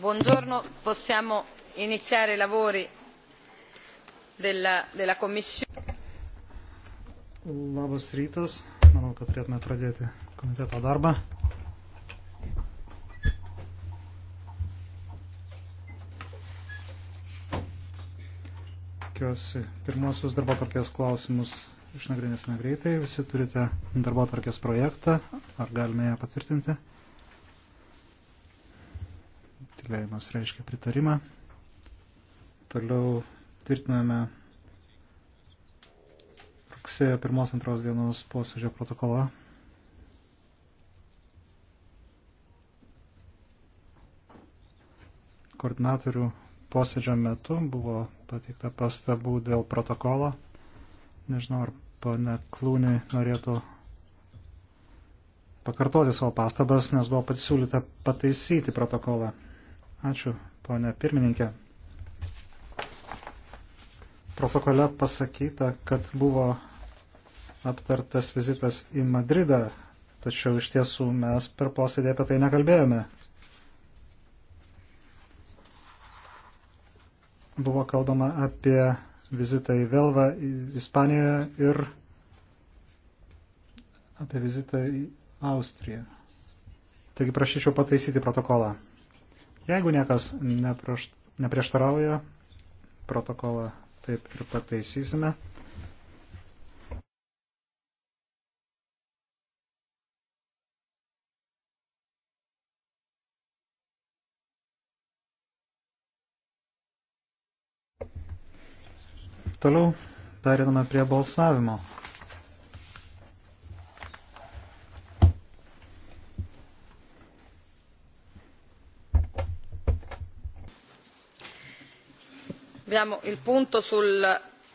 Buongiorno, possiamo iniziare i lavori della, della Commissione. Labas rytas, manau, kad turėtume pradėti komiteto darbą. Tikiuosi, pirmosius darbo tvarkės klausimus išnagrinėsime greitai. Visi turite darbo tvarkės projektą, ar galime ją patvirtinti? Vienas reiškia pritarimą. Toliau tvirtiname rugsėjo 1-2 dienos posėdžio protokolą. Koordinatorių posėdžio metu buvo pateikta pastabų dėl protokolo. Nežinau, ar pana Klūnė norėtų pakartoti savo pastabas, nes buvo pasiūlyta pataisyti protokolą. Ačiū, ponia pirmininkė. Protokole pasakyta, kad buvo aptartas vizitas į Madridą, tačiau iš tiesų mes per posėdį apie tai nekalbėjome. Buvo kalbama apie vizitą į Velvą, į Ispaniją ir apie vizitą į Austriją. Taigi prašyčiau pataisyti protokolą. Jeigu niekas neprieštarauja, protokolą taip ir pataisysime. Toliau periname prie balsavimo. abbiamo il punto sul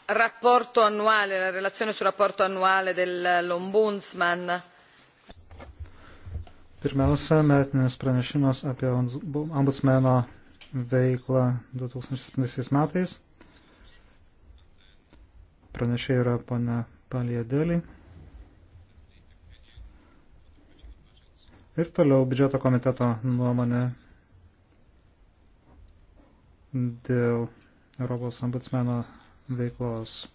rapporto annuale la relazione sul rapporto annuale dell'ombudsman pirmiausia metinis pranešimas apie ombudsmeno veiklą 2007 metais pranešė yra pana Paliedėlį ir toliau biudžeto komiteto nuomonė dėl Europos ombudsmeno veiklos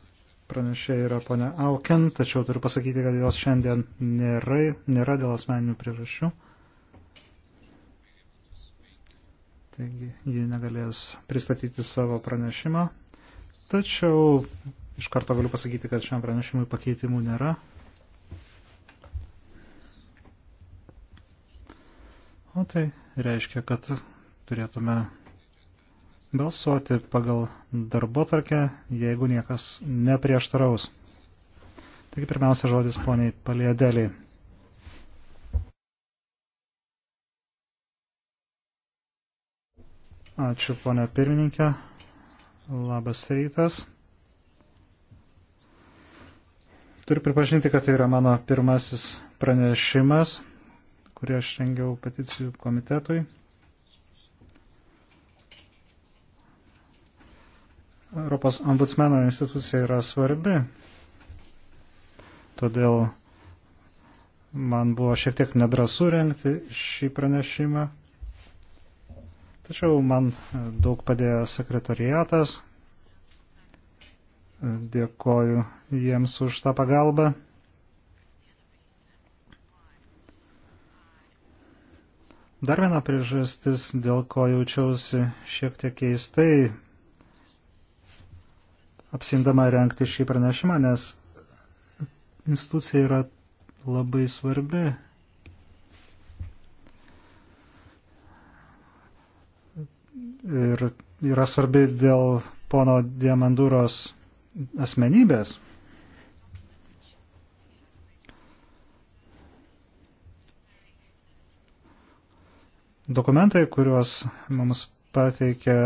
pranešė yra ponia Auken, tačiau turiu pasakyti, kad jos šiandien nėra, nėra dėl asmeninių priežasčių. Taigi ji negalės pristatyti savo pranešimą. Tačiau iš karto galiu pasakyti, kad šiam pranešimui pakeitimų nėra. O tai reiškia, kad turėtume balsuoti pagal darbo tvarkę, jeigu niekas neprieštaraus. Taigi pirmiausia žodis poniai Paliadeliai. Ačiū ponia pirmininkė. Labas rytas. Turiu pripažinti, kad tai yra mano pirmasis pranešimas, kurį aš rengiau peticijų komitetui. Europos ombudsmeno institucija yra svarbi. Todėl man buvo šiek tiek nedrasu renkti šį pranešimą. Tačiau man daug padėjo sekretariatas. Dėkoju jiems už tą pagalbą. Dar viena priežastis, dėl ko jaučiausi šiek tiek keistai apsindama renkti šį pranešimą, nes institucija yra labai svarbi. Ir yra svarbi dėl pono Diamanduros asmenybės. Dokumentai, kuriuos mums pateikė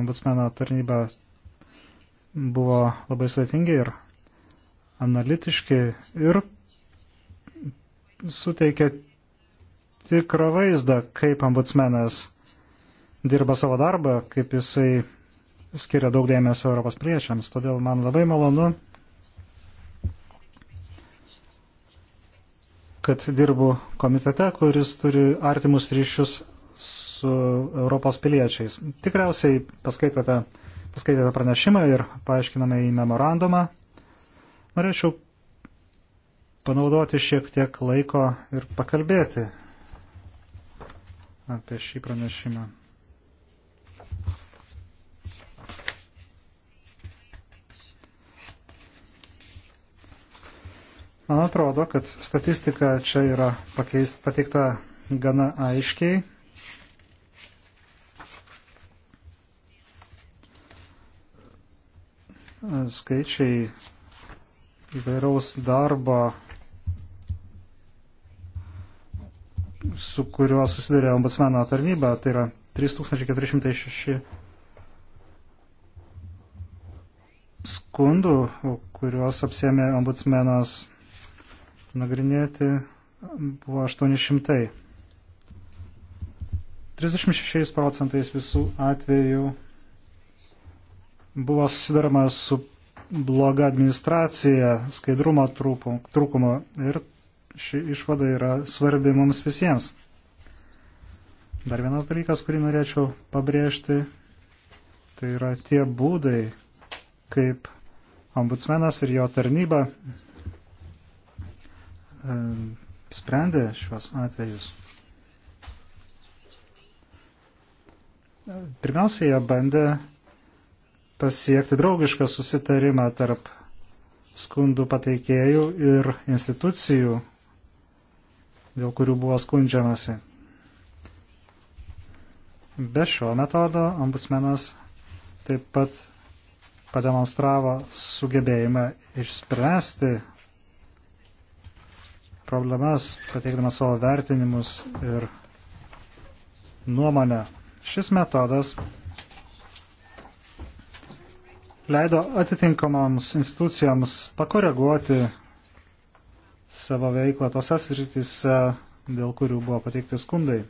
ombudsmeno tarnyba, buvo labai sudėtingi ir analitiški ir suteikia tikrą vaizdą, kaip ombudsmenas dirba savo darbą, kaip jisai skiria daug dėmesio Europos priečiams. Todėl man labai malonu, kad dirbu komitete, kuris turi artimus ryšius su Europos piliečiais. Tikriausiai paskaitote paskaitėte pranešimą ir paaiškiname į memorandumą. Norėčiau panaudoti šiek tiek laiko ir pakalbėti apie šį pranešimą. Man atrodo, kad statistika čia yra pakeist, pateikta gana aiškiai skaičiai įvairaus darbo, su kuriuo susidarė ombudsmeno tarnyba, tai yra 3406 skundų, kuriuos apsėmė ombudsmenas nagrinėti, buvo 800. 36 procentais visų atvejų buvo susidarama su bloga administracija, skaidrumo trūkumo ir ši išvada yra svarbi mums visiems. Dar vienas dalykas, kurį norėčiau pabrėžti, tai yra tie būdai, kaip ombudsmenas ir jo tarnyba e, sprendė šios atvejus. Pirmiausia, jie bandė pasiekti draugišką susitarimą tarp skundų pateikėjų ir institucijų, dėl kurių buvo skundžiamasi. Be šio metodo ombudsmenas taip pat pademonstravo sugebėjimą išspręsti problemas, pateikdamas savo vertinimus ir nuomonę. Šis metodas leido atitinkamoms institucijoms pakoreguoti savo veiklą tose srityse, dėl kurių buvo pateikti skundai.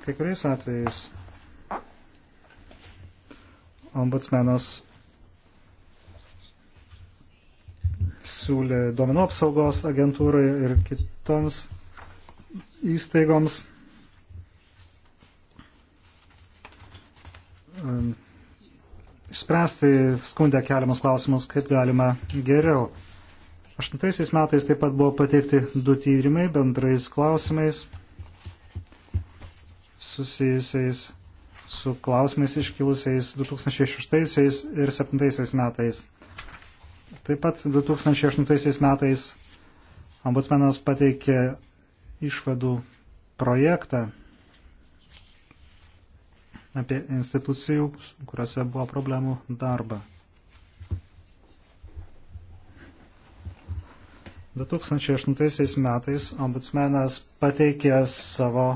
Kai kuriais atvejais ombudsmenas siūlė duomenų apsaugos agentūrai ir kitoms įstaigoms Um, spręsti skundę keliamus klausimus, kaip galima geriau. Aštuntaisiais metais taip pat buvo pateikti du tyrimai bendrais klausimais susijusiais su klausimais iškilusiais 2006 ir 2007 metais. Taip pat 2008 metais ombudsmenas pateikė išvadų projektą apie institucijų, kuriuose buvo problemų darbą. 2008 metais ombudsmenas pateikė savo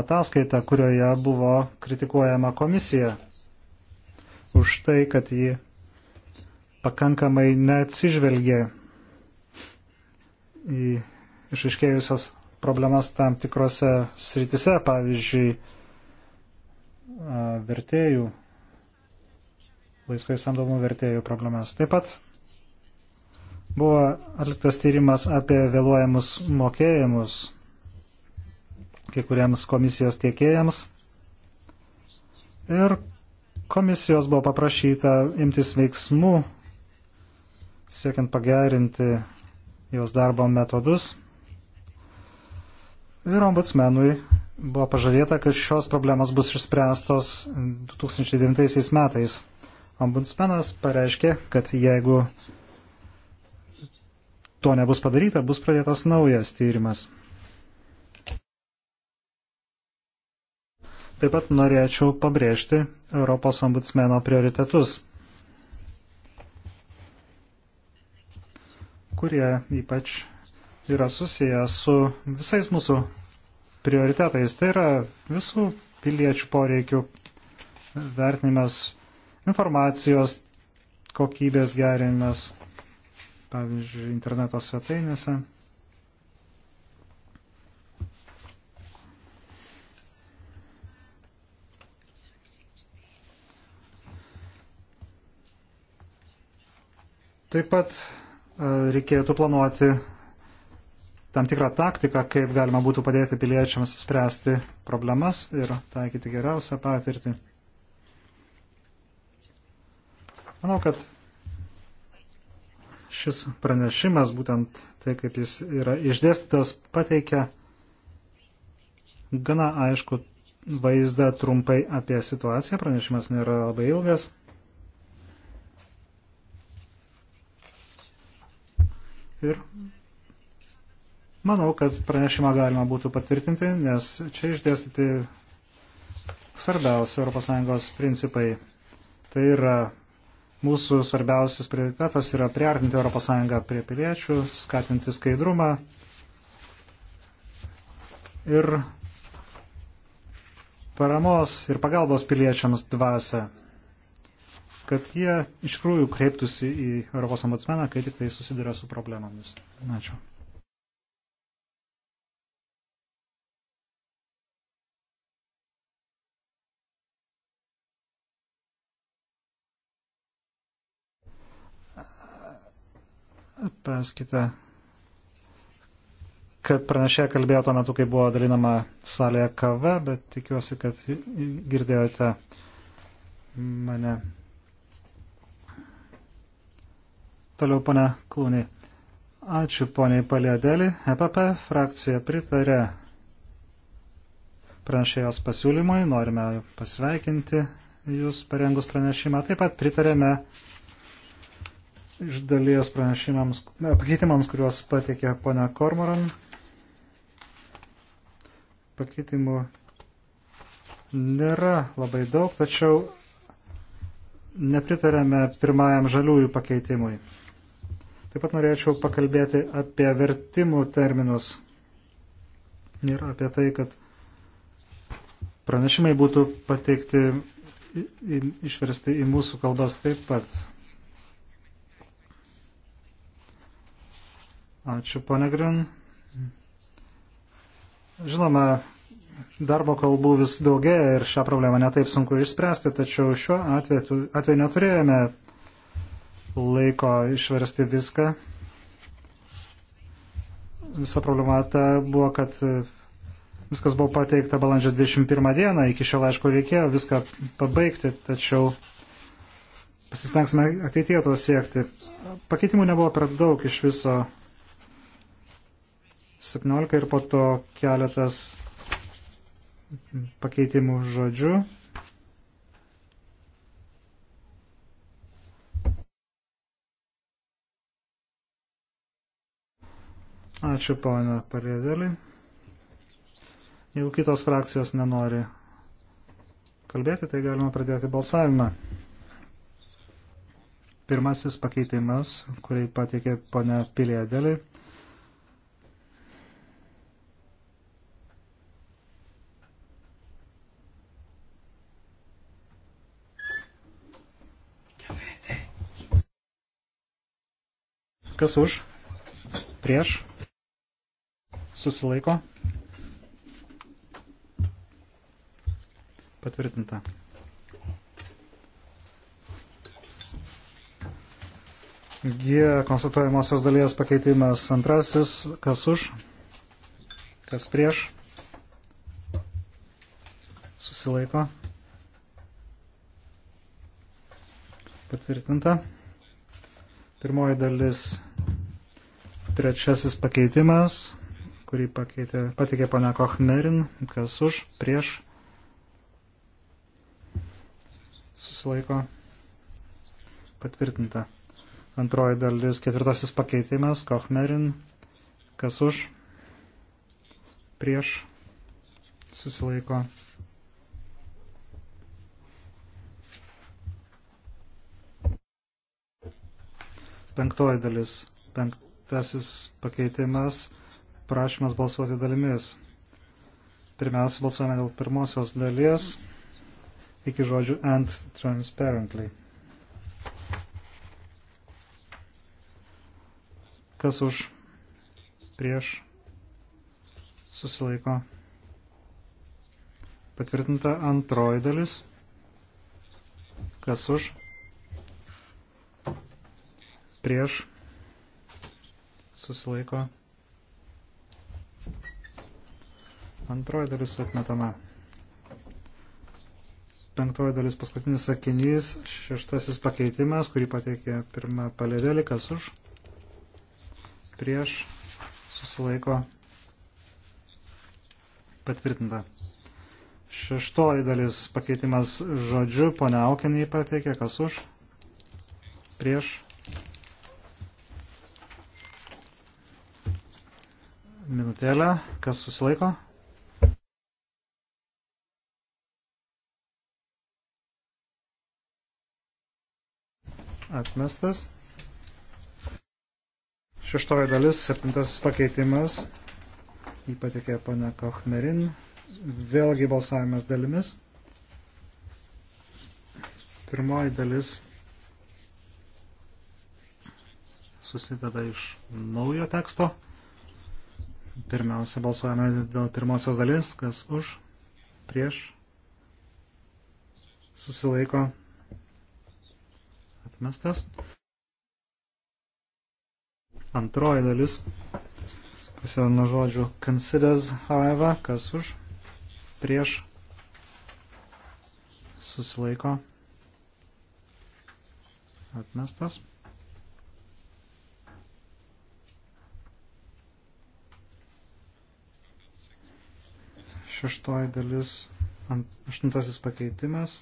ataskaitą, kurioje buvo kritikuojama komisija už tai, kad ji pakankamai neatsižvelgė į išaiškėjusias problemas tam tikrose sritise, pavyzdžiui, vertėjų, laisvai samdomų vertėjų problemas. Taip pat buvo atliktas tyrimas apie vėluojamus mokėjimus kiekvienams komisijos tiekėjams. Ir komisijos buvo paprašyta imtis veiksmų, siekiant pagerinti jos darbo metodus. Ir ombudsmenui buvo pažadėta, kad šios problemos bus išspręstos 2009 metais. Ombudsmenas pareiškė, kad jeigu to nebus padaryta, bus pradėtas naujas tyrimas. Taip pat norėčiau pabrėžti Europos ombudsmeno prioritetus, kurie ypač yra susiję su visais mūsų prioritetais. Tai yra visų piliečių poreikių vertinimas, informacijos kokybės gerinimas, pavyzdžiui, interneto svetainėse. Taip pat e, reikėtų planuoti tam tikrą taktiką, kaip galima būtų padėti piliečiams spręsti problemas ir taikyti geriausią patirtį. Manau, kad šis pranešimas, būtent tai, kaip jis yra išdėstytas, pateikia gana aišku vaizdą trumpai apie situaciją. Pranešimas nėra labai ilgas. Ir Manau, kad pranešimą galima būtų patvirtinti, nes čia išdėstyti svarbiausi ES principai. Tai yra mūsų svarbiausias prioritetas yra priartinti ES prie piliečių, skatinti skaidrumą ir paramos ir pagalbos piliečiams dvasę, kad jie iš tikrųjų kreiptųsi į Europos ombudsmeną, kai tik tai susiduria su problemomis. Ačiū. Praskite, kad pranešė kalbėjo tuo metu, kai buvo dalinama salėje kava, bet tikiuosi, kad girdėjote mane. Toliau, ponia Klūnė. Ačiū, poniai Palėdėlį. EPP frakcija pritarė pranešėjos pasiūlymui. Norime pasveikinti jūs parengus pranešimą. Taip pat pritarėme iš dalies pranešimams, pakeitimams, kuriuos pateikė ponia Kormoran. Pakeitimų nėra labai daug, tačiau nepritarėme pirmajam žaliųjų pakeitimui. Taip pat norėčiau pakalbėti apie vertimų terminus ir apie tai, kad pranešimai būtų pateikti, išversti į mūsų kalbas taip pat. Ačiū, pane Grin. Žinoma, darbo kalbų vis daugėja ir šią problemą netaip sunku išspręsti, tačiau šiuo atveju, atveju neturėjome laiko išversti viską. Visa problema ta buvo, kad e, viskas buvo pateikta balandžio 21 dieną, iki šio laiško reikėjo viską pabaigti, tačiau pasistengsime ateityje to siekti. Pakeitimų nebuvo per daug iš viso 17 ir po to keletas pakeitimų žodžių. Ačiū, pana Parėdėlį. Jeigu kitos frakcijos nenori kalbėti, tai galima pradėti balsavimą. Pirmasis pakeitimas, kurį pateikė pana Pilėdėlį kas už, prieš, susilaiko, patvirtinta. G konstatuojamosios dalies pakeitimas antrasis, kas už, kas prieš, susilaiko, patvirtinta. Pirmoji dalis Trečiasis pakeitimas, kurį pakeitė, patikė pana Kochmerin, kas už, prieš, susilaiko, patvirtinta. Antroji dalis, ketvirtasis pakeitimas, Kochmerin, kas už, prieš, susilaiko. Penktoji dalis, penkt, Tasis pakeitimas, prašymas balsuoti dalimis. Pirmiausia, balsuojame dėl pirmosios dalies iki žodžių and transparently. Kas už prieš susilaiko. Patvirtinta antroji dalis. Kas už prieš susilaiko. Antroji dalis atmetama. Penktoji dalis paskutinis sakinys, šeštasis pakeitimas, kurį pateikė pirmą palėdėlį, kas už, prieš, susilaiko, patvirtinta. Šeštoji dalis pakeitimas žodžiu, ponia Aukenį pateikė, kas už, prieš, minutėlę, kas susilaiko. Atmestas. Šeštoji dalis, septintasis pakeitimas. Jį patikė pana Kochmerin. Vėlgi balsavimas dalimis. Pirmoji dalis susideda iš naujo teksto. Pirmiausia, balsuojame dėl pirmosios dalies, kas už, prieš, susilaiko, atmestas. Antroji dalis, prasideda nuo žodžių considers, however, kas už, prieš, susilaiko, atmestas. šeštoji dalis, ant, aštuntasis pakeitimas.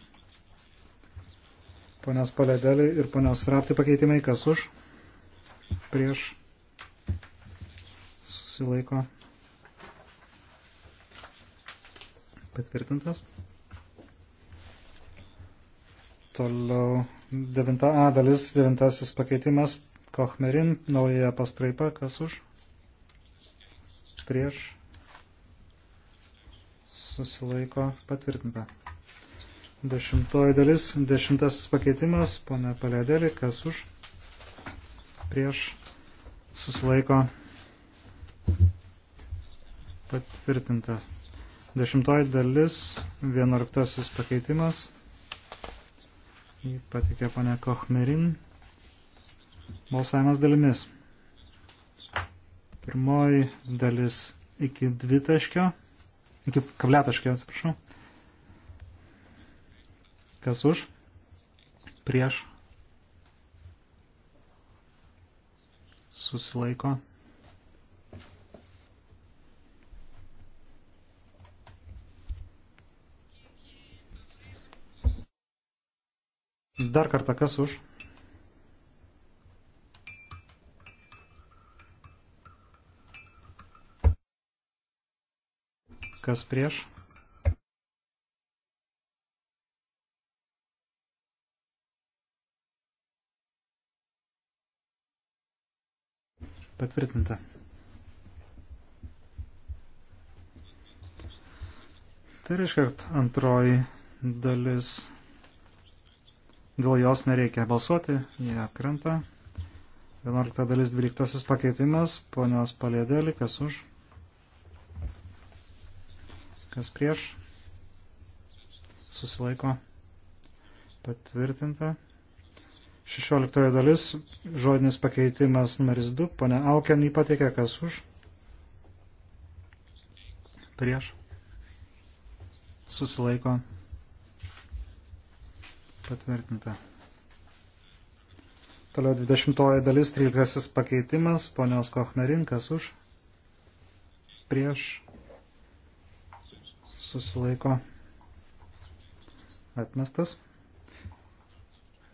Ponios Paledėlį ir ponios Rapti pakeitimai, kas už, prieš, susilaiko. Patvirtintas. Toliau 9a dalis, 9 pakeitimas, Kochmerin, nauja pastraipa, kas už, prieš, susilaiko patvirtinta. Dešimtoji dalis, dešimtasis pakeitimas, pone Palėdėlį, kas už, prieš, susilaiko patvirtinta. Dešimtoji dalis, vienuoliktasis pakeitimas, jį patikė pone Kochmerin, balsavimas dalimis. Pirmoji dalis iki dvitaškio iki kabletaškio, atsiprašau. Kas už? Prieš. Susilaiko. Dar kartą kas už? Kas prieš? Patvirtinta. Tai reiškia, kad antroji dalis dėl jos nereikia balsuoti, jie atkrenta. 11 dalis 12 pakeitimas, ponios palėdėlį, kas už? kas prieš, susilaiko patvirtinta. 16 dalis, žodinis pakeitimas numeris 2, ponia Auken jį pateikė, kas už, prieš, susilaiko patvirtinta. Toliau 20 dalis, 13 pakeitimas, ponios Kochmerin, kas už, prieš, susilaiko atmestas.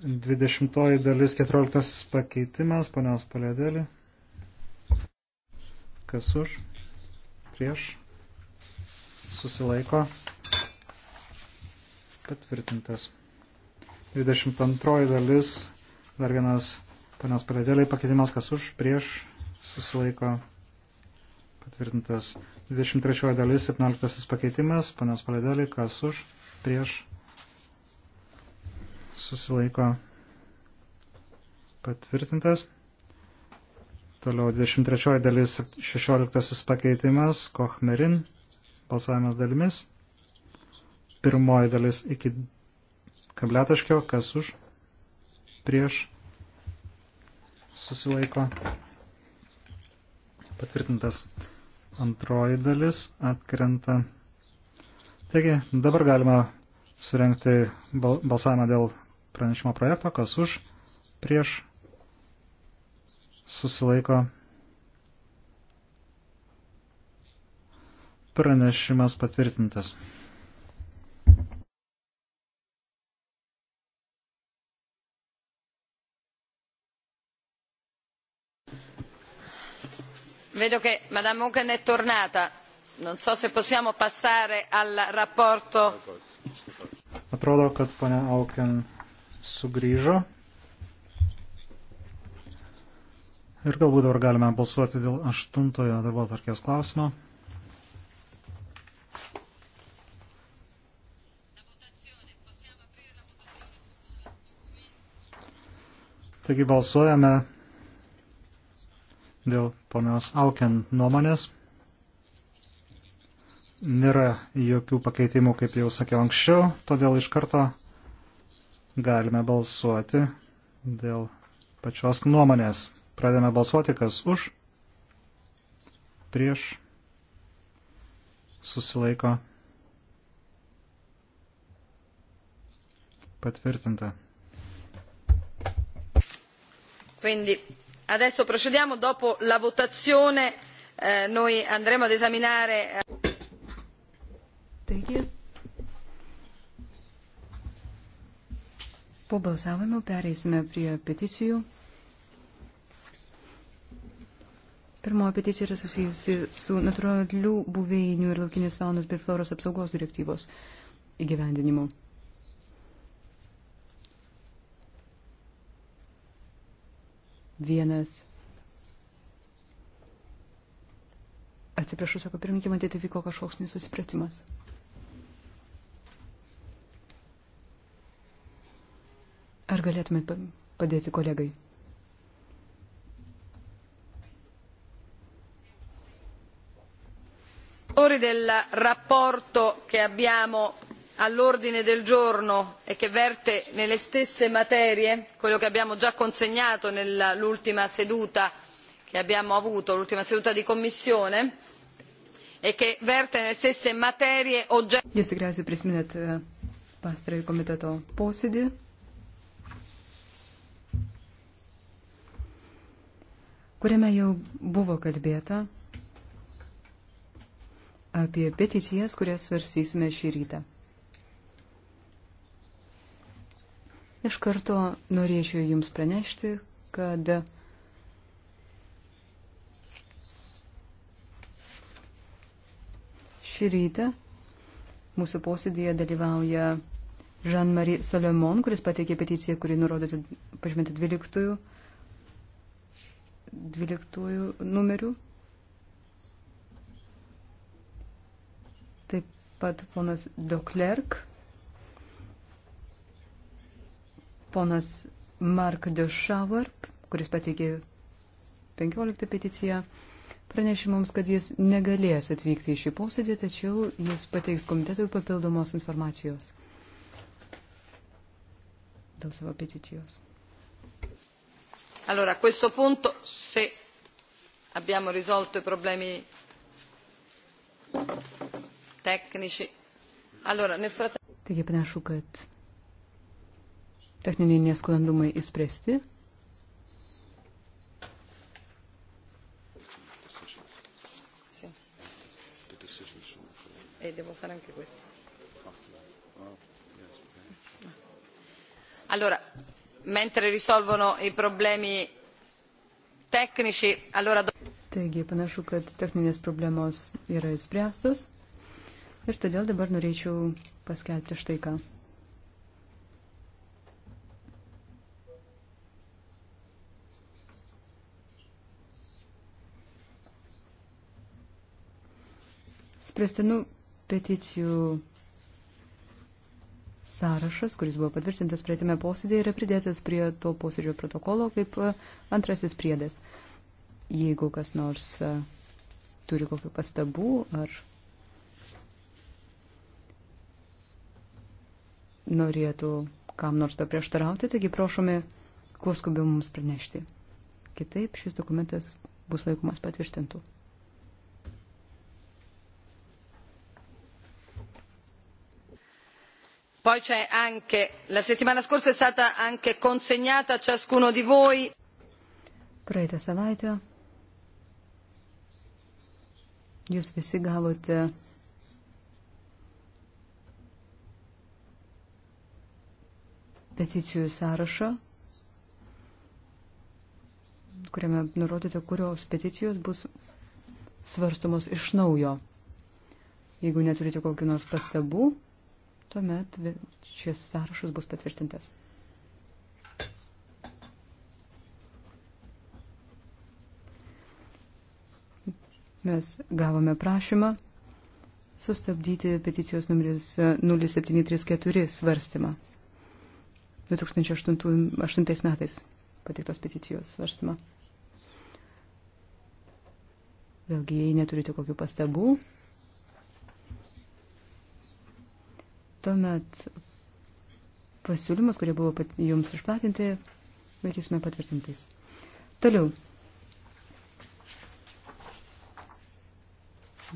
20 dalis 14 pakeitimas, ponios palėdėlį. Kas už? Prieš. Susilaiko. Patvirtintas. 22 dalis, dar vienas ponios palėdėlį pakeitimas, kas už? Prieš. Susilaiko patvirtintas 23 dalis, 17 pakeitimas, ponios palidėlį, kas už, prieš, susilaiko patvirtintas. Toliau 23 dalis, 16 pakeitimas, Kochmerin, balsavimas dalimis. Pirmoji dalis iki kabletaškio, kas už, prieš, susilaiko patvirtintas. Antroji dalis atkrenta. Taigi, dabar galima surenkti balsavimą dėl pranešimo projekto, kas už, prieš, susilaiko. Pranešimas patvirtintas. vedo che Madame Hogan è tornata. Non so se possiamo passare al rapporto. Atrodo, kad ponia Auken sugrįžo. Ir galbūt dabar galime balsuoti dėl aštuntojo darbo tarkės klausimo. Taigi balsuojame dėl ponios Auken nuomonės. Nėra jokių pakeitimų, kaip jau sakiau anksčiau, todėl iš karto galime balsuoti dėl pačios nuomonės. Pradėme balsuoti, kas už, prieš, susilaiko, patvirtinta. Quindi adesso procediamo dopo la votazione eh, noi andremo ad esaminare Taigi, po balsavimo pereisime prie peticijų. Pirmoji peticija yra susijusi su natūralių buveinių ir laukinės faunos bei floros apsaugos direktyvos įgyvendinimu. vienas. Atsiprašau, sako pirmininkė, matyt, tai vyko kažkoks nesusipratimas. Ar galėtumėt padėti kolegai? del rapporto che abbiamo all'ordine del giorno e che verte nelle stesse materie quello che abbiamo già consegnato nell'ultima seduta che abbiamo avuto l'ultima seduta di commissione e che verte nelle stesse materie oggetto Jūs tikriausiai prisiminėt e, pastarąjį komiteto posėdį. kuriame jau buvo kalbėta apie peticijas, kurias svarstysime šį rytą. Iš karto norėčiau Jums pranešti, kad šį rytą mūsų posėdėje dalyvauja Jean-Marie Solomon, kuris pateikė peticiją, kuri nurodote pažymėti 12, 12 numerių. Taip pat ponas Doklerk ponas Mark Dešauer, kuris pateikė 15 peticiją, pranešė mums, kad jis negalės atvykti į šį posėdį, tačiau jis pateiks komitetui papildomos informacijos dėl savo peticijos. Allora, a questo punto, se abbiamo risolto i problemi tecnici, allora nel frattempo. Taigi panašu, kad techniniai nesklandumai įspręsti. E devo fare anche questo. Allora, mentre risolvono i problemi tecnici, allora... Taigi, panašu, kad techninės problemos yra įspręstos ir todėl dabar norėčiau paskelbti štai ką. išspręstinų peticijų sąrašas, kuris buvo patvirtintas praeitame posėdėje, yra pridėtas prie to posėdžio protokolo kaip e, antrasis priedas. Jeigu kas nors e, turi kokių pastabų ar norėtų kam nors to prieštarauti, taigi prašome kuo skubiau mums pranešti. Kitaip šis dokumentas bus laikomas patvirtintų. Poi c'è anche, la settimana scorsa è stata anche consegnata a ciascuno di voi. Praeitą savaitę jūs visi gavote peticijų sąrašą, kuriame nurodyta, kurios peticijos bus svarstomos iš naujo. Jeigu neturite kokiu nors pastabu, tuomet šis sąrašas bus patvirtintas. Mes gavome prašymą sustabdyti peticijos numeris 0734 e, svarstymą 2008 metais pateiktos peticijos svarstymą. Vėlgi, jei neturite kokių pastabų, Tuomet pasiūlymus, kurie buvo pat, jums išplatinti, matysime patvirtintais. Toliau.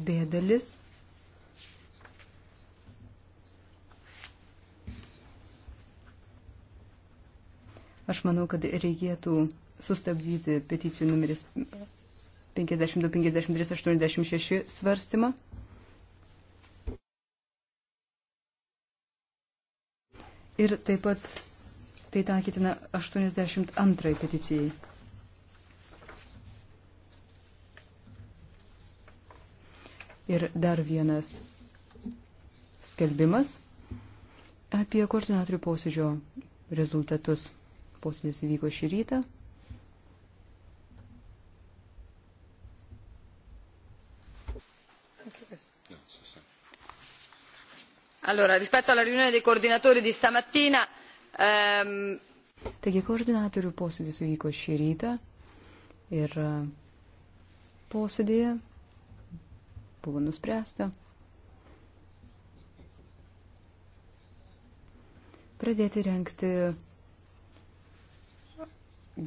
B dalis. Aš manau, kad reikėtų sustabdyti peticijų numeris 52, 53, 86 svarstymą. Ir taip pat tai takytina 82 peticijai. Ir dar vienas skelbimas apie koordinatorių posėdžio rezultatus. Posėdis vyko šį rytą. Allora, rispetto alla riunione dei coordinatori di stamattina. Um... Taigi koordinatorių posėdis vyko šį rytą ir e, posėdėje buvo nuspręsta pradėti renkti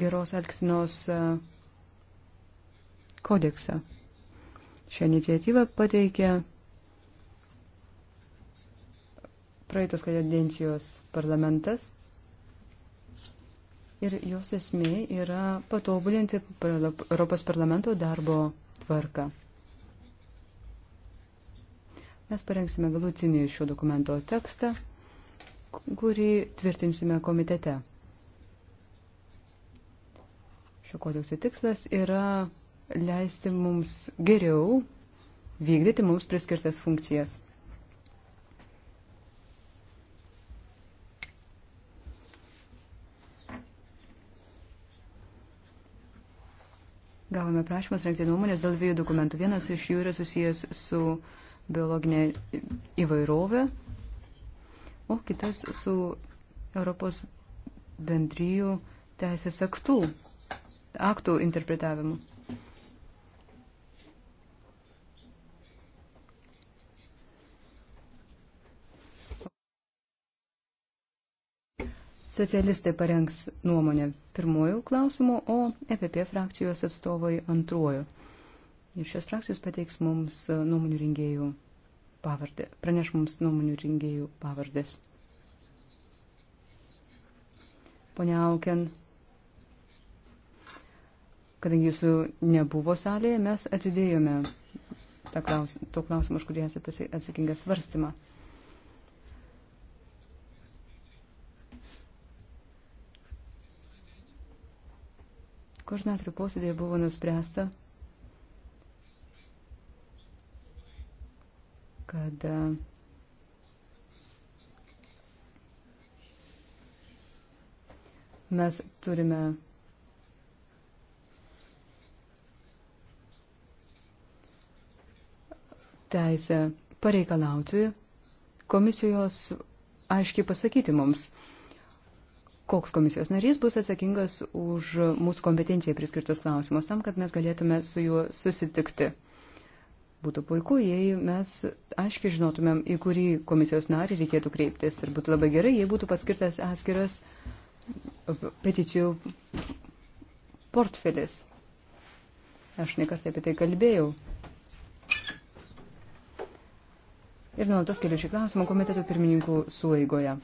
geros elgsinos e, kodeksą. Šią iniciatyvą pateikė praeitos kadencijos parlamentas. Ir jos esmė yra patobulinti Europos parlamento darbo tvarką. Mes parengsime galutinį šio dokumento tekstą, kurį tvirtinsime komitete. Šio kodekso tikslas yra leisti mums geriau vykdyti mums priskirtas funkcijas. Gavome prašymus rengti nuomonės dėl dviejų dokumentų. Vienas iš jų yra susijęs su biologinė įvairovė, o kitas su Europos bendryjų teisės aktų, aktų interpretavimu. Socialistai parengs nuomonę pirmojų klausimų, o EPP frakcijos atstovai antrojų. Ir šios frakcijos pateiks mums nuomonių rengėjų pavardę, praneš mums nuomonių rengėjų pavardės. Pone Auken, kadangi jūsų nebuvo salėje, mes atidėjome klaus, to klausimo, už kurį esate atsakingas svarstymą. Koordinatorių posėdėje buvo nuspręsta, kad e, mes turime teisę pareikalauti komisijos aiškiai pasakyti mums, koks komisijos narys bus atsakingas už mūsų kompetencijai priskirtus klausimus, tam, kad mes galėtume su juo susitikti. Būtų puiku, jei mes aiškiai žinotumėm, į kurį komisijos narį reikėtų kreiptis ir būtų labai gerai, jei būtų paskirtas atskiras peticijų portfelis. Aš nekartą apie tai kalbėjau. Ir nuolatos keliu šį klausimą komiteto pirmininkų sueigoje.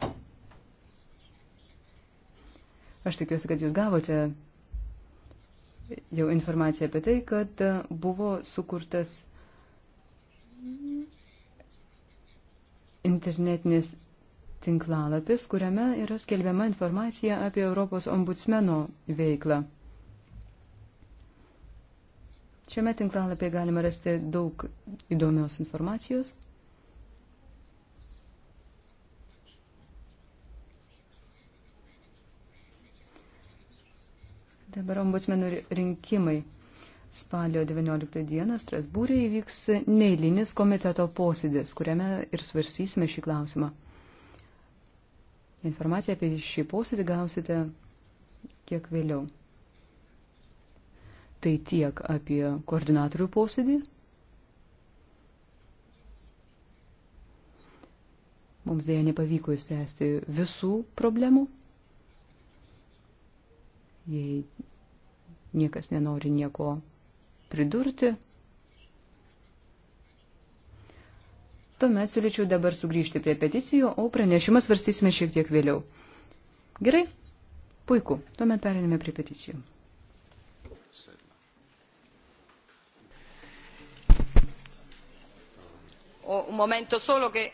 Aš tikiuosi, kad jūs gavote jau informaciją apie tai, kad buvo sukurtas internetinis tinklalapis, kuriame yra skelbiama informacija apie Europos ombudsmeno veiklą. Šiame tinklalapyje galima rasti daug įdomios informacijos. Dabar ombudsmenų rinkimai. Spalio 19 dieną Strasbūrė įvyks neįlinis komiteto posėdis, kuriame ir svarsysime šį klausimą. Informaciją apie šį posėdį gausite kiek vėliau. Tai tiek apie koordinatorių posėdį. Mums dėja nepavyko įspręsti visų problemų. Jei niekas nenori nieko pridurti, tuomet siūlyčiau dabar sugrįžti prie peticijų, o pranešimą svarstysime šiek tiek vėliau. Gerai? Puiku. Tuomet periname prie peticijų. O un momento solo che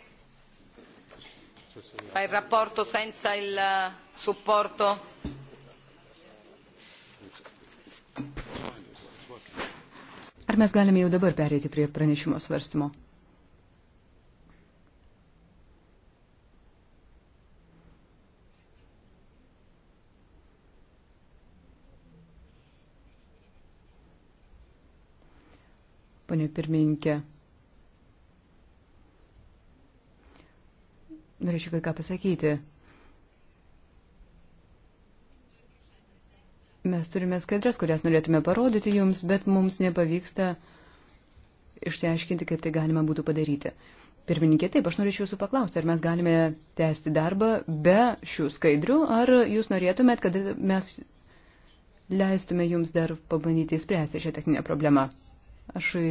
fa il rapporto senza il eh, supporto Ar mes galime jau dabar perėti prie pranešimo svarstymo? Pane pirmininkė, norėčiau kai ką pasakyti. Mes turime skaidrės, kurias norėtume parodyti jums, bet mums nepavyksta išsiaiškinti, kaip tai galima būtų padaryti. Pirmininkė, taip, aš norėčiau jūsų paklausti, ar mes galime tęsti darbą be šių skaidrių, ar jūs norėtumėt, kad mes leistume jums dar pabandyti įspręsti šią techninę problemą. Aš į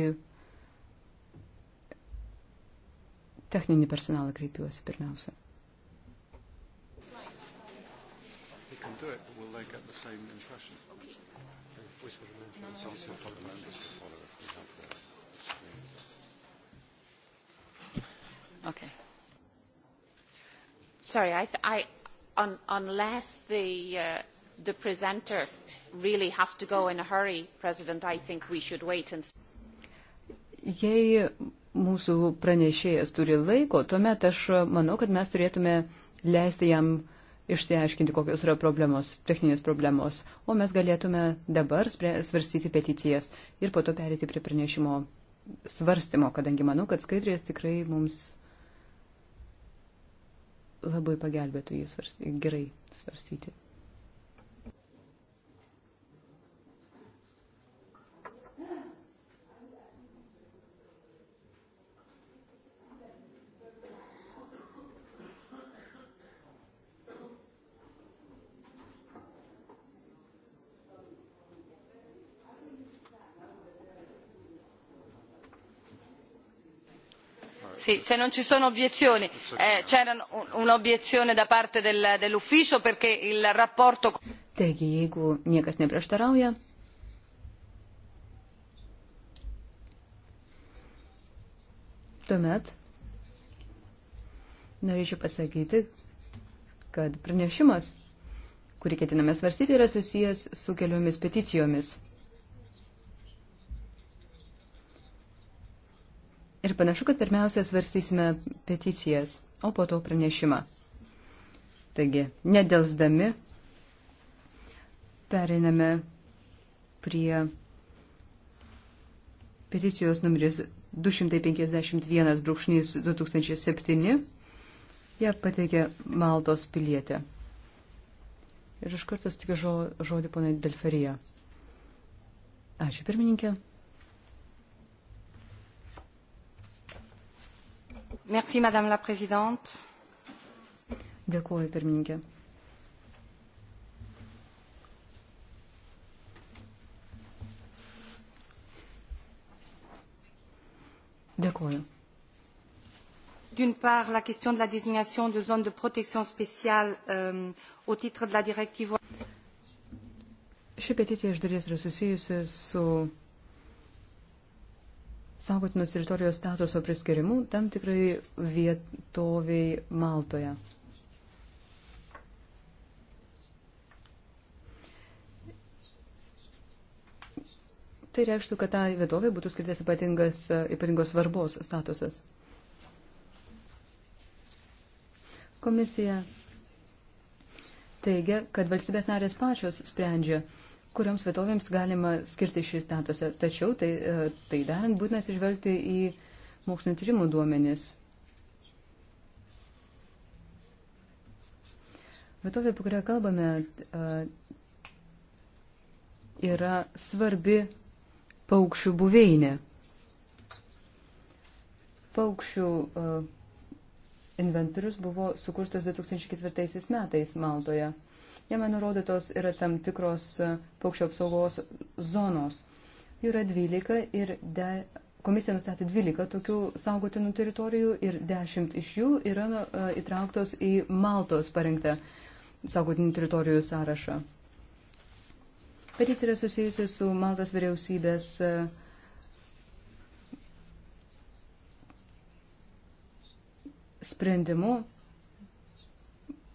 techninį personalą kreipiuosi pirmiausia. We can do it they get the same impression? Which was mentioned, it's also for the members to follow if we have the screen. Okay. Sorry, I, th I un unless the, uh, the presenter really has to go in a hurry, President, I think we should wait and see. Jei mūsų pranešėjas turi laiko, tuomet aš manau, kad mes turėtume leisti jam išsiaiškinti, kokios yra problemos, techninės problemos, o mes galėtume dabar svarstyti peticijas ir po to perėti prie pranešimo svarstymo, kadangi manau, kad skaidrės tikrai mums labai pagelbėtų jį svarst, gerai svarstyti. Sì, se non ci sono obiezioni, eh, c'era un'obiezione da parte del, dell'ufficio perché il rapporto. Taigi, jeigu niekas neprieštarauja. Tuomet norėčiau pasakyti, kad pranešimas, kurį ketiname svarstyti, yra susijęs su keliomis peticijomis. Ir panašu, kad pirmiausia svarstysime peticijas, o po to pranešimą. Taigi, nedelsdami, periname prie peticijos numeris 251 brūkšnys 2007. Ją pateikė Maltos pilietė. Ir iš karto sutikiu žodį ponai Delferija. Ačiū pirmininkė. Merci, Madame la Présidente. Dėkuoju, pirmininkė. Dėkuoju. D'une part, la question de la désignation de zones de protection spéciale euh, au titre de la directive. Ši peticija iš dalies yra susijusi su saugotinos teritorijos statuso priskirimu tam tikrai vietoviai Maltoje. Tai reikštų, kad tą tai vietovę būtų skirtas ypatingos svarbos statusas. Komisija teigia, kad valstybės narės pačios sprendžia, kurioms vietovėms galima skirti šį statusą. Tačiau tai, e, tai darant būtina atsižvelgti į mokslinio tyrimų duomenis. Vietovė, apie kurią kalbame, e, yra svarbi paukščių buveinė. Paukščių e, inventorius buvo sukurtas 2004 metais Maltoje. Jame nurodytos yra tam tikros e, paukščio apsaugos zonos. Jų yra 12 ir de, komisija nustatė 12 tokių saugotinų teritorijų ir 10 iš jų yra e, įtrauktos į Maltos parengtą saugotinių teritorijų sąrašą. Bet jis yra susijusi su Maltos vyriausybės e, sprendimu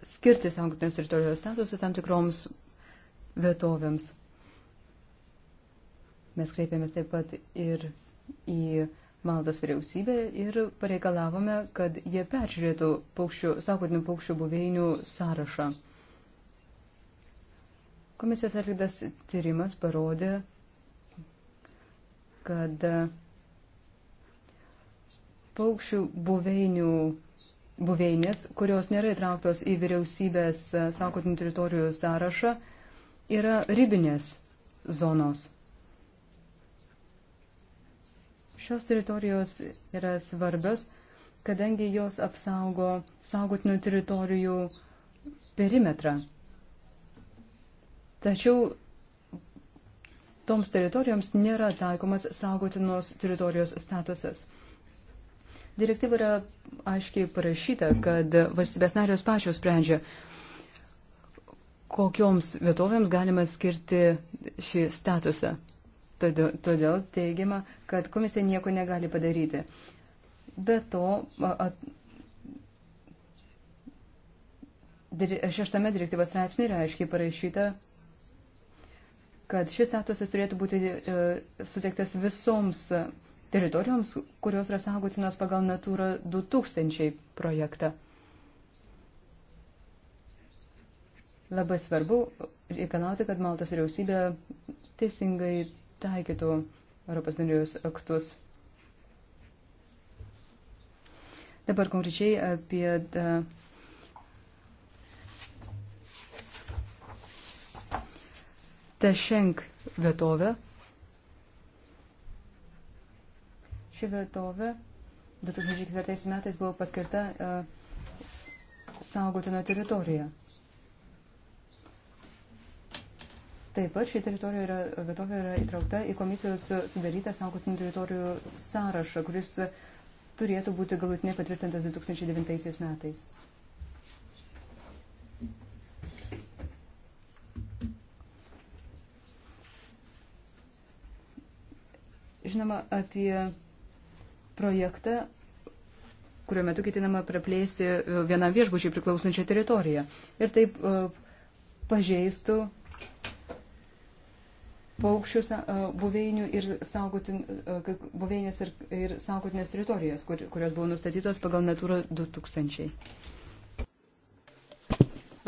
skirti sanktinės teritorijos statusą tam tikroms vietovėms. Mes kreipėmės taip pat ir į Maldos vyriausybę ir pareikalavome, kad jie peržiūrėtų paukščių, saugotinių paukščių buveinių sąrašą. Komisijos atliktas tyrimas parodė, kad paukščių buveinių buveinės, kurios nėra įtrauktos į vyriausybės e, saugotinių teritorijų sąrašą, yra ribinės zonos. Šios teritorijos yra svarbios, kadangi jos apsaugo saugotinių teritorijų perimetrą. Tačiau toms teritorijoms nėra taikomas saugotinos teritorijos statusas. Direktyva yra aiškiai parašyta, kad valstybės narės pačios sprendžia, kokioms vietovėms galima skirti šį statusą. Todėl, todėl teigiama, kad komisija nieko negali padaryti. Be to, at, šeštame direktyvos straipsnė yra aiškiai parašyta, kad šis statusas turėtų būti e, suteiktas visoms teritorijoms, kurios yra saugotinos pagal Natūra 2000 projektą. Labai svarbu reikalauti, kad Maltos vyriausybė teisingai taikytų Europos bendrijos aktus. Dabar konkrečiai apie da, Tešenk vietovę, Ši vietovė 2004 metais buvo paskirta uh, saugotino teritorija. Taip pat ši teritorija yra, vietovė yra įtraukta į komisijos sudarytą saugotinų teritorijų sąrašą, kuris turėtų būti galutinai patvirtintas 2009 metais. žinoma, apie projektą, kurio metu ketinama praplėsti e, vieną viešbučiai priklausančią teritoriją. Ir taip e, pažeistų paukščius e, buveinių ir saugotin, buveinės ir, ir saugotinės teritorijas, kur, kurios buvo nustatytos pagal Natūra 2000.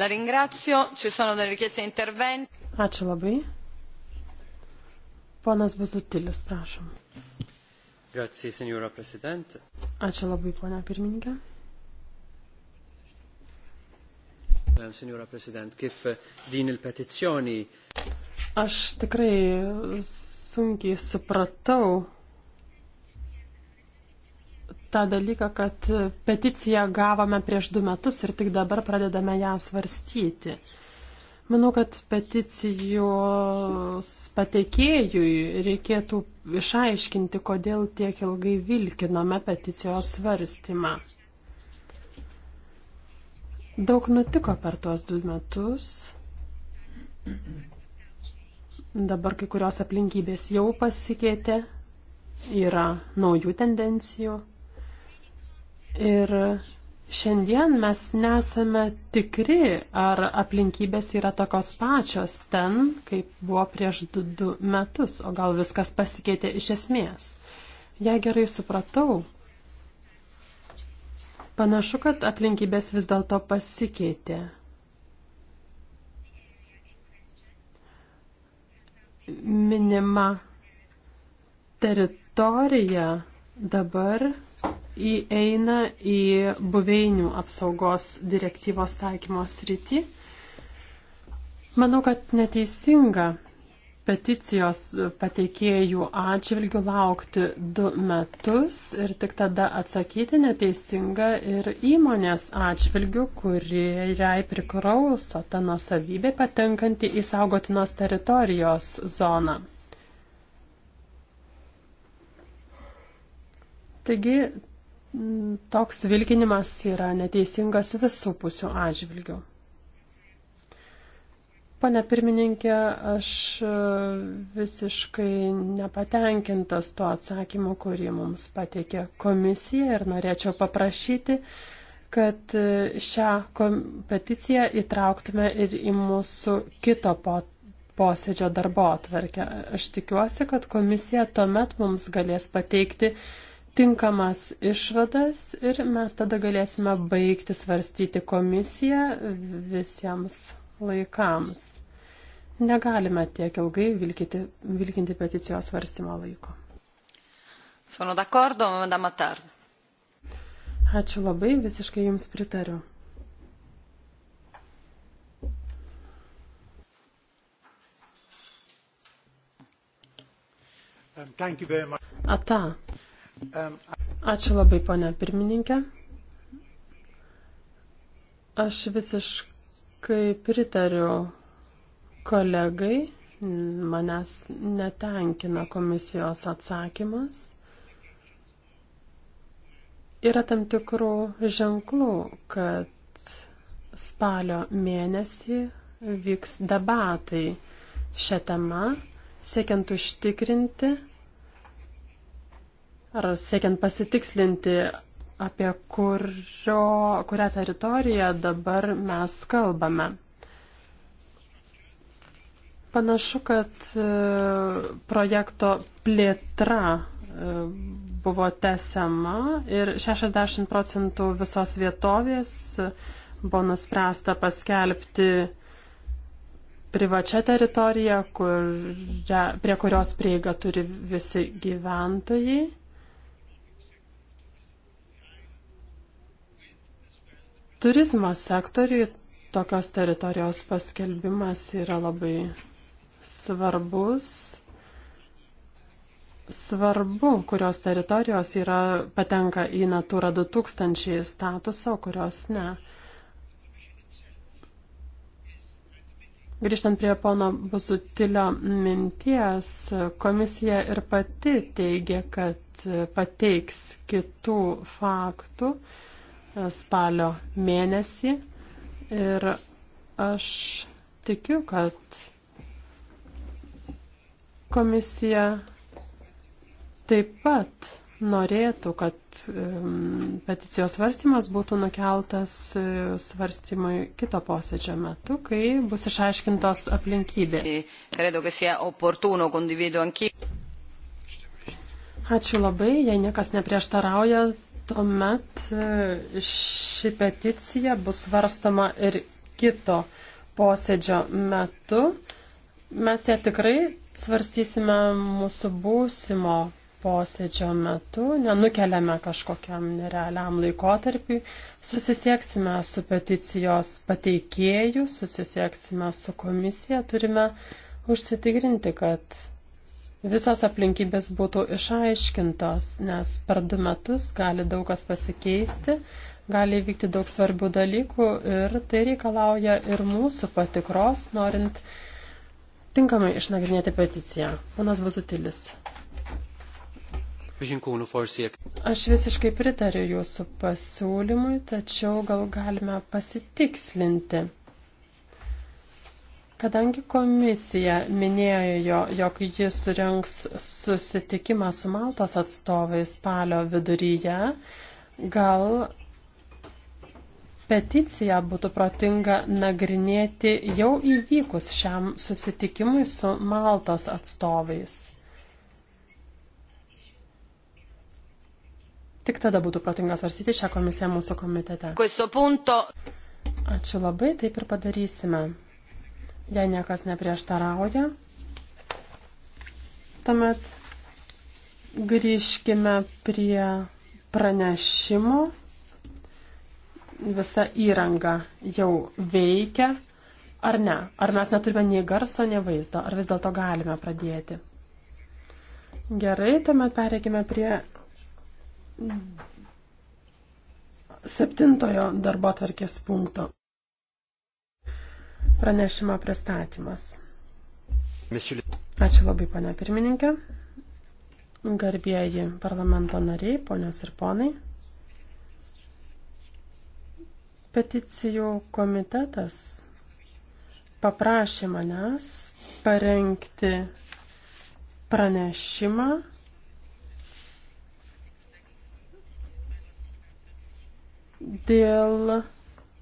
La ringrazio, ci sono delle richieste interventi. Ačiū labai. Ponas Buzutilis, prašom. Grazie, signora prezident. Ačiū labai, ponia pirmininkė. Ehm, signora prezident, kaip din il peticioni? Aš tikrai sunkiai supratau tą dalyką, kad peticiją gavome prieš du metus ir tik dabar pradedame ją svarstyti. Manau, kad peticijos patekėjui reikėtų išaiškinti, kodėl tiek ilgai vilkinome peticijos svarstymą. Daug nutiko per tuos du metus. Dabar kai kurios aplinkybės jau pasikeitė, yra naujų tendencijų. Ir Šiandien mes nesame tikri, ar aplinkybės yra tokios pačios ten, kaip buvo prieš du, du metus, o gal viskas pasikeitė iš esmės. Jei gerai supratau, panašu, kad aplinkybės vis dėlto pasikeitė. Minima teritorija dabar įeina į buveinių apsaugos direktyvos taikymos rytį. Manau, kad neteisinga peticijos pateikėjų atžvilgių laukti du metus ir tik tada atsakyti neteisinga ir įmonės atžvilgių, kuriai priklauso ta nusavybė patenkanti į saugotinos teritorijos zoną. Taigi Toks vilkinimas yra neteisingas visų pusių atžvilgių. Pane pirmininkė, aš e, visiškai nepatenkintas tuo atsakymu, kurį mums pateikė komisija ir norėčiau paprašyti, kad e, šią peticiją įtrauktume ir į mūsų kito pot posėdžio darbo atvarkę. Aš tikiuosi, kad komisija tuomet mums galės pateikti uh, tinkamas išvadas ir mes tada galėsime baigti svarstyti komisiją visiems laikams. Negalime tiek ilgai vilkyti, vilkinti peticijos svarstymo laiko. Sono d'accordo, madame Attar. Ačiū labai, visiškai jums pritariu. Um, Ata. Ačiū labai, ponia pirmininkė. Aš visiškai pritariu kolegai, manęs netenkina komisijos atsakymas. Yra tam tikrų ženklų, kad spalio mėnesį vyks debatai šią temą, siekiant užtikrinti, ar siekiant pasitikslinti, apie kurio, kurią teritoriją dabar mes kalbame. Panašu, kad e, projekto plėtra e, buvo tesiama ir 60 procentų visos vietovės buvo nuspręsta paskelbti privačią teritoriją, kur, prie kurios prieiga turi visi gyventojai. Turizmo sektoriui tokios teritorijos paskelbimas yra labai svarbus. Svarbu, kurios teritorijos yra, patenka į Natūra 2000 statusą, o kurios ne. Grįžtant prie pono Busutilio minties, komisija ir pati teigia, kad pateiks kitų faktų spalio mėnesį ir aš tikiu, kad komisija taip pat norėtų, kad peticijos svarstymas būtų nukeltas e, svarstymui kito posėdžio metu, kai bus išaiškintos aplinkybės. Ačiū labai, jei niekas neprieštarauja, Tuomet e, ši peticija bus svarstama ir kito posėdžio metu. Mes ją tikrai svarstysime mūsų būsimo posėdžio metu, nenukeliame kažkokiam nerealiam laikotarpiui, susisieksime su peticijos pateikėju, susisieksime su komisija, turime užsitikrinti, kad visos aplinkybės būtų išaiškintos, nes per du metus gali daug kas pasikeisti, gali įvykti daug svarbių dalykų ir tai reikalauja ir mūsų patikros, norint tinkamai išnagrinėti peticiją. Ponas Vazutilis. Aš visiškai pritariu jūsų pasiūlymui, tačiau gal galime pasitikslinti. Kadangi komisija minėjo, jog jis surinks susitikimą su Maltos atstovais spalio viduryje, gal peticiją būtų protinga nagrinėti jau įvykus šiam susitikimui su Maltos atstovais. Tik tada būtų protinga svarstyti šią komisiją mūsų komitete. Ačiū labai, taip ir padarysime. Jei niekas neprieštarauja, tuomet grįžkime prie pranešimo. Visa įranga jau veikia. Ar ne? Ar mes neturime nei garso, nei vaizdo? Ar vis dėlto galime pradėti? Gerai, tuomet pereikime prie septintojo darbo atvarkės punkto pranešimo pristatymas. Ačiū labai, ponia pirmininkė. Garbėjai parlamento nariai, ponios ir ponai. Peticijų komitetas paprašė manęs parengti pranešimą dėl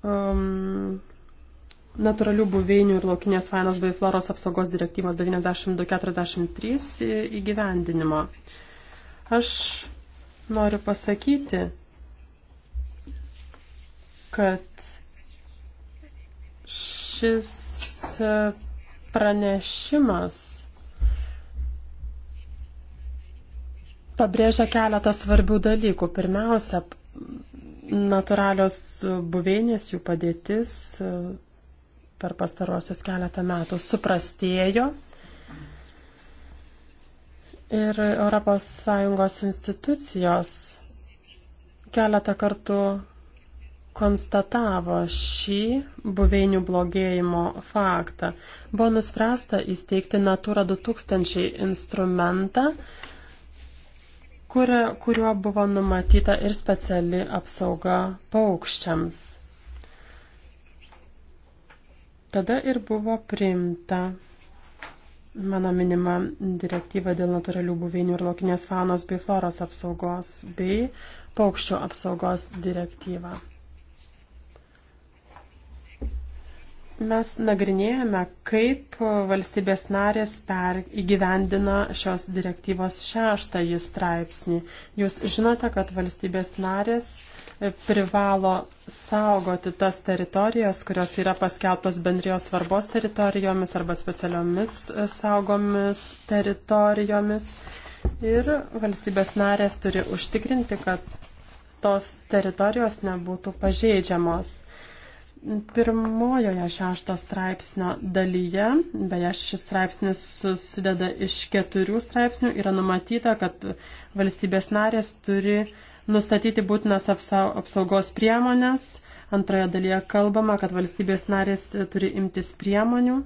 um, Natūralių buveinių ir laukinės fainos bei floros apsaugos direktyvos 9243 įgyvendinimo. Aš noriu pasakyti, kad šis pranešimas pabrėžia keletą svarbių dalykų. Pirmiausia, natūralios buveinės, jų padėtis, per pastarosius keletą metų suprastėjo. Ir ES institucijos keletą kartų konstatavo šį buveinių blogėjimo faktą. Buvo nuspręsta įsteigti Natura 2000 instrumentą, kurio, kuriuo buvo numatyta ir speciali apsauga paukščiams tada ir buvo priimta mano minima direktyva dėl natūralių buveinių ir laukinės faunos bei floros apsaugos bei paukščių apsaugos direktyva. Mes nagrinėjame, kaip valstybės narės per įgyvendina šios direktyvos šeštąjį straipsnį. Jūs žinote, kad valstybės narės e, privalo saugoti tas teritorijas, kurios yra paskelbtos bendrijos svarbos teritorijomis arba specialiomis e, saugomis teritorijomis. Ir valstybės narės turi užtikrinti, kad tos teritorijos nebūtų pažeidžiamos. Pirmojoje šešto straipsnio dalyje, beje, šis straipsnis susideda iš keturių straipsnių, yra numatyta, kad valstybės narės turi nustatyti būtinas apsaugos priemonės. Antroje dalyje kalbama, kad valstybės narės turi imtis priemonių.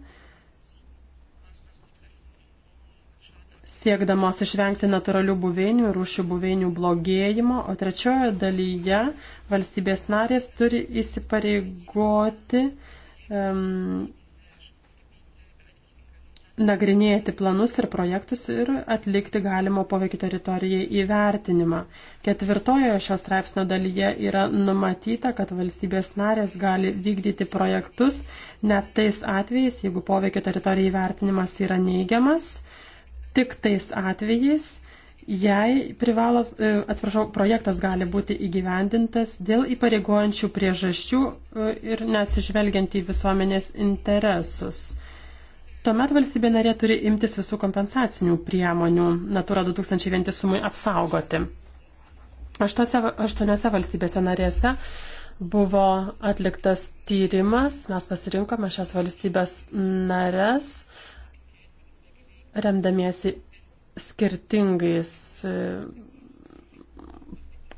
siekdamos išvengti natūralių buveinių ir rūšių buveinių blogėjimo, o trečiojo dalyje valstybės narės turi įsipareigoti um, nagrinėti planus ir projektus ir atlikti galimo poveikį teritorijai įvertinimą. Ketvirtojoje šios straipsnio dalyje yra numatyta, kad valstybės narės gali vykdyti projektus net tais atvejais, jeigu poveikio teritorijai įvertinimas yra neigiamas tik tais atvejais, jei privalas, e, atsiprašau, projektas gali būti įgyvendintas dėl įpareigojančių priežasčių e, ir neatsižvelgiant į visuomenės interesus. Tuomet valstybė narė turi imtis visų kompensacinių priemonių Natura 2000 vientisumui apsaugoti. Aštuose, aštuoniuose valstybėse narėse buvo atliktas tyrimas, mes pasirinkome šias valstybės nares, remdamiesi skirtingais e,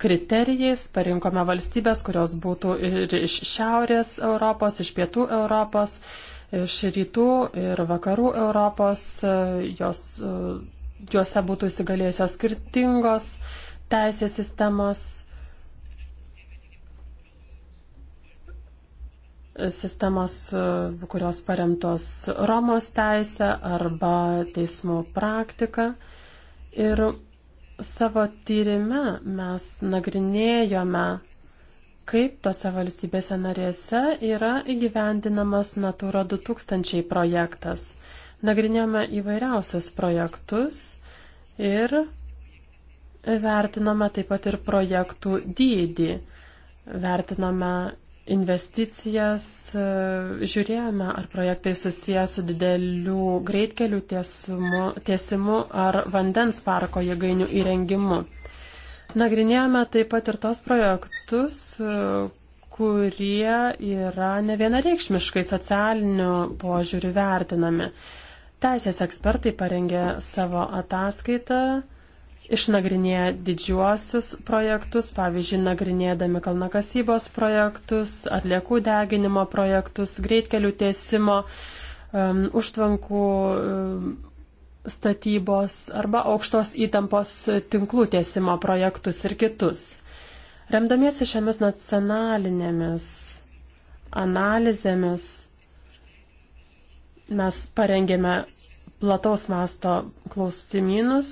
kriterijais parinkome valstybės, kurios būtų ir iš Šiaurės Europos, iš Pietų Europos, iš Rytų ir Vakarų Europos, e, jos, e, juose būtų įsigalėjusios skirtingos teisės sistemos. sistemos, kurios paremtos Romos teisė arba teismų praktika. Ir savo tyrime mes nagrinėjome, kaip tose valstybėse narėse yra įgyvendinamas Natura 2000 projektas. Nagrinėjome įvairiausius projektus ir vertinome taip pat ir projektų dydį. Vertinome investicijas, e, žiūrėjome, ar projektai susijęs su didelių greitkelių tiesimu, tiesimu ar vandens parko jėgainių įrengimu. Nagrinėjome taip pat ir tos projektus, e, kurie yra ne vienareikšmiškai socialiniu požiūriu vertinami. Teisės ekspertai parengė savo ataskaitą išnagrinėję didžiuosius projektus, pavyzdžiui, nagrinėdami kalnakasybos projektus, atliekų deginimo projektus, greitkelių tiesimo, um, užtvankų um, statybos arba aukštos įtampos tinklų tiesimo projektus ir kitus. Remdamiesi šiomis nacionalinėmis analizėmis, mes parengėme plataus masto klausimynus,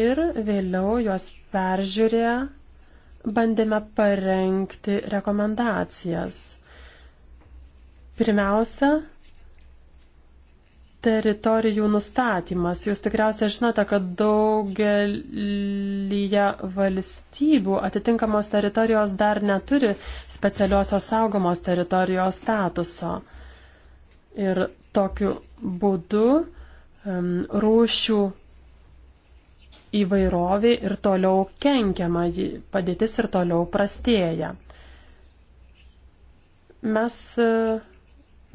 ir vėliau juos peržiūrėję bandėme parengti rekomendacijas. Pirmiausia, teritorijų nustatymas. Jūs tikriausiai žinote, kad daugelyje valstybių atitinkamos teritorijos dar neturi specialiosios saugomos teritorijos statuso. Ir tokiu būdu um, rūšių įvairovė ir toliau kenkiama, padėtis ir toliau prastėja. Mes e,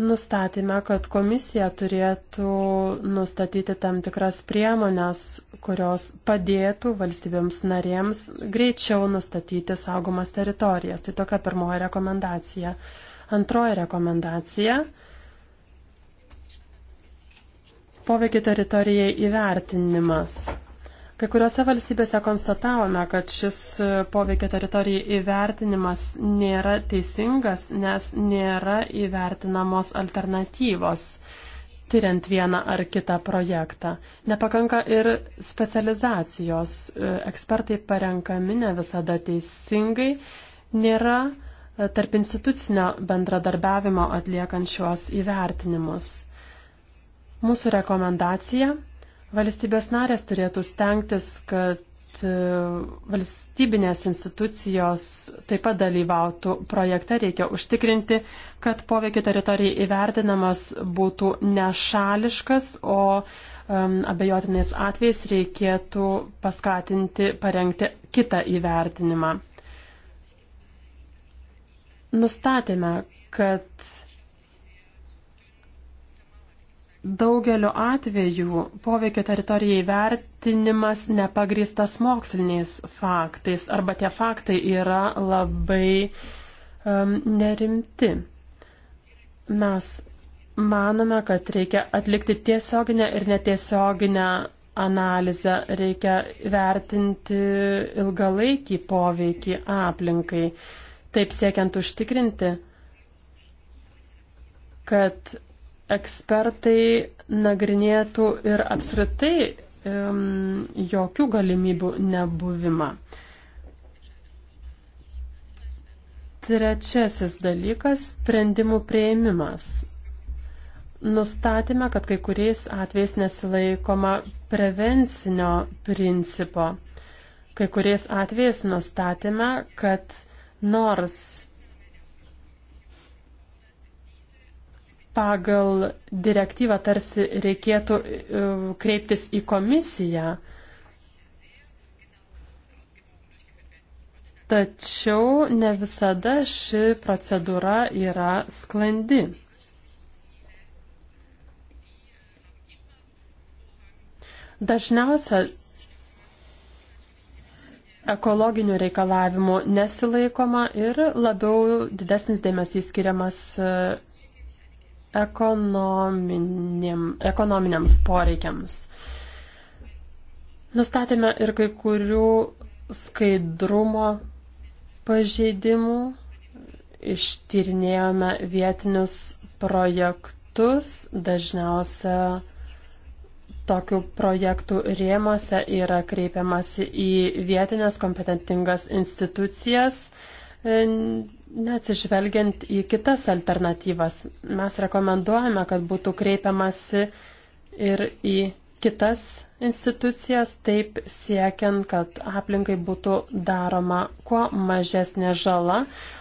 nustatėme, kad komisija turėtų nustatyti tam tikras priemonės, kurios padėtų valstybėms narėms greičiau nustatyti saugomas teritorijas. Tai tokia pirmoji rekomendacija. Antroji rekomendacija poveikio teritorijai įvertinimas. Kai kuriuose valstybėse konstatavome, kad šis e, poveikio teritorijai įvertinimas nėra teisingas, nes nėra įvertinamos alternatyvos tyriant vieną ar kitą projektą. Nepakanka ir specializacijos. E, ekspertai parenkami ne visada teisingai. Nėra e, tarp institucinio bendradarbiavimo atliekant šiuos įvertinimus. Mūsų rekomendacija Valstybės narės turėtų stengtis, kad e, valstybinės institucijos taip pat dalyvautų projekte, reikia užtikrinti, kad poveikio teritorijai įvertinamas būtų nešališkas, o um, abejotinais atvejais reikėtų paskatinti parengti kitą įvertinimą. Nustatėme, kad Daugeliu atveju poveikio teritorijai vertinimas nepagristas moksliniais faktais arba tie faktai yra labai um, nerimti. Mes manome, kad reikia atlikti tiesioginę ir netiesioginę analizę, reikia vertinti ilgalaikį poveikį aplinkai, taip siekiant užtikrinti, kad ekspertai nagrinėtų ir apskritai um, jokių galimybių nebuvimą. Trečiasis dalykas - sprendimų prieimimas. Nustatėme, kad kai kuriais atvejais nesilaikoma prevencinio principo. Kai kuriais atvejais nustatėme, kad nors pagal direktyvą tarsi reikėtų e, kreiptis į komisiją. Tačiau ne visada ši procedūra yra sklandi. Dažniausia ekologinių reikalavimų nesilaikoma ir labiau didesnis dėmesys skiriamas e, ekonominiam, ekonominiams poreikiams. Nustatėme ir kai kurių skaidrumo pažeidimų, ištyrinėjome vietinius projektus, dažniausia tokių projektų rėmose yra kreipiamasi į vietinės kompetentingas institucijas Neatsižvelgiant į kitas alternatyvas, mes rekomenduojame, kad būtų kreipiamasi ir į kitas institucijas, taip siekiant, kad aplinkai būtų daroma kuo mažesnė žala,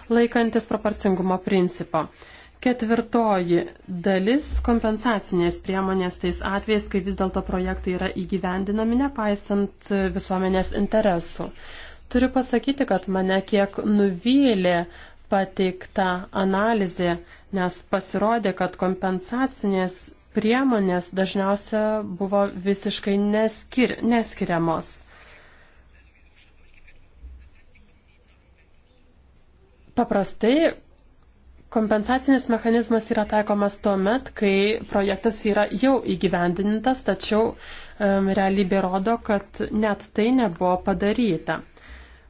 laikantis proporcingumo principo. Ketvirtoji dalis - kompensacinės priemonės tais atvejais, kai vis dėlto projektai yra įgyvendinami, nepaisant visuomenės interesų. Turiu pasakyti, kad mane kiek nuvylė pateikta analizė, nes pasirodė, kad kompensacinės priemonės dažniausia buvo visiškai neskir, neskiriamos. Paprastai kompensacinis mechanizmas yra taikomas tuo met, kai projektas yra jau įgyvendintas, tačiau um, realybė rodo, kad net tai nebuvo padaryta.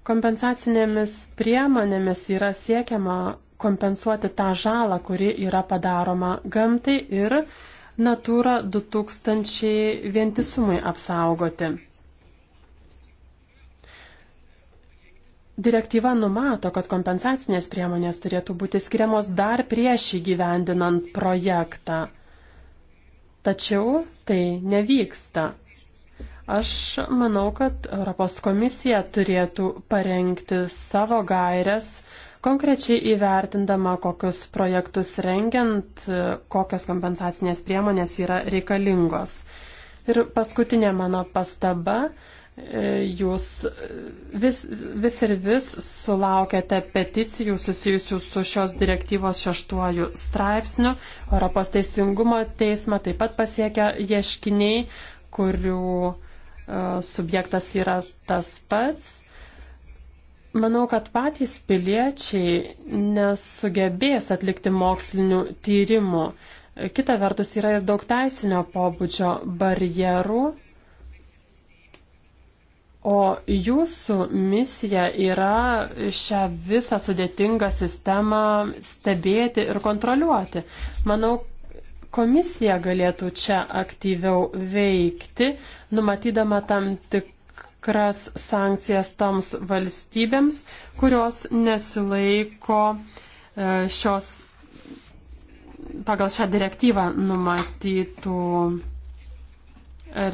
Kompensacinėmis priemonėmis yra siekiama kompensuoti tą žalą, kuri yra padaroma gamtai ir Natūra 2000 vientisumui apsaugoti. Direktyva numato, kad kompensacinės priemonės turėtų būti skiriamos dar prieš įgyvendinant projektą. Tačiau tai nevyksta. Aš manau, kad Europos komisija turėtų parengti savo gairias, konkrečiai įvertindama, kokius projektus rengiant, kokios kompensacinės priemonės yra reikalingos. Ir paskutinė mano pastaba. E, jūs vis, vis ir vis sulaukėte peticijų susijusių su šios direktyvos šeštuoju straipsniu. Europos teisingumo teismą taip pat pasiekia ieškiniai, kurių E, subjektas yra tas pats. Manau, kad patys piliečiai nesugebės atlikti mokslinių tyrimų. Kita vertus yra ir daug teisinio pobūdžio barjerų, o jūsų misija yra šią visą sudėtingą sistemą stebėti ir kontroliuoti. Manau, komisija galėtų čia aktyviau veikti, numatydama tam tikras sankcijas toms valstybėms, kurios nesilaiko e, šios pagal šią direktyvą numatytų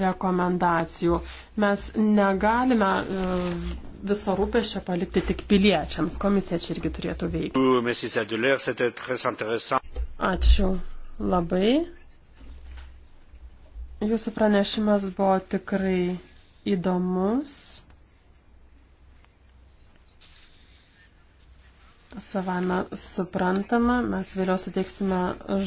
rekomendacijų. Mes negalime e, viso rūpešio palikti tik piliečiams. Komisija čia irgi turėtų veikti. Ačiū labai. Jūsų pranešimas buvo tikrai įdomus. Savana suprantama, mes vėliau suteiksime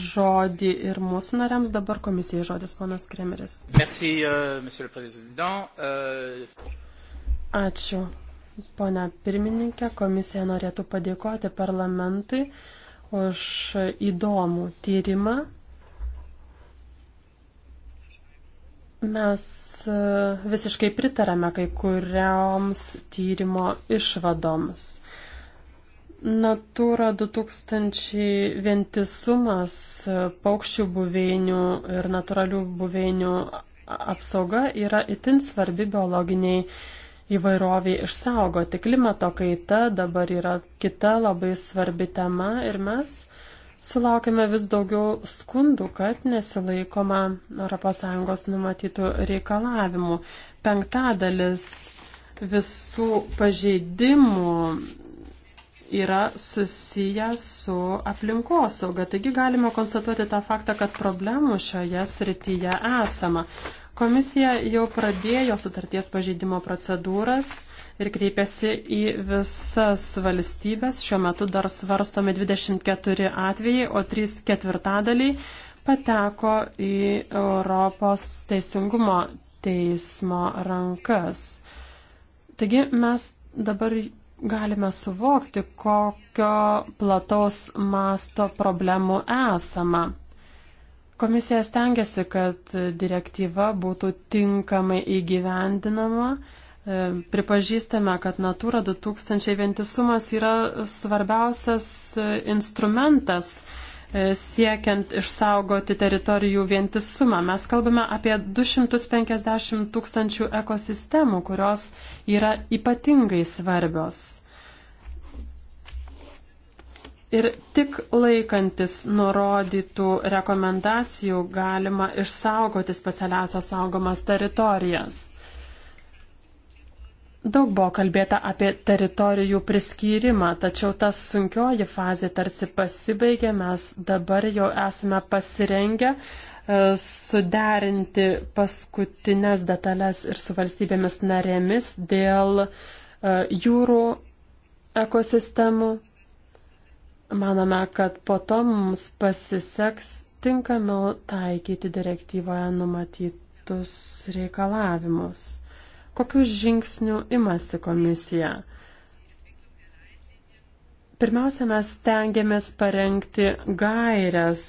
žodį ir mūsų nariams, dabar komisijai žodis ponas Kremeris. Merci, uh, Ačiū, ponia pirmininkė, komisija norėtų padėkoti parlamentui už įdomų tyrimą. Mes e, visiškai pritarame kai kurioms tyrimo išvadoms. Natūra 2000 vientisumas paukščių buveinių ir natūralių buveinių apsauga yra itin svarbi biologiniai įvairoviai išsaugoti. Klimato kaita dabar yra kita labai svarbi tema ir mes sulaukime vis daugiau skundų, kad nesilaikoma ES numatytų reikalavimų. Penktadalis visų pažeidimų yra susiję su aplinkosauga. Taigi galime konstatuoti tą faktą, kad problemų šioje srityje esama. Komisija jau pradėjo sutarties pažeidimo procedūras ir kreipėsi į visas valstybės. Šiuo metu dar svarstomi 24 atvejai, o 3 ketvirtadaliai pateko į Europos teisingumo teismo rankas. Taigi mes dabar galime suvokti, kokio plataus masto problemų esama. Komisija stengiasi, kad direktyva būtų tinkamai įgyvendinama. E, pripažįstame, kad Natura 2000 vientisumas yra svarbiausias e, instrumentas e, siekiant išsaugoti teritorijų vientisumą. Mes kalbame apie 250 tūkstančių ekosistemų, kurios yra ypatingai svarbios. Ir tik laikantis nurodytų rekomendacijų galima išsaugoti specialiasias saugomas teritorijas. Daug buvo kalbėta apie teritorijų priskyrimą, tačiau tas sunkioji fazė tarsi pasibaigė, mes dabar jau esame pasirengę e, suderinti paskutinės detalės ir su valstybėmis narėmis dėl e, jūrų ekosistemų Manome, kad po to mums pasiseks tinkamiau taikyti direktyvoje numatytus reikalavimus. Kokius žingsnių imasi komisija? Pirmiausia, mes tengiamės parengti gairias,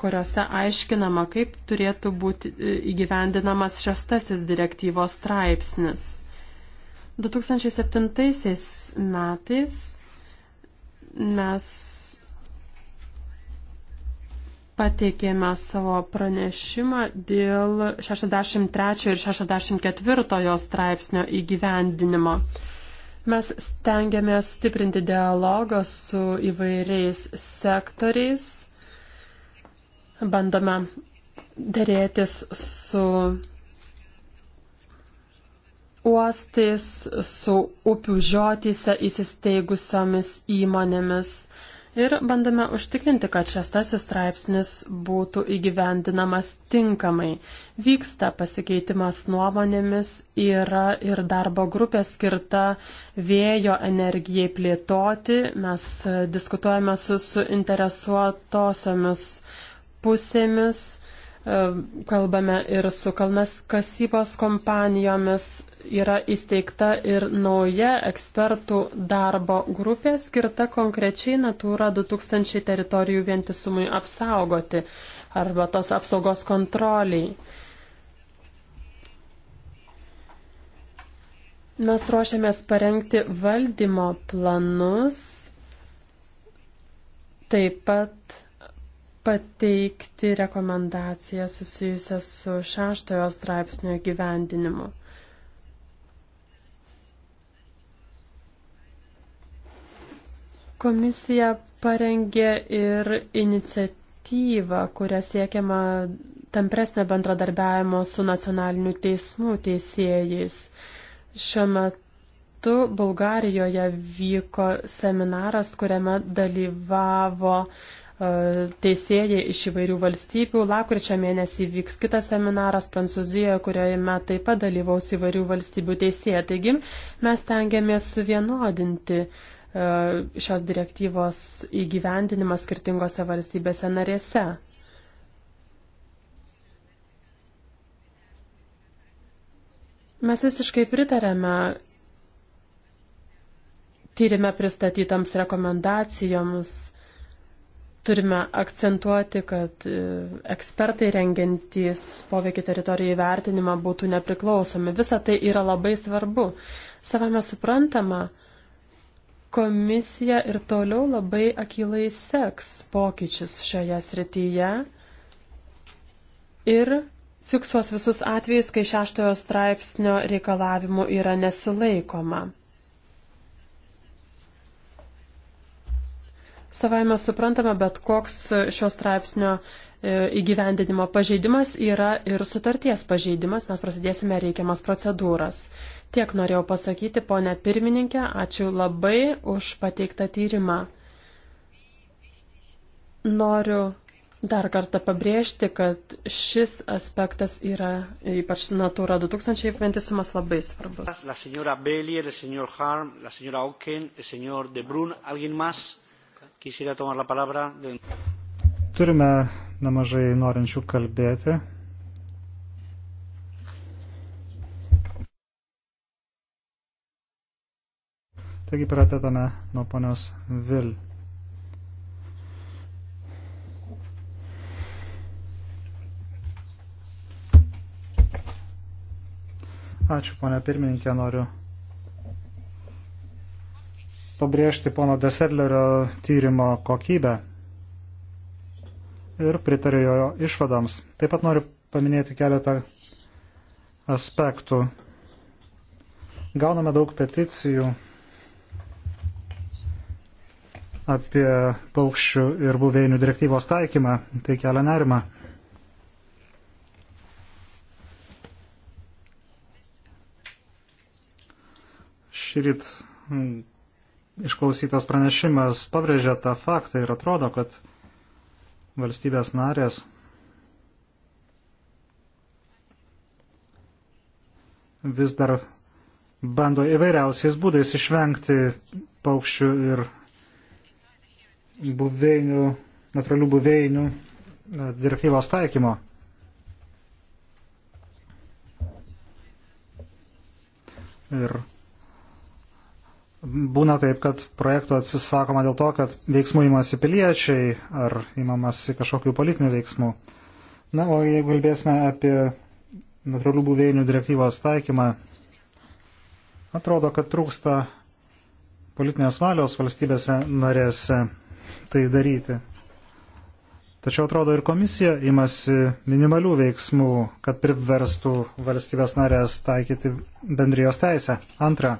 kuriuose aiškinama, kaip turėtų būti įgyvendinamas šeštasis direktyvos straipsnis. 2007 metais mes pateikėme savo pranešimą dėl 63 ir 64 straipsnio įgyvendinimo. Mes stengiamės stiprinti dialogą su įvairiais sektoriais, bandome dėrėtis su uostais, su upių žiotyse įsisteigusiomis įmonėmis ir bandome užtikrinti, kad šeštasis straipsnis būtų įgyvendinamas tinkamai. Vyksta pasikeitimas nuomonėmis, yra ir darbo grupė skirta vėjo energijai plėtoti, mes diskutuojame su suinteresuotosiomis pusėmis E, kalbame ir su kalnas kasybos kompanijomis. Yra įsteigta ir nauja ekspertų darbo grupė skirta konkrečiai Natūra 2000 teritorijų vientisumui apsaugoti arba tos apsaugos kontroliai. Mes ruošiamės parengti valdymo planus, taip pat pateikti rekomendaciją susijusią su šeštojo straipsnio gyvendinimu. Komisija parengė ir iniciatyvą, kuria siekiama tampresnio bendradarbiavimo su nacionaliniu teismu teisėjais. Šiuo metu metu Bulgarijoje vyko seminaras, kuriame dalyvavo E, teisėjai iš įvairių valstybių. Lakurčio mėnesį vyks kitas seminaras Prancūzijoje, kurioje taip pat dalyvaus įvairių valstybių teisėjai. Taigi mes tengiamės suvienodinti e, šios direktyvos įgyvendinimą skirtingose valstybėse narėse. Mes visiškai pritarėme tyrimę pristatytams rekomendacijoms Turime akcentuoti, kad e, ekspertai rengiantys poveikį teritorijai vertinimą būtų nepriklausomi. Visa tai yra labai svarbu. Savame suprantama, komisija ir toliau labai akilai seks pokyčius šioje srityje ir fiksuos visus atvejus, kai šeštojo straipsnio reikalavimų yra nesilaikoma. Savaime suprantama, bet koks šios straipsnio e, įgyvendinimo pažeidimas yra ir sutarties pažeidimas, mes prasidėsime reikiamas procedūras. Tiek norėjau pasakyti, ponė pirmininkė, ačiū labai už pateiktą tyrimą. Noriu dar kartą pabrėžti, kad šis aspektas yra, ypač Natūra 2000 vientisumas, labai svarbus. La señora Bailey, el señor Harm, la señora Oken, el señor De Brun, ¿alguien más? Quisiera tomar la palabra. De... Turime nemažai norinčių kalbėti. Taigi pradedame nuo ponios Vil. Ačiū, ponia pirmininkė, noriu pabrėžti pono Desedlerio tyrimo kokybę ir pritariu jo išvadams. Taip pat noriu paminėti keletą aspektų. Gauname daug peticijų apie paukščių ir buveinių direktyvos taikymą, tai kelia nerima. Šįryt išklausytas pranešimas pabrėžia tą faktą ir atrodo, kad valstybės narės vis dar bando įvairiausiais būdais išvengti paukščių ir buveinių, natūralių buveinių e, direktyvos taikymo. Ir būna taip, kad projektų atsisakoma dėl to, kad veiksmų imasi piliečiai ar imamasi kažkokių politinių veiksmų. Na, o jeigu kalbėsime apie natūralių buveinių direktyvos taikymą, atrodo, kad trūksta politinės valios valstybėse narėse tai daryti. Tačiau atrodo ir komisija imasi minimalių veiksmų, kad priverstų valstybės narės taikyti bendrijos teisę. Antra,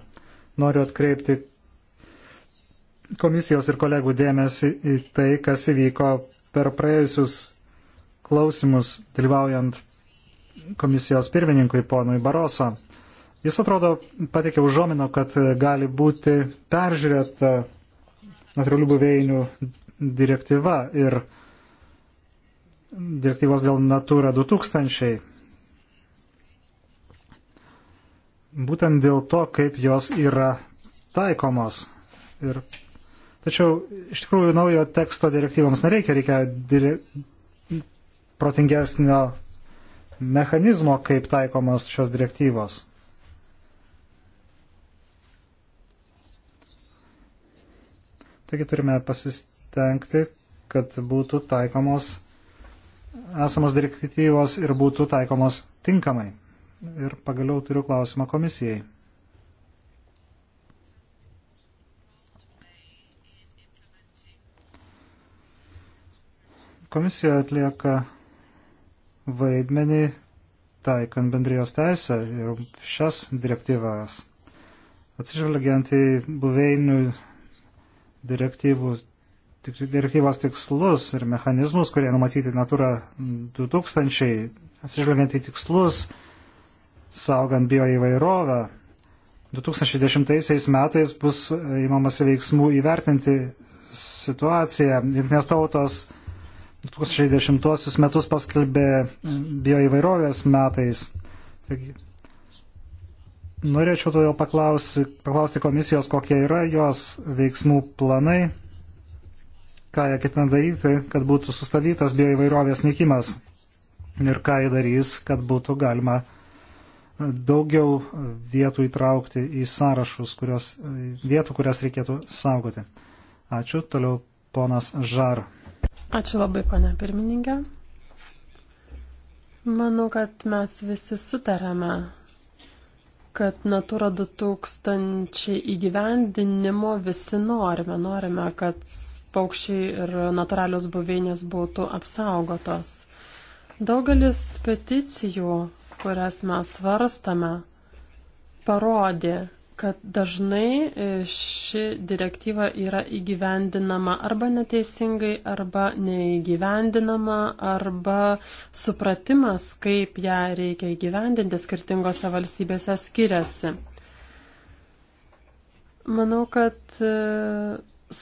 Noriu atkreipti komisijos ir kolegų dėmesį į tai, kas įvyko per praėjusius klausimus, dalyvaujant komisijos pirmininkui ponui Baroso. Jis atrodo patikė užuomino, kad gali būti peržiūrėta natūralių buveinių direktyva ir direktyvos dėl Natura 2000. būtent dėl to, kaip jos yra taikomos. Ir, tačiau iš tikrųjų naujo teksto direktyvams nereikia, reikia dire, protingesnio mechanizmo, kaip taikomos šios direktyvos. Taigi turime pasistengti, kad būtų taikomos esamos direktyvos ir būtų taikomos tinkamai. Ir pagaliau turiu klausimą komisijai. Komisija atlieka vaidmenį taikant bendrijos teisę ir šias direktyvas. Atsižvelgiant į buveinių direktyvų, direktyvos tikslus ir mechanizmus, kurie numatyti Natura 2000, atsižvelgiant į tikslus, saugant bioįvairovę. 2010 metais bus įmamasi veiksmų įvertinti situaciją. Jungtinės tautos 2010 metus paskelbė bioįvairovės metais. Taigi, norėčiau todėl paklausti, paklausti komisijos, kokie yra jos veiksmų planai, ką jie ketina daryti, kad būtų sustabdytas bioįvairovės nikimas ir ką jie darys, kad būtų galima uh, daugiau vietų įtraukti į sąrašus, kurios, vietų, kurias reikėtų saugoti. Ačiū. Toliau ponas Žar. Ačiū labai, pane pirmininkė. Manau, kad mes visi sutarėme, kad Natura 2000 įgyvendinimo visi norime. Norime, kad paukščiai ir natūralios buveinės būtų apsaugotos. Daugelis peticijų kurias mes svarstame, parodė, kad dažnai e, ši direktyva yra įgyvendinama arba neteisingai, arba neįgyvendinama, arba supratimas, kaip ją reikia įgyvendinti skirtingose valstybėse skiriasi. Manau, kad e,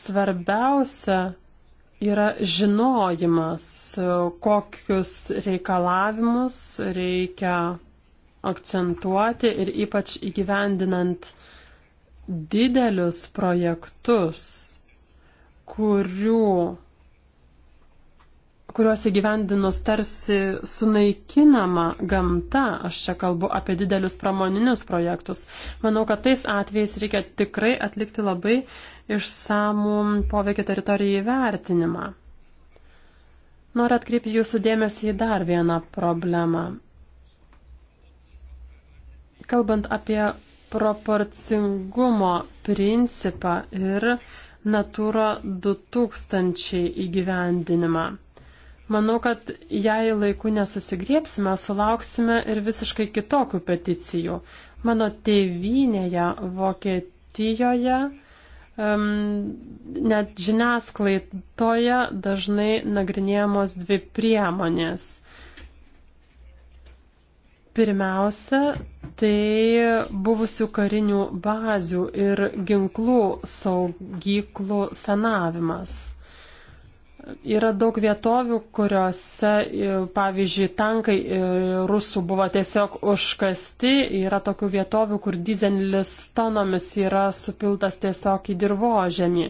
svarbiausia yra žinojimas, kokius reikalavimus reikia akcentuoti ir ypač įgyvendinant didelius projektus, kurių kuriuos įgyvendinus tarsi sunaikinama gamta, aš čia kalbu apie didelius pramoninius projektus, manau, kad tais atvejais reikia tikrai atlikti labai išsamų poveikio teritorijai vertinimą. Noriu atkreipti jūsų dėmesį į dar vieną problemą. Kalbant apie proporcingumo principą ir Natūra 2000 įgyvendinimą. Manau, kad jei laiku nesusigriepsime, sulauksime ir visiškai kitokių peticijų. Mano tėvynėje Vokietijoje um, net žiniasklaidoje dažnai nagrinėjamos dvi priemonės. Pirmiausia, tai buvusių karinių bazių ir ginklų saugyklų sanavimas. Yra daug vietovių, kuriuose, e, pavyzdžiui, tankai e, rusų buvo tiesiog užkasti, yra tokių vietovių, kur dizelis tonomis yra supiltas tiesiog į dirbožemį.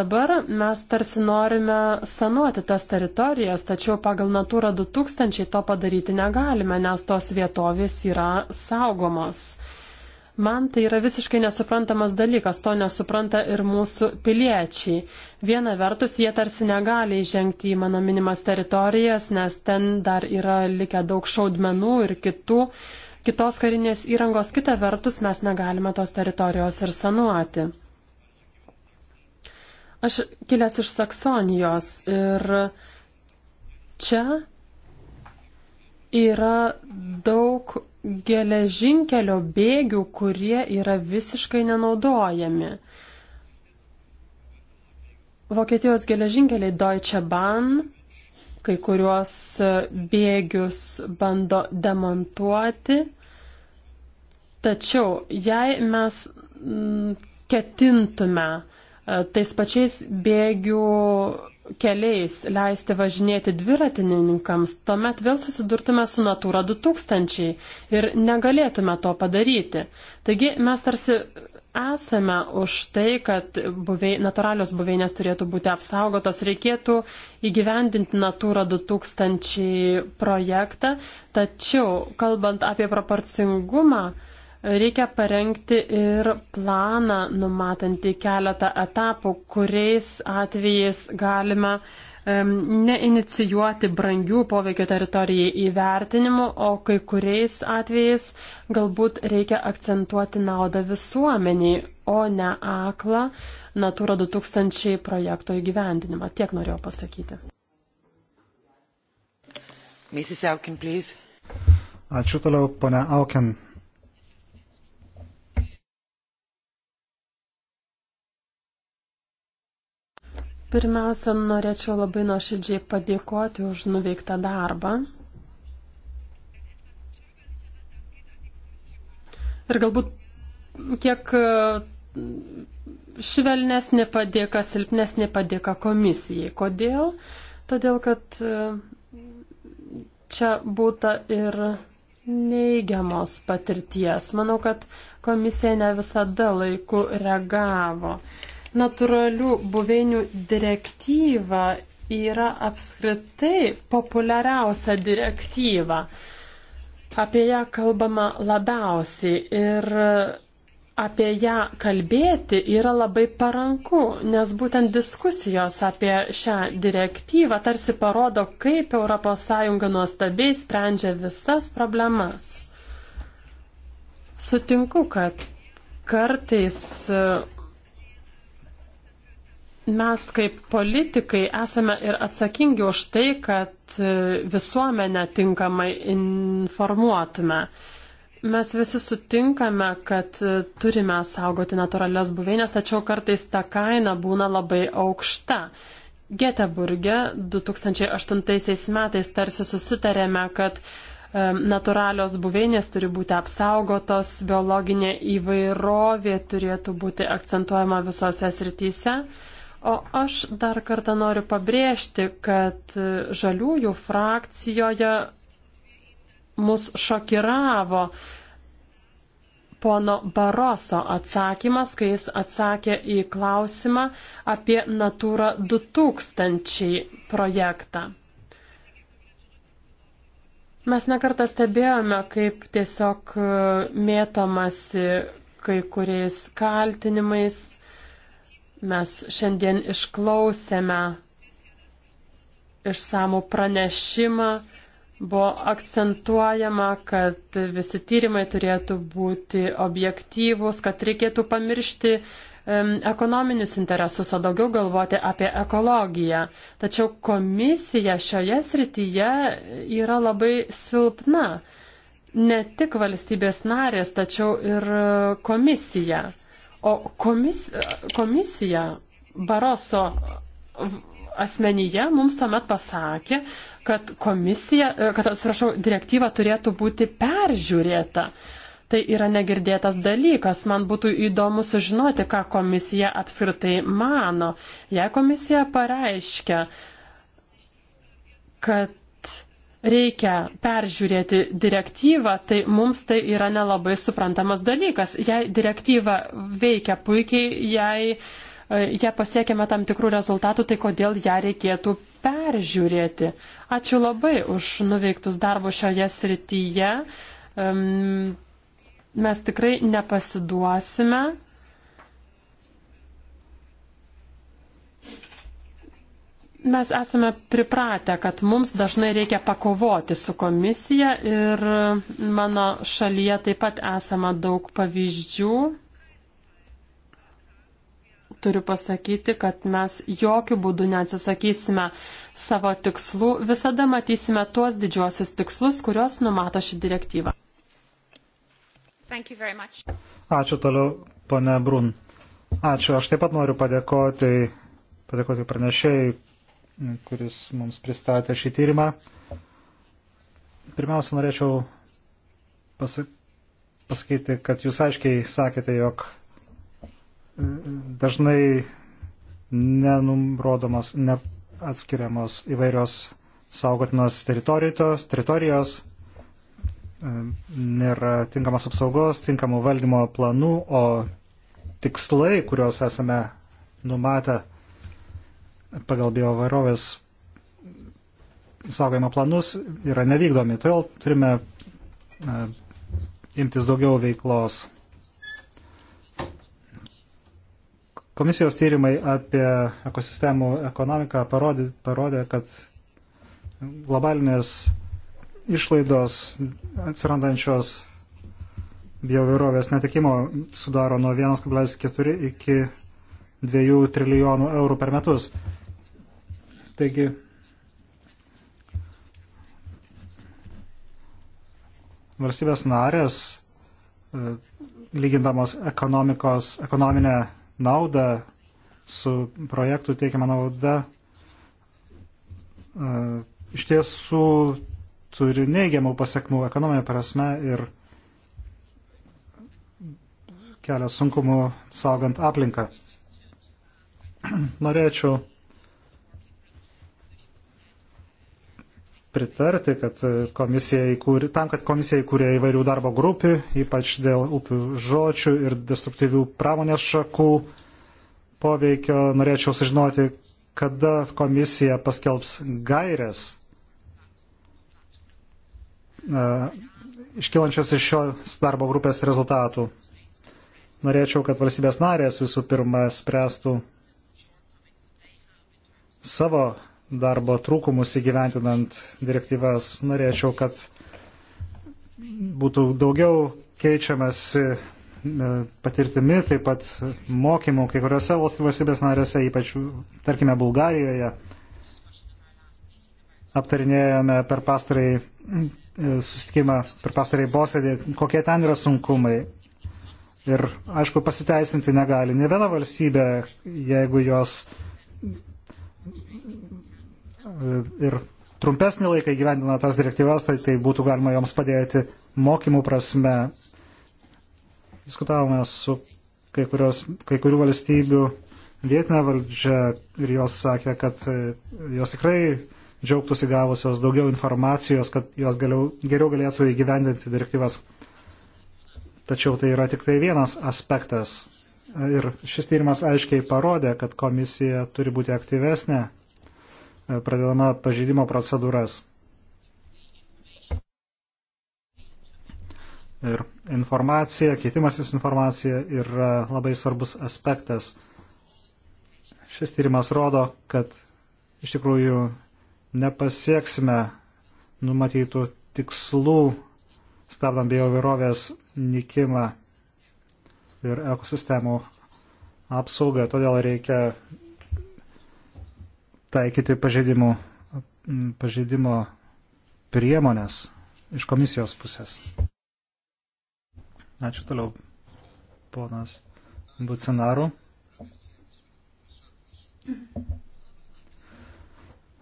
Dabar mes tarsi norime sanuoti tas teritorijas, tačiau pagal Natūra 2000 to padaryti negalime, nes tos vietovės yra saugomos. Man tai yra visiškai nesuprantamas dalykas, to nesupranta ir mūsų piliečiai. Viena vertus, jie tarsi negali įžengti į mano minimas teritorijas, nes ten dar yra likę daug šaudmenų ir kitų, kitos karinės įrangos, kita vertus, mes negalime tos teritorijos ir sanuoti. Aš kilęs iš Saksonijos ir čia yra daug geležinkelio bėgių, kurie yra visiškai nenaudojami. Vokietijos geležinkeliai Deutsche Bahn kai kuriuos bėgius bando demontuoti. Tačiau, jei mes ketintume e, tais pačiais bėgių keliais leisti važinėti dviratininkams, tuomet vėl susidurtume su Natūra 2000 ir negalėtume to padaryti. Taigi mes tarsi esame už tai, kad buvei, natūralios buveinės turėtų būti apsaugotos, reikėtų įgyvendinti Natūra 2000 projektą, tačiau kalbant apie proporcingumą, Reikia parengti ir planą numatantį keletą etapų, kuriais atvejais galima um, neinicijuoti brangių poveikio teritorijai įvertinimų, o kai kuriais atvejais galbūt reikia akcentuoti naudą visuomeniai, o ne aklą Natūra 2000 projekto įgyvendinimą. Tiek norėjau pasakyti. Mrs. Aukin, please. Ačiū toliau, ponia Aukin. Pirmiausia, norėčiau labai nuoširdžiai padėkoti už nuveiktą darbą. Ir galbūt kiek e, švelnesnė padėka, silpnesnė padėka komisijai. Kodėl? Todėl, kad e, čia būta ir neįgiamos patirties. Manau, kad komisija ne visada laiku reagavo natūralių buveinių direktyva yra apskritai populiariausia direktyva. Apie ją kalbama labiausiai ir apie ją kalbėti yra labai paranku, nes būtent diskusijos apie šią direktyvą tarsi parodo, kaip ES nuostabiai sprendžia visas problemas. Sutinku, kad kartais mes kaip politikai esame ir atsakingi už tai, kad e, visuomenę tinkamai informuotume. Mes visi sutinkame, kad e, turime saugoti natūralias buveinės, tačiau kartais ta kaina būna labai aukšta. Geteburge 2008 metais tarsi susitarėme, kad e, natūralios buveinės turi būti apsaugotos, biologinė įvairovė turėtų būti akcentuojama visose srityse. O aš dar kartą noriu pabrėžti, kad žaliųjų frakcijoje mus šokiravo pono Baroso atsakymas, kai jis atsakė į klausimą apie Natūra 2000 projektą. Mes nekartą stebėjome, kaip tiesiog mėtomasi kai kuriais kaltinimais, Mes šiandien išklausėme išsamų pranešimą. Buvo akcentuojama, kad visi tyrimai turėtų būti objektyvūs, kad reikėtų pamiršti ekonominius interesus, o daugiau galvoti apie ekologiją. Tačiau komisija šioje srityje yra labai silpna. Ne tik valstybės narės, tačiau ir e, komisija. O komis, komisija Baroso asmenyje mums tuomet pasakė, kad komisija, kad atsiprašau, direktyva turėtų būti peržiūrėta. Tai yra negirdėtas dalykas. Man būtų įdomu sužinoti, ką komisija apskritai mano. Jei komisija pareiškia, kad reikia peržiūrėti direktyvą, tai mums tai yra nelabai suprantamas dalykas. Jei direktyva veikia puikiai, jei e, ją pasiekėme tam tikrų rezultatų, tai kodėl ją reikėtų peržiūrėti. Ačiū labai už nuveiktus darbus šioje srityje. Mes tikrai nepasiduosime. Mes esame pripratę, kad mums dažnai reikia pakovoti su komisija ir mano šalyje taip pat esama daug pavyzdžių. Turiu pasakyti, kad mes jokių būdų neatsisakysime savo tikslų, visada matysime tuos didžiuosius tikslus, kuriuos numato ši direktyva. Ačiū toliau, pone Brun. Ačiū. Aš taip pat noriu padėkoti, padėkoti pranešėjai, kuris mums pristatė šį tyrimą. Pirmiausia, norėčiau pasakyti, kad jūs aiškiai sakėte, jog e, dažnai nenumrodomos, neatskiriamos įvairios saugotinos teritorijos, teritorijos, e, nėra tinkamas apsaugos, tinkamų valdymo planų, o tikslai, kuriuos esame numatę, pagal biovarovės saugojimo planus yra nevykdomi. Todėl turime e, imtis daugiau veiklos. Komisijos tyrimai apie ekosistemų ekonomiką parodė, parodė kad globalinės išlaidos atsirandančios biovirovės netikimo sudaro nuo 1,4 iki 2 trilijonų eurų per metus. Taigi, valstybės narės, e, lygindamos ekonominę naudą su projektų teikiama nauda, e, iš tiesų turi neigiamų pasiekmų ekonominė prasme ir kelia sunkumų saugant aplinką. Norėčiau pritarti, kad komisija įkūrė, tam, kad komisija įkūrė įvairių darbo grupių, ypač dėl upių žodžių ir destruktyvių pramonės šakų poveikio, norėčiau sužinoti, kada komisija paskelbs gairės e, iškilančias iš šios darbo grupės rezultatų. Norėčiau, kad valstybės narės visų pirma spręstų savo darbo trūkumus įgyventinant direktyvas. Norėčiau, kad būtų daugiau keičiamas e, patirtimi, taip pat mokymų kai kuriuose valstybės narėse, ypač, tarkime, Bulgarijoje. Aptarinėjome per pastarai e, susitikimą, per pastarai posėdį, kokie ten yra sunkumai. Ir, aišku, pasiteisinti negali ne viena valstybė, jeigu jos ir trumpesnį laiką gyvendina tas direktyvas, tai, tai būtų galima joms padėti mokymų prasme. Diskutavome su kai, kurios, kai kurių valstybių vietinė valdžia ir jos sakė, kad e, jos tikrai džiaugtųsi gavusios daugiau informacijos, kad jos galiau, geriau galėtų įgyvendinti direktyvas. Tačiau tai yra tik tai vienas aspektas. Ir šis tyrimas aiškiai parodė, kad komisija turi būti aktyvesnė E, pradedama pažeidimo procedūras. Ir informacija, keitimasis informacija yra labai svarbus aspektas. Šis tyrimas rodo, kad iš tikrųjų nepasieksime numatytų tikslų, stabdant biovirovės nikimą ir ekosistemų apsaugą. Todėl reikia taikyti pažeidimų, pažeidimo priemonės iš komisijos pusės. Ačiū toliau, ponas Bucinaru.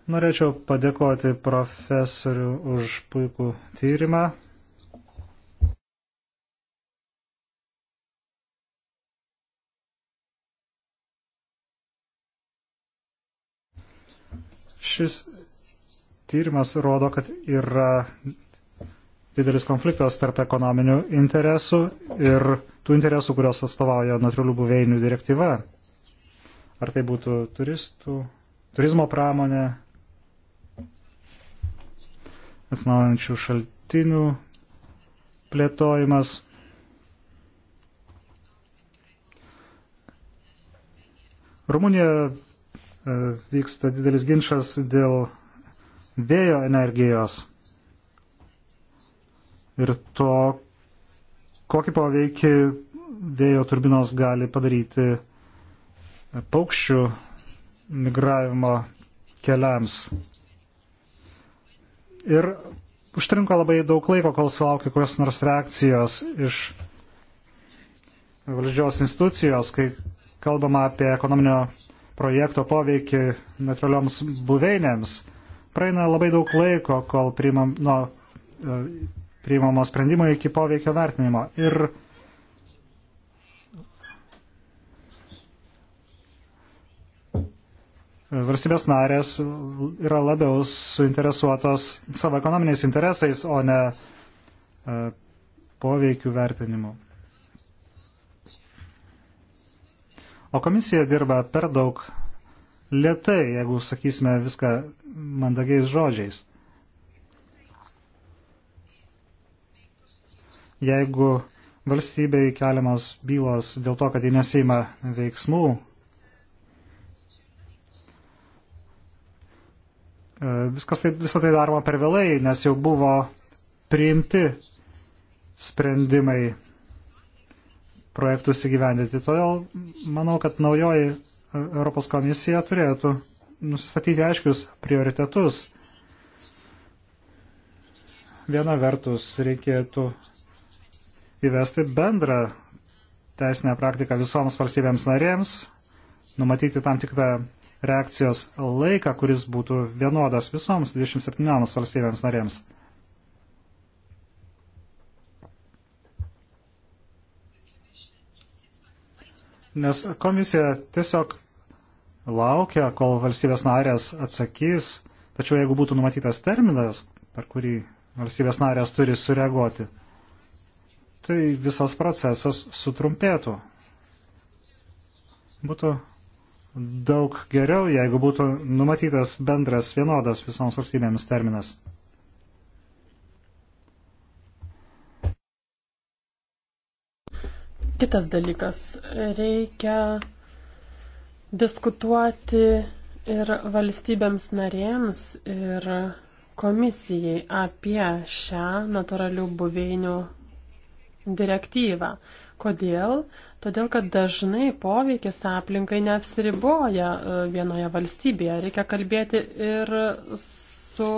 Norėčiau padėkoti profesoriu už puikų tyrimą. Šis tyrimas rodo, kad yra didelis konfliktas tarp ekonominių interesų ir tų interesų, kurios atstovauja natūralių buveinių direktyva. Ar tai būtų turistų, turizmo pramonė, atsinaujančių šaltinių plėtojimas. Rumunija E, vyksta didelis ginčas dėl vėjo energijos ir to, kokį poveikį vėjo turbinos gali padaryti paukščių migravimo keliams. Ir užtrinko labai daug laiko, kol sulaukė kokios nors reakcijos iš valdžios institucijos, kai kalbama apie ekonominio projekto poveikį natūralioms buveinėms, praeina labai daug laiko, kol priimam, nuo e, priimamo sprendimo iki poveikio vertinimo. Ir valstybės narės yra labiau suinteresuotos savo ekonominiais interesais, o ne e, poveikių vertinimu. O komisija dirba per daug lietai, jeigu sakysime viską mandagiais žodžiais. Jeigu valstybei keliamos bylos dėl to, kad jie nesima veiksmų, e, viskas tai, visą tai daroma per vėlai, nes jau buvo priimti sprendimai projektus įgyvendinti. Todėl manau, kad naujoji e, Europos komisija turėtų nusistatyti aiškius prioritetus. Viena vertus reikėtų įvesti bendrą teisinę praktiką visoms valstybėms narėms, numatyti tam tikrą reakcijos laiką, kuris būtų vienodas visoms 27 valstybėms narėms. nes komisija tiesiog laukia, kol valstybės narės atsakys, tačiau jeigu būtų numatytas terminas, per kurį valstybės narės turi sureaguoti, tai visas procesas sutrumpėtų. Būtų daug geriau, jeigu būtų numatytas bendras vienodas visoms valstybėms terminas. Kitas dalykas, reikia diskutuoti ir valstybėms narėms ir komisijai apie šią natūralių buveinių direktyvą. Kodėl? Todėl, kad dažnai poveikis aplinkai neapsiriboja e, vienoje valstybėje. Reikia kalbėti ir su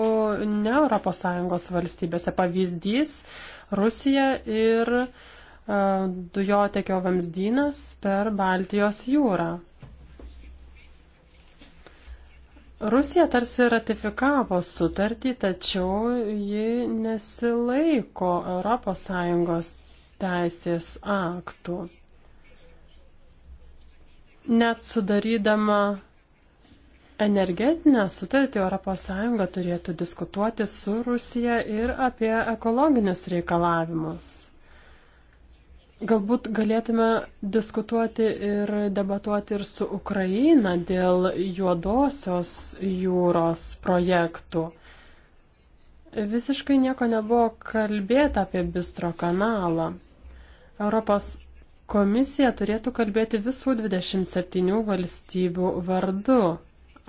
ne ES valstybėse. Pavyzdys - Rusija ir uh, E, dujotekio vamzdynas per Baltijos jūrą. Rusija tarsi ratifikavo sutartį, tačiau ji nesilaiko ES teisės aktų. Net sudarydama energetinę sutartį ES turėtų diskutuoti su Rusija ir apie ekologinius reikalavimus. Galbūt galėtume diskutuoti ir debatuoti ir su Ukraina dėl juodosios jūros projektų. Visiškai nieko nebuvo kalbėta apie Bistro kanalą. Europos komisija turėtų kalbėti visų 27 valstybių vardu,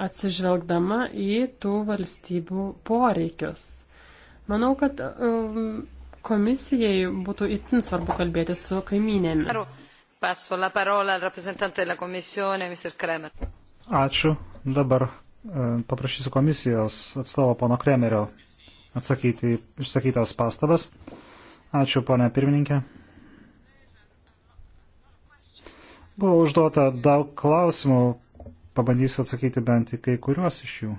atsižvelgdama į tų valstybių poreikius. Manau, kad um, Komisijai būtų itin svarbu kalbėti su kaiminėmi. Ačiū. Dabar e, paprašysiu komisijos atstovo pono Kremerio atsakyti išsakytas pastabas. Ačiū, ponė pirmininkė. Buvo užduota daug klausimų, pabandysiu atsakyti bent į kai kuriuos iš jų.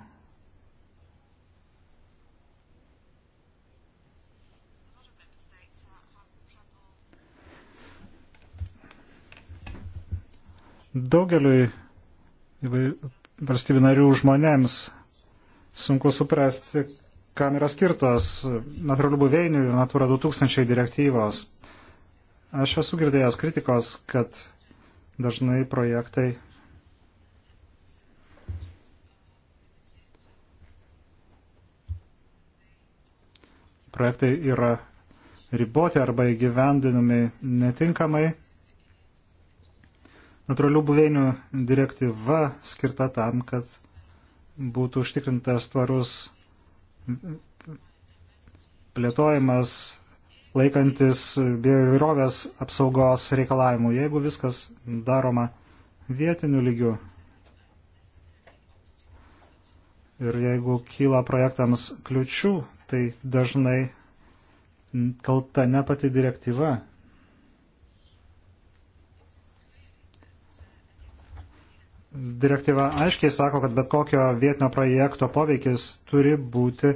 Daugeliui valstybių narių žmonėms sunku suprasti, kam yra skirtos natūralių buveinių ir Natura 2000 direktyvos. Aš esu girdėjęs kritikos, kad dažnai projektai projektai yra riboti arba įgyvendinami netinkamai Natūralių buveinių direktyva skirta tam, kad būtų užtikrintas tvarus plėtojimas laikantis bioįvairovės apsaugos reikalavimų, jeigu viskas daroma vietiniu lygiu. Ir jeigu kyla projektams kliučių, tai dažnai kalta ne pati direktyva, direktyva aiškiai sako, kad bet kokio vietinio projekto poveikis turi būti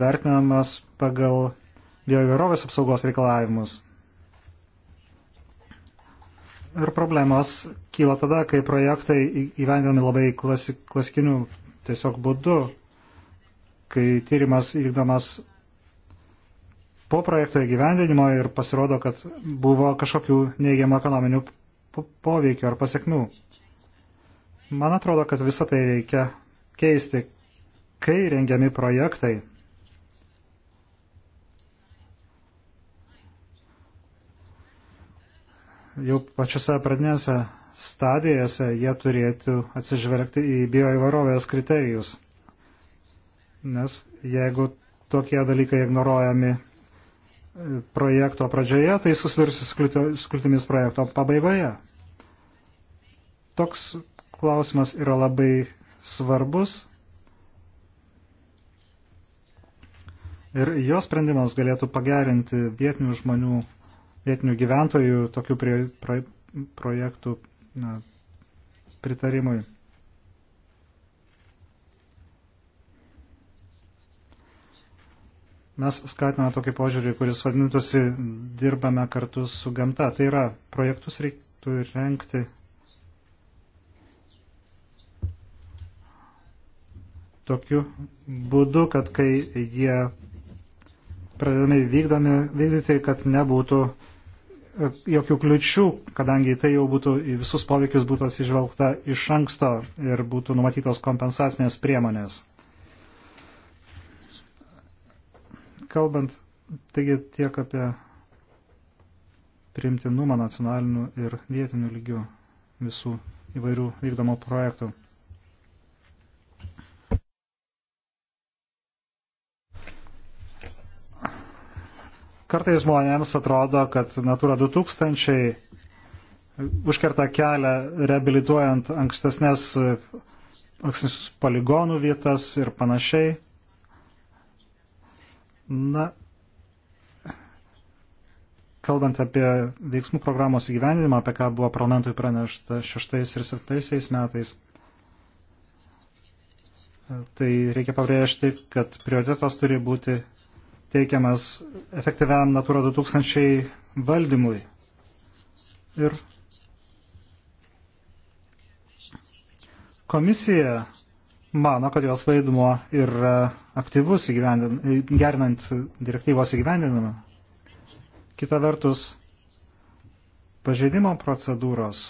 vertinamas pagal bioįvairovės apsaugos reikalavimus. Ir problemos kyla tada, kai projektai įvendinami labai klasik, klasikiniu tiesiog būdu, kai tyrimas įvykdomas po projekto įgyvendinimo ir pasirodo, kad buvo kažkokių neigiamų ekonominių poveikio ar pasiekmių. Man atrodo, kad visą tai reikia keisti, kai rengiami projektai. Jau pačiose pradinėse stadijose jie turėtų atsižvelgti į bioįvarovės kriterijus. Nes jeigu tokie dalykai ignoruojami e, projekto pradžioje, tai susidursi su kliūtimis projekto pabaigoje. Toks klausimas yra labai svarbus ir jo sprendimas galėtų pagerinti vietinių žmonių, vietinių gyventojų tokių prie, pra, projektų na, pritarimui. Mes skatiname tokį požiūrį, kuris vadintųsi dirbame kartu su gamta. Tai yra, projektus reiktų renkti tokiu būdu, kad kai jie pradedami vykdomi, vykdyti, kad nebūtų e, jokių kliučių, kadangi tai jau būtų į visus poveikius būtų atsižvelgta iš anksto ir būtų numatytos kompensacinės priemonės. Kalbant taigi tiek apie priimtinumą nacionalinių ir vietinių lygių visų įvairių vykdomų projektų. Kartais žmonėms atrodo, kad Natura 2000 užkerta kelią reabilituojant ankstesnės ankstesnius poligonų vietas ir panašiai. Na, kalbant apie veiksmų programos įgyvendinimą, apie ką buvo parlamentui pranešta šeštais ir septaisiais metais, tai reikia pabrėžti, kad prioritetas turi būti teikiamas efektyviam Natura 2000 valdymui. Ir komisija mano, kad jos vaidmuo yra aktyvus gerinant direktyvos įgyvendinimą. Kita vertus, pažeidimo procedūros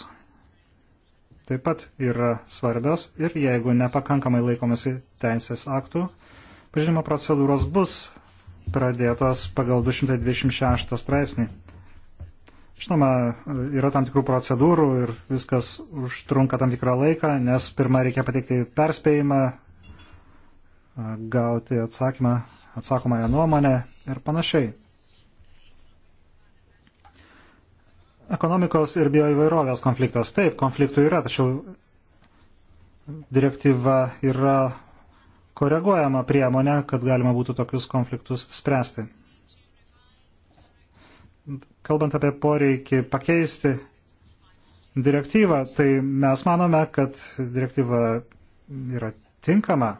taip pat yra svarbios ir jeigu nepakankamai laikomasi teisės aktų, pažinimo procedūros bus pradėtos pagal 226 straipsnį. Žinoma, yra tam tikrų procedūrų ir viskas užtrunka tam tikrą laiką, nes pirmą reikia pateikti perspėjimą, gauti atsakymą, atsakomąją nuomonę ir panašiai. Ekonomikos ir bioįvairovės konfliktas. Taip, konfliktų yra, tačiau direktyva yra koreguojama priemonė, kad galima būtų tokius konfliktus spręsti. Kalbant apie poreikį pakeisti direktyvą, tai mes manome, kad direktyva yra tinkama.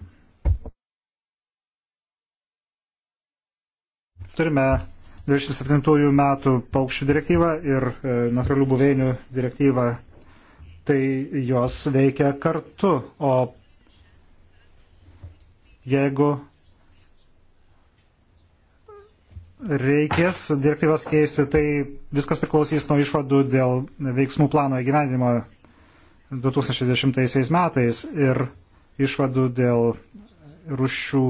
Turime 27 metų paukščių direktyvą ir e, natūralių buveinių direktyvą, tai jos veikia kartu, o jeigu reikės direktyvas keisti, tai viskas priklausys nuo išvadų dėl veiksmų plano įgyvendinimo 2010 metais ir išvadų dėl rušių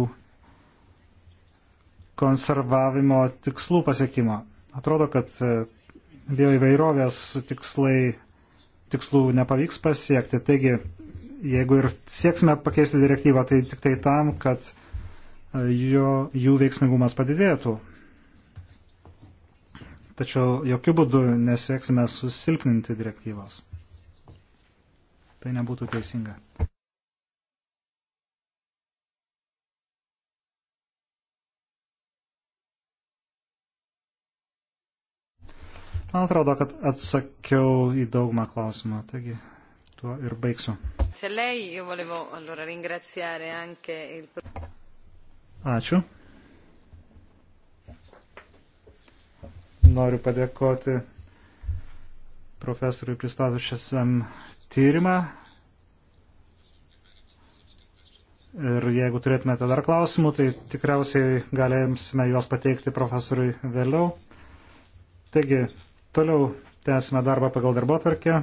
konservavimo tikslų pasiekimo. Atrodo, kad bioįvairovės tikslai, tikslų nepavyks pasiekti. Taigi jeigu ir sieksime pakeisti direktyvą, tai tik tai tam, kad e, jo, jų veiksmingumas padidėtų. Tačiau jokių būdų nesieksime susilpninti direktyvos. Tai nebūtų teisinga. Man atrodo, kad atsakiau į daugumą klausimą. Taigi, tuo ir baigsiu. Ačiū. Noriu padėkoti profesoriui pristatušiam tyrimą. Ir jeigu turėtumėte dar klausimų, tai tikriausiai galėsime juos pateikti profesoriui vėliau. Taigi, toliau tęsime darbą pagal darbo tvarkę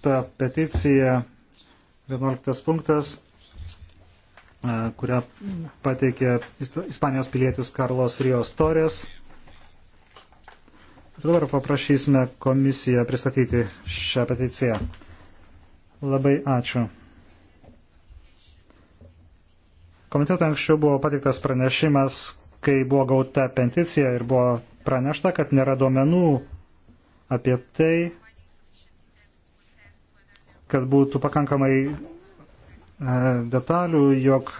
ta peticija 11 punktas, e, kurią pateikė Ispanijos pilietis Karlos Rijos Torės. Ir dabar paprašysime komisiją pristatyti šią peticiją. Labai ačiū. Komitetui anksčiau buvo pateiktas pranešimas, kai buvo gauta peticija ir buvo pranešta, kad nėra duomenų apie tai, kad būtų pakankamai e, detalių, jog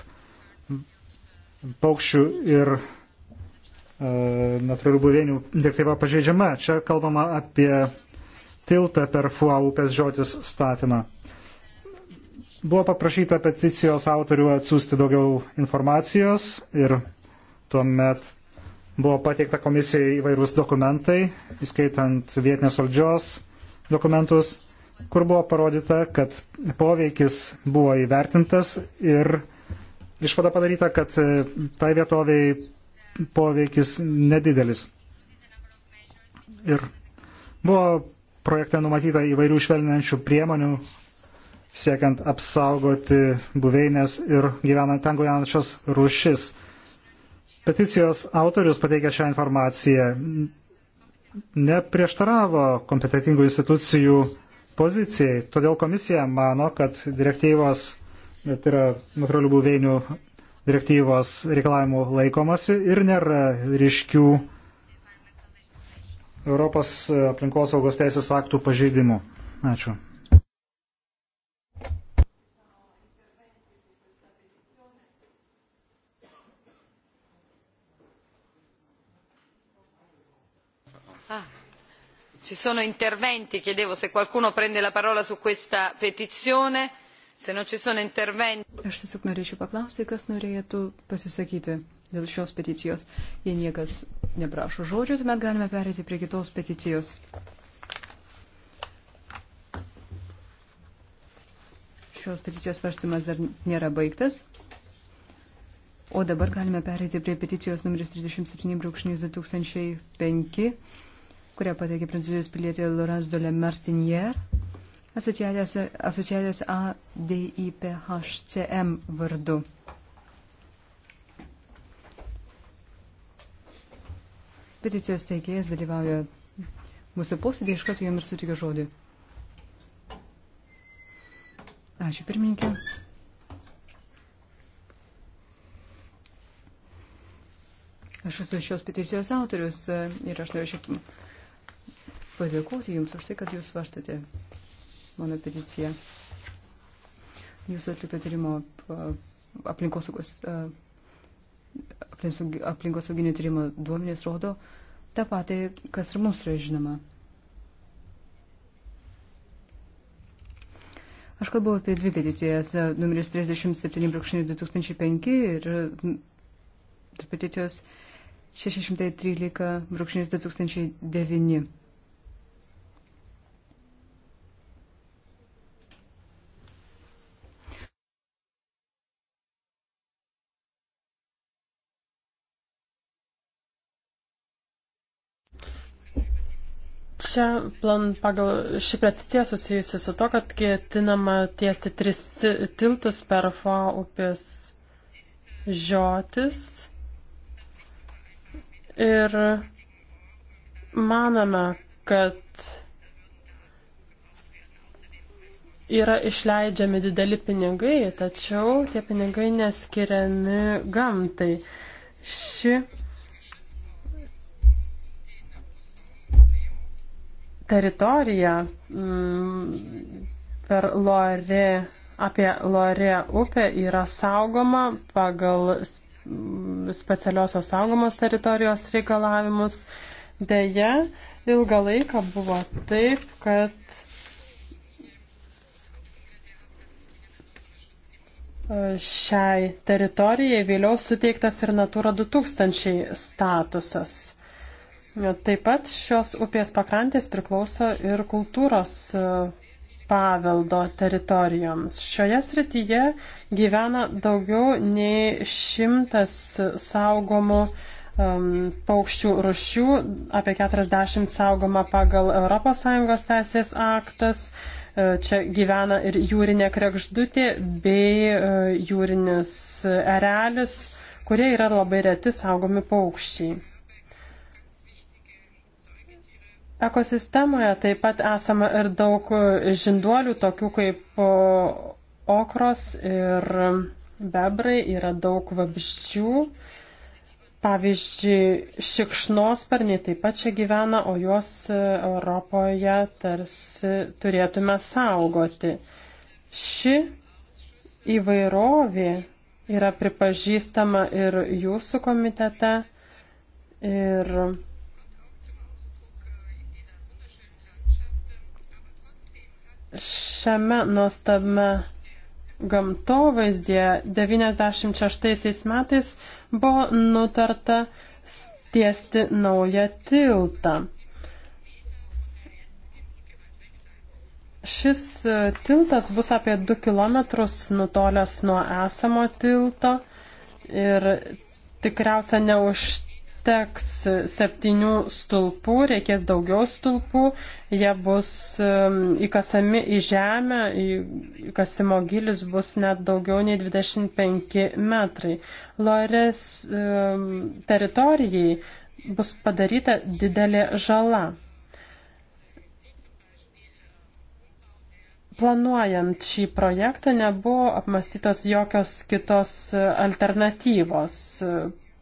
paukščių ir e, natūralių buveinių direktyva pažeidžiama. Čia kalbama apie tiltą per Fua upės žiotis statymą. Buvo paprašyta peticijos autorių atsiųsti daugiau informacijos ir tuomet buvo pateikta komisijai įvairūs dokumentai, įskaitant vietinės valdžios dokumentus kur buvo parodyta, kad poveikis buvo įvertintas ir išvada padaryta, kad e, tai vietoviai poveikis nedidelis. Ir buvo projekte numatyta įvairių švelninančių priemonių, siekiant apsaugoti buveinės ir gyvenant ten gyvenančias rušis. Peticijos autorius pateikė šią informaciją neprieštaravo kompetitingų institucijų pozicijai. Todėl komisija mano, kad direktyvos, tai yra natūralių buveinių direktyvos reikalavimų laikomasi ir nėra ryškių Europos aplinkosaugos teisės aktų pažeidimų. Ačiū. ci sono interventi chiedevo se qualcuno prende la parola su questa petizione se non ci sono interventi. Aš tiesiog norėčiau paklausti, kas norėtų pasisakyti dėl šios peticijos. Jei niekas neprašo žodžio, tuomet galime perėti prie kitos peticijos. Šios peticijos svarstymas dar nėra baigtas. O dabar galime perėti prie peticijos numeris 37 brūkšnys 2005 kurią pateikė prancūzijos pilietė Laurence de la Martinière, asociacijos ADIPHCM vardu. Peticijos teikėjas dalyvauja mūsų posėdį, iš karto jam ir sutikiu žodį. Ačiū pirmininkė. Aš esu šios peticijos autorius ir aš norėčiau padėkoti Jums už tai, kad Jūs svarstote mano peticiją. Jūsų atlikto tyrimo aplinkosaugos aplinkosauginio tyrimo duomenys rodo tą patį, kas ir mums yra žinoma. Aš kalbu apie dvi peticijas, numeris 37.2005 ir peticijos 613.2009. Čia plan pagal ši peticija susijusi su to, kad ketinama tiesti tris tiltus per Fo upės žiotis. Ir maname, kad yra išleidžiami dideli pinigai, tačiau tie pinigai neskiriami gamtai. Ši teritoriją mm, per Lore, apie Lore upę yra saugoma pagal mm, specialiosios saugomos teritorijos reikalavimus. Deja, ilgą laiką buvo taip, kad šiai teritorijai vėliau suteiktas ir Natura 2000 statusas. Taip pat šios upės pakrantės priklauso ir kultūros e, paveldo teritorijoms. Šioje srityje gyvena daugiau nei šimtas saugomų um, paukščių rušių, apie 40 saugoma pagal ES teisės aktas. E, čia gyvena ir jūrinė krekždutė bei e, jūrinis erelis, kurie yra labai reti saugomi paukščiai. Ekosistemoje taip pat esame ir daug žinduolių, tokių kaip okros ir bebrai, yra daug vabzdžių. Pavyzdžiui, šikšnosparniai taip pat čia gyvena, o juos Europoje tarsi turėtume saugoti. Ši įvairovė yra pripažįstama ir jūsų komitete, ir šiame nuostame gamtovaizdė 96 metais buvo nutarta tiesti naują tiltą. Šis tiltas bus apie 2 km nutolęs nuo esamo tilto ir tikriausia neužtikrins neužteks septynių stulpų, reikės daugiau stulpų, jie bus um, įkasami į žemę, įkasimo gilis bus net daugiau nei 25 metrai. Lorės um, teritorijai bus padaryta didelė žala. planuojant šį projektą nebuvo apmastytos jokios kitos uh, alternatyvos.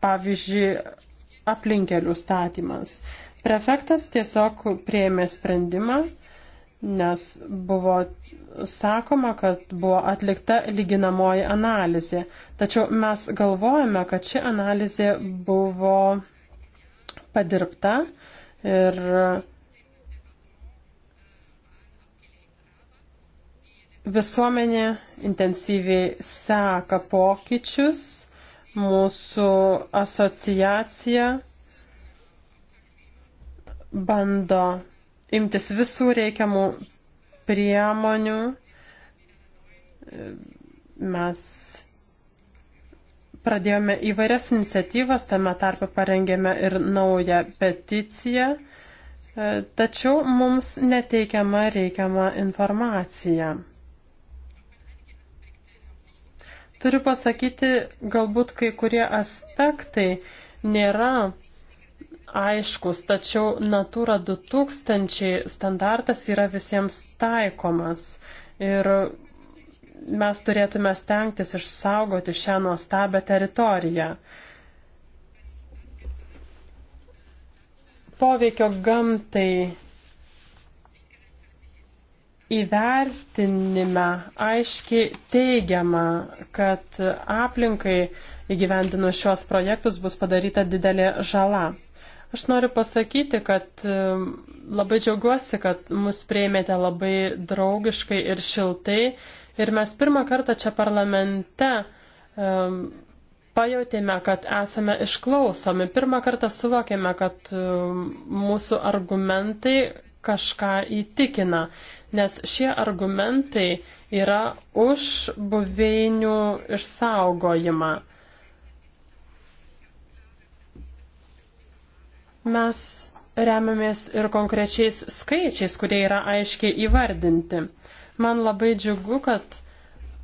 Pavyzdžiui, aplinkelių statymas. Prefektas tiesiog prieėmė sprendimą, nes buvo sakoma, kad buvo atlikta lyginamoji analizė. Tačiau mes galvojame, kad ši analizė buvo padirbta ir visuomenė intensyviai seka pokyčius Mūsų asociacija bando imtis visų reikiamų priemonių. Mes pradėjome įvairias iniciatyvas, tame tarpe parengėme ir naują peticiją, tačiau mums neteikiama reikiama informacija. Turiu pasakyti, galbūt kai kurie aspektai nėra aiškus, tačiau Natura 2000 standartas yra visiems taikomas. Ir mes turėtume stengtis išsaugoti šią nuostabę teritoriją. Poveikio gamtai įvertinime aiškiai teigiama, kad aplinkai įgyvendinus šios projektus bus padaryta didelė žala. Aš noriu pasakyti, kad um, labai džiaugiuosi, kad mus prieimėte labai draugiškai ir šiltai. Ir mes pirmą kartą čia parlamente um, pajutėme, kad esame išklausomi. Pirmą kartą suvokėme, kad um, mūsų argumentai kažką įtikina nes šie argumentai yra už buveinių išsaugojimą. Mes remiamės ir konkrečiais skaičiais, kurie yra aiškiai įvardinti. Man labai džiugu, kad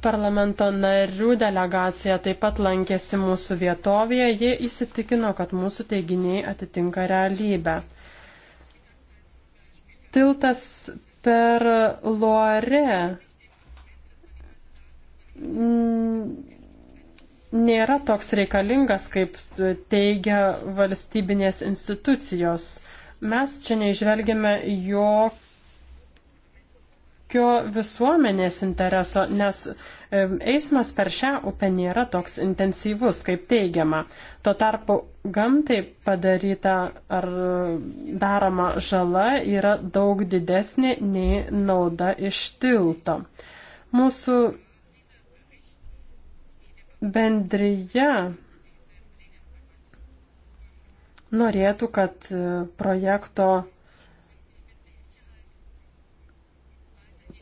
parlamento narių delegacija taip pat lankėsi mūsų vietovėje, jie įsitikino, kad mūsų teiginiai atitinka realybę. Tiltas per Loare mm, nėra toks reikalingas, kaip teigia valstybinės institucijos. Mes čia neižvelgiame jok jokio visuomenės intereso, nes eismas per šią upę nėra toks intensyvus, kaip teigiama. Tuo tarpu gamtai padaryta ar daroma žala yra daug didesnė nei nauda iš tilto. Mūsų bendryje norėtų, kad e, projekto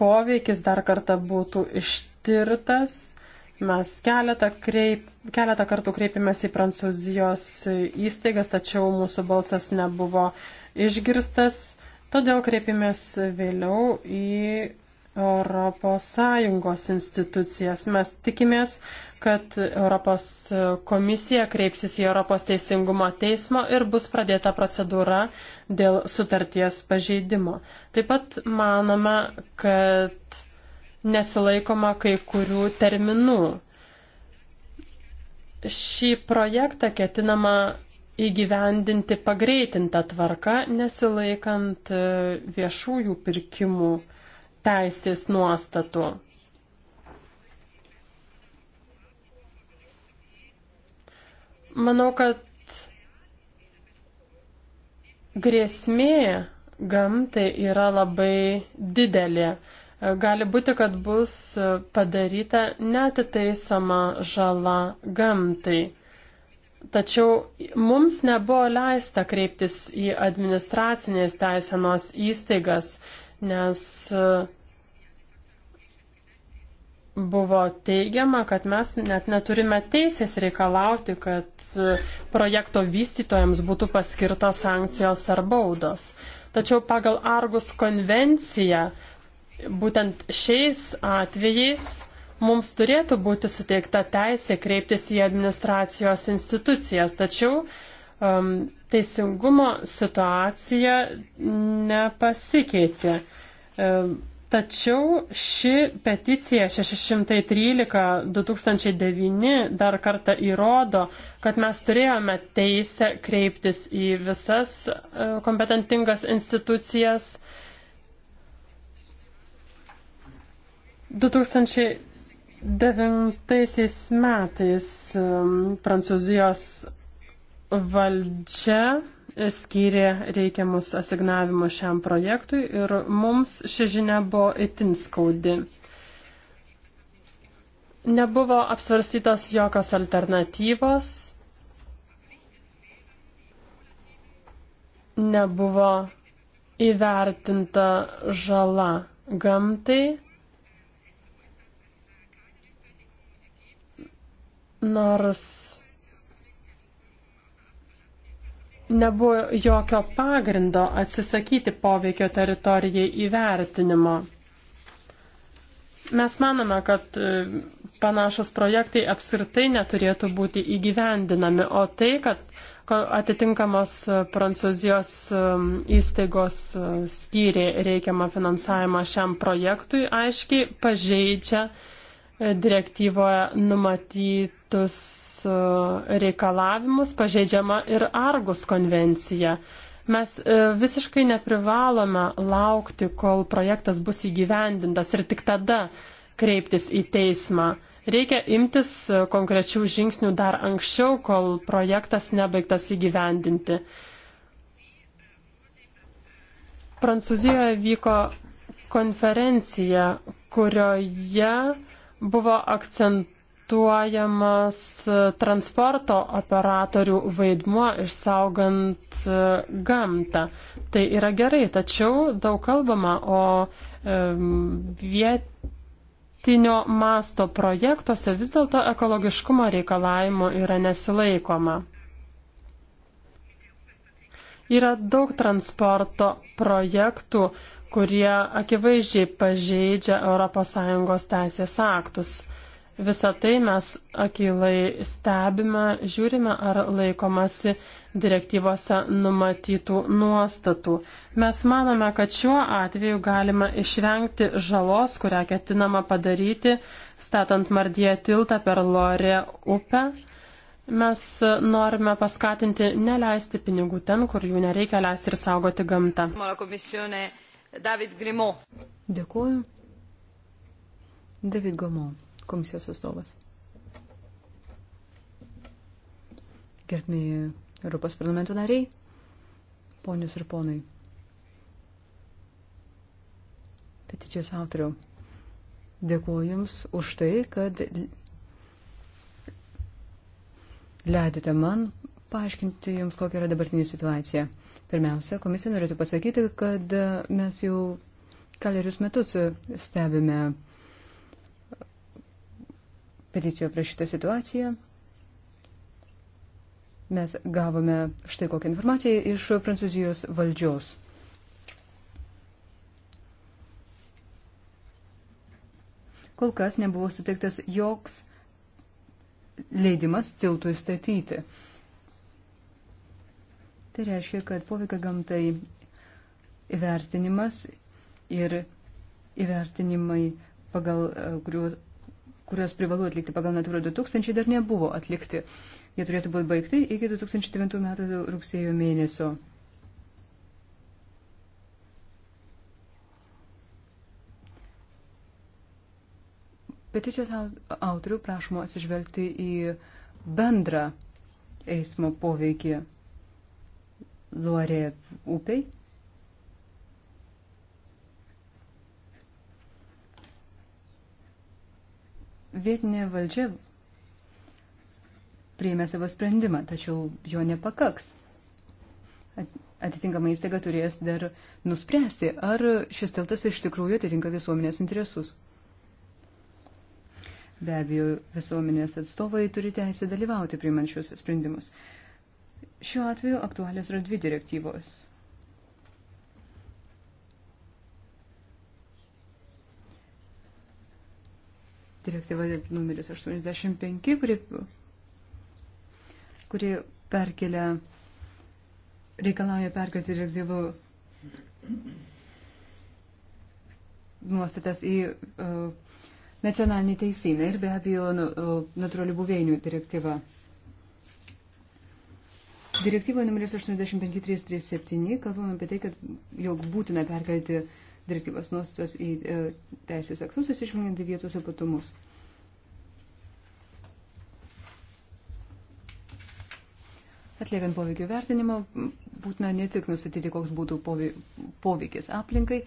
poveikis dar kartą būtų ištirtas. Mes keletą, kreip, keletą kartų kreipėmės į prancūzijos įstaigas, tačiau mūsų balsas nebuvo išgirstas. Todėl kreipėmės vėliau į ES institucijas. Mes tikimės, kad Europos komisija kreipsis į Europos teisingumo teismo ir bus pradėta procedūra dėl sutarties pažeidimo. Taip pat manome, kad nesilaikoma kai kurių terminų. Šį projektą ketinama įgyvendinti pagreitintą tvarką, nesilaikant e, viešųjų pirkimų teisės nuostatų. Manau, kad grėsmė gamtai yra labai didelė. Gali būti, kad bus padaryta netitaisama žala gamtai. Tačiau mums nebuvo leista kreiptis į administracinės teisenos įstaigas, nes buvo teigiama, kad mes net neturime teisės reikalauti, kad projekto vystytojams būtų paskirtos sankcijos ar baudos. Tačiau pagal Argus konvenciją, būtent šiais atvejais mums turėtų būti suteikta teisė kreiptis į administracijos institucijas, tačiau um, teisingumo situacija nepasikeitė. Um, Tačiau ši peticija 613-2009 dar kartą įrodo, kad mes turėjome teisę kreiptis į visas e, kompetentingas institucijas. 2009 metais e, Prancūzijos valdžia skyrė reikiamus asignavimus šiam projektui ir mums ši žinia buvo itin skaudi. Nebuvo apsvarstytos jokios alternatyvos, nebuvo įvertinta žala gamtai, nors nebuvo jokio pagrindo atsisakyti poveikio teritorijai įvertinimo. Mes manome, kad e, panašus projektai apskritai neturėtų būti įgyvendinami, o tai, kad atitinkamos e, Prancūzijos e, įstaigos skyrė reikiamą finansavimą šiam projektui, aiškiai pažeidžia uh, direktyvoje numatytus e, reikalavimus pažeidžiama ir Argus konvencija. Mes e, visiškai neprivalome laukti, kol projektas bus įgyvendintas ir tik tada kreiptis į teismą. Reikia imtis e, konkrečių žingsnių dar anksčiau, kol projektas nebaigtas įgyvendinti. Prancūzijoje vyko konferencija, kurioje buvo akcentuojamas transporto operatorių vaidmuo išsaugant e, gamtą. Tai yra gerai, tačiau daug kalbama, o e, vietinio masto projektuose vis dėlto ekologiškumo reikalavimo yra nesilaikoma. Yra daug transporto projektų, kurie akivaizdžiai pažeidžia ES teisės aktus. Visą tai mes akilai stebime, žiūrime, ar laikomasi direktyvose numatytų nuostatų. Mes manome, kad šiuo atveju galima išvengti žalos, kurią ketinama padaryti, statant Mardiją tiltą per Lorė upę. Mes norime paskatinti neleisti pinigų ten, kur jų nereikia leisti ir saugoti gamtą. Mano komisionė David Grimo. Dėkuoju. David Gomo, komisijos atstovas. Gerbėjai Europos parlamento nariai, ponius ir ponai. Peticijos autoriau, dėkuoju Jums už tai, kad leidote man paaiškinti Jums, kokia yra dabartinė situacija. Pirmiausia, komisija norėtų pasakyti, kad mes jau kalerius metus stebime peticijoje prašytą situaciją. Mes gavome štai kokią informaciją iš Prancūzijos valdžios. Kol kas nebuvo suteiktas joks leidimas tiltui statyti. Tai reiškia, kad poveikio gamtai įvertinimas ir įvertinimai, pagal, e, kuriuos privalu atlikti pagal Natūra 2000, dar nebuvo atlikti. Jie turėtų būti baigti iki 2009 metų rugsėjo mėnesio. Peticijos autorių prašoma atsižvelgti į bendrą eismo poveikį. Luorė upiai. Vietinė valdžia priėmė savo sprendimą, tačiau jo nepakaks. Atitinkama įstaiga turės dar nuspręsti, ar šis tiltas iš tikrųjų atitinka visuomenės interesus. Be abejo, visuomenės atstovai turi teisę dalyvauti priimančius sprendimus. Šiuo atveju aktualios yra dvi direktyvos. Direktyva numeris 85, kuri, kuri perkelia, reikalauja perkelti direktyvų nuostatas į uh, nacionalinį teisyną ir be abejo nu, uh, natūralių buveinių direktyvą. Direktyvoje numeris 85337 kalbame apie tai, kad jog būtina perkelti direktyvos nuostatas į e, teisės aktus, atsižvelgiant į vietos ypatumus. Atliekant poveikio vertinimą, būtina ne tik nustatyti, koks būtų poveikis aplinkai,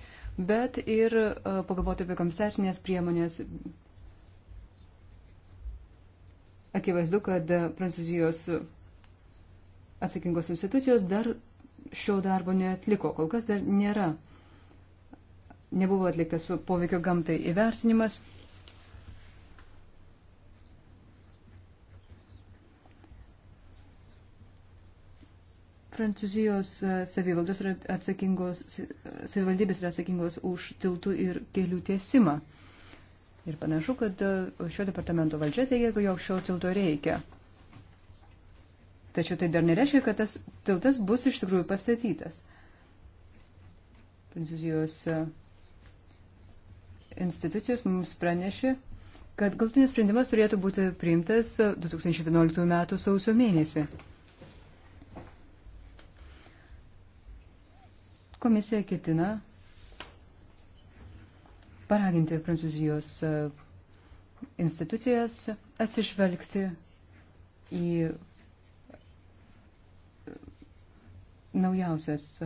bet ir e, pagalvoti apie kompensacinės priemonės. Akivaizdu, kad Prancūzijos atsakingos institucijos dar šio darbo neatliko, kol kas dar nėra. Nebuvo atliktas poveikio gamtai įvertinimas. Prancūzijos e, savivaldos yra atsakingos, e, savivaldybės yra atsakingos už tiltų ir kelių tiesimą. Ir panašu, kad e, šio departamento valdžia teigia, jog šio tilto reikia. Tačiau tai dar nereiškia, kad tas tiltas bus iš tikrųjų pastatytas. Prancūzijos e, institucijos mums pranešė, kad galtinis sprendimas turėtų būti priimtas 2011 e, m. sausio mėnesį. Komisija ketina paraginti Prancūzijos e, institucijas atsižvelgti į naujausias e,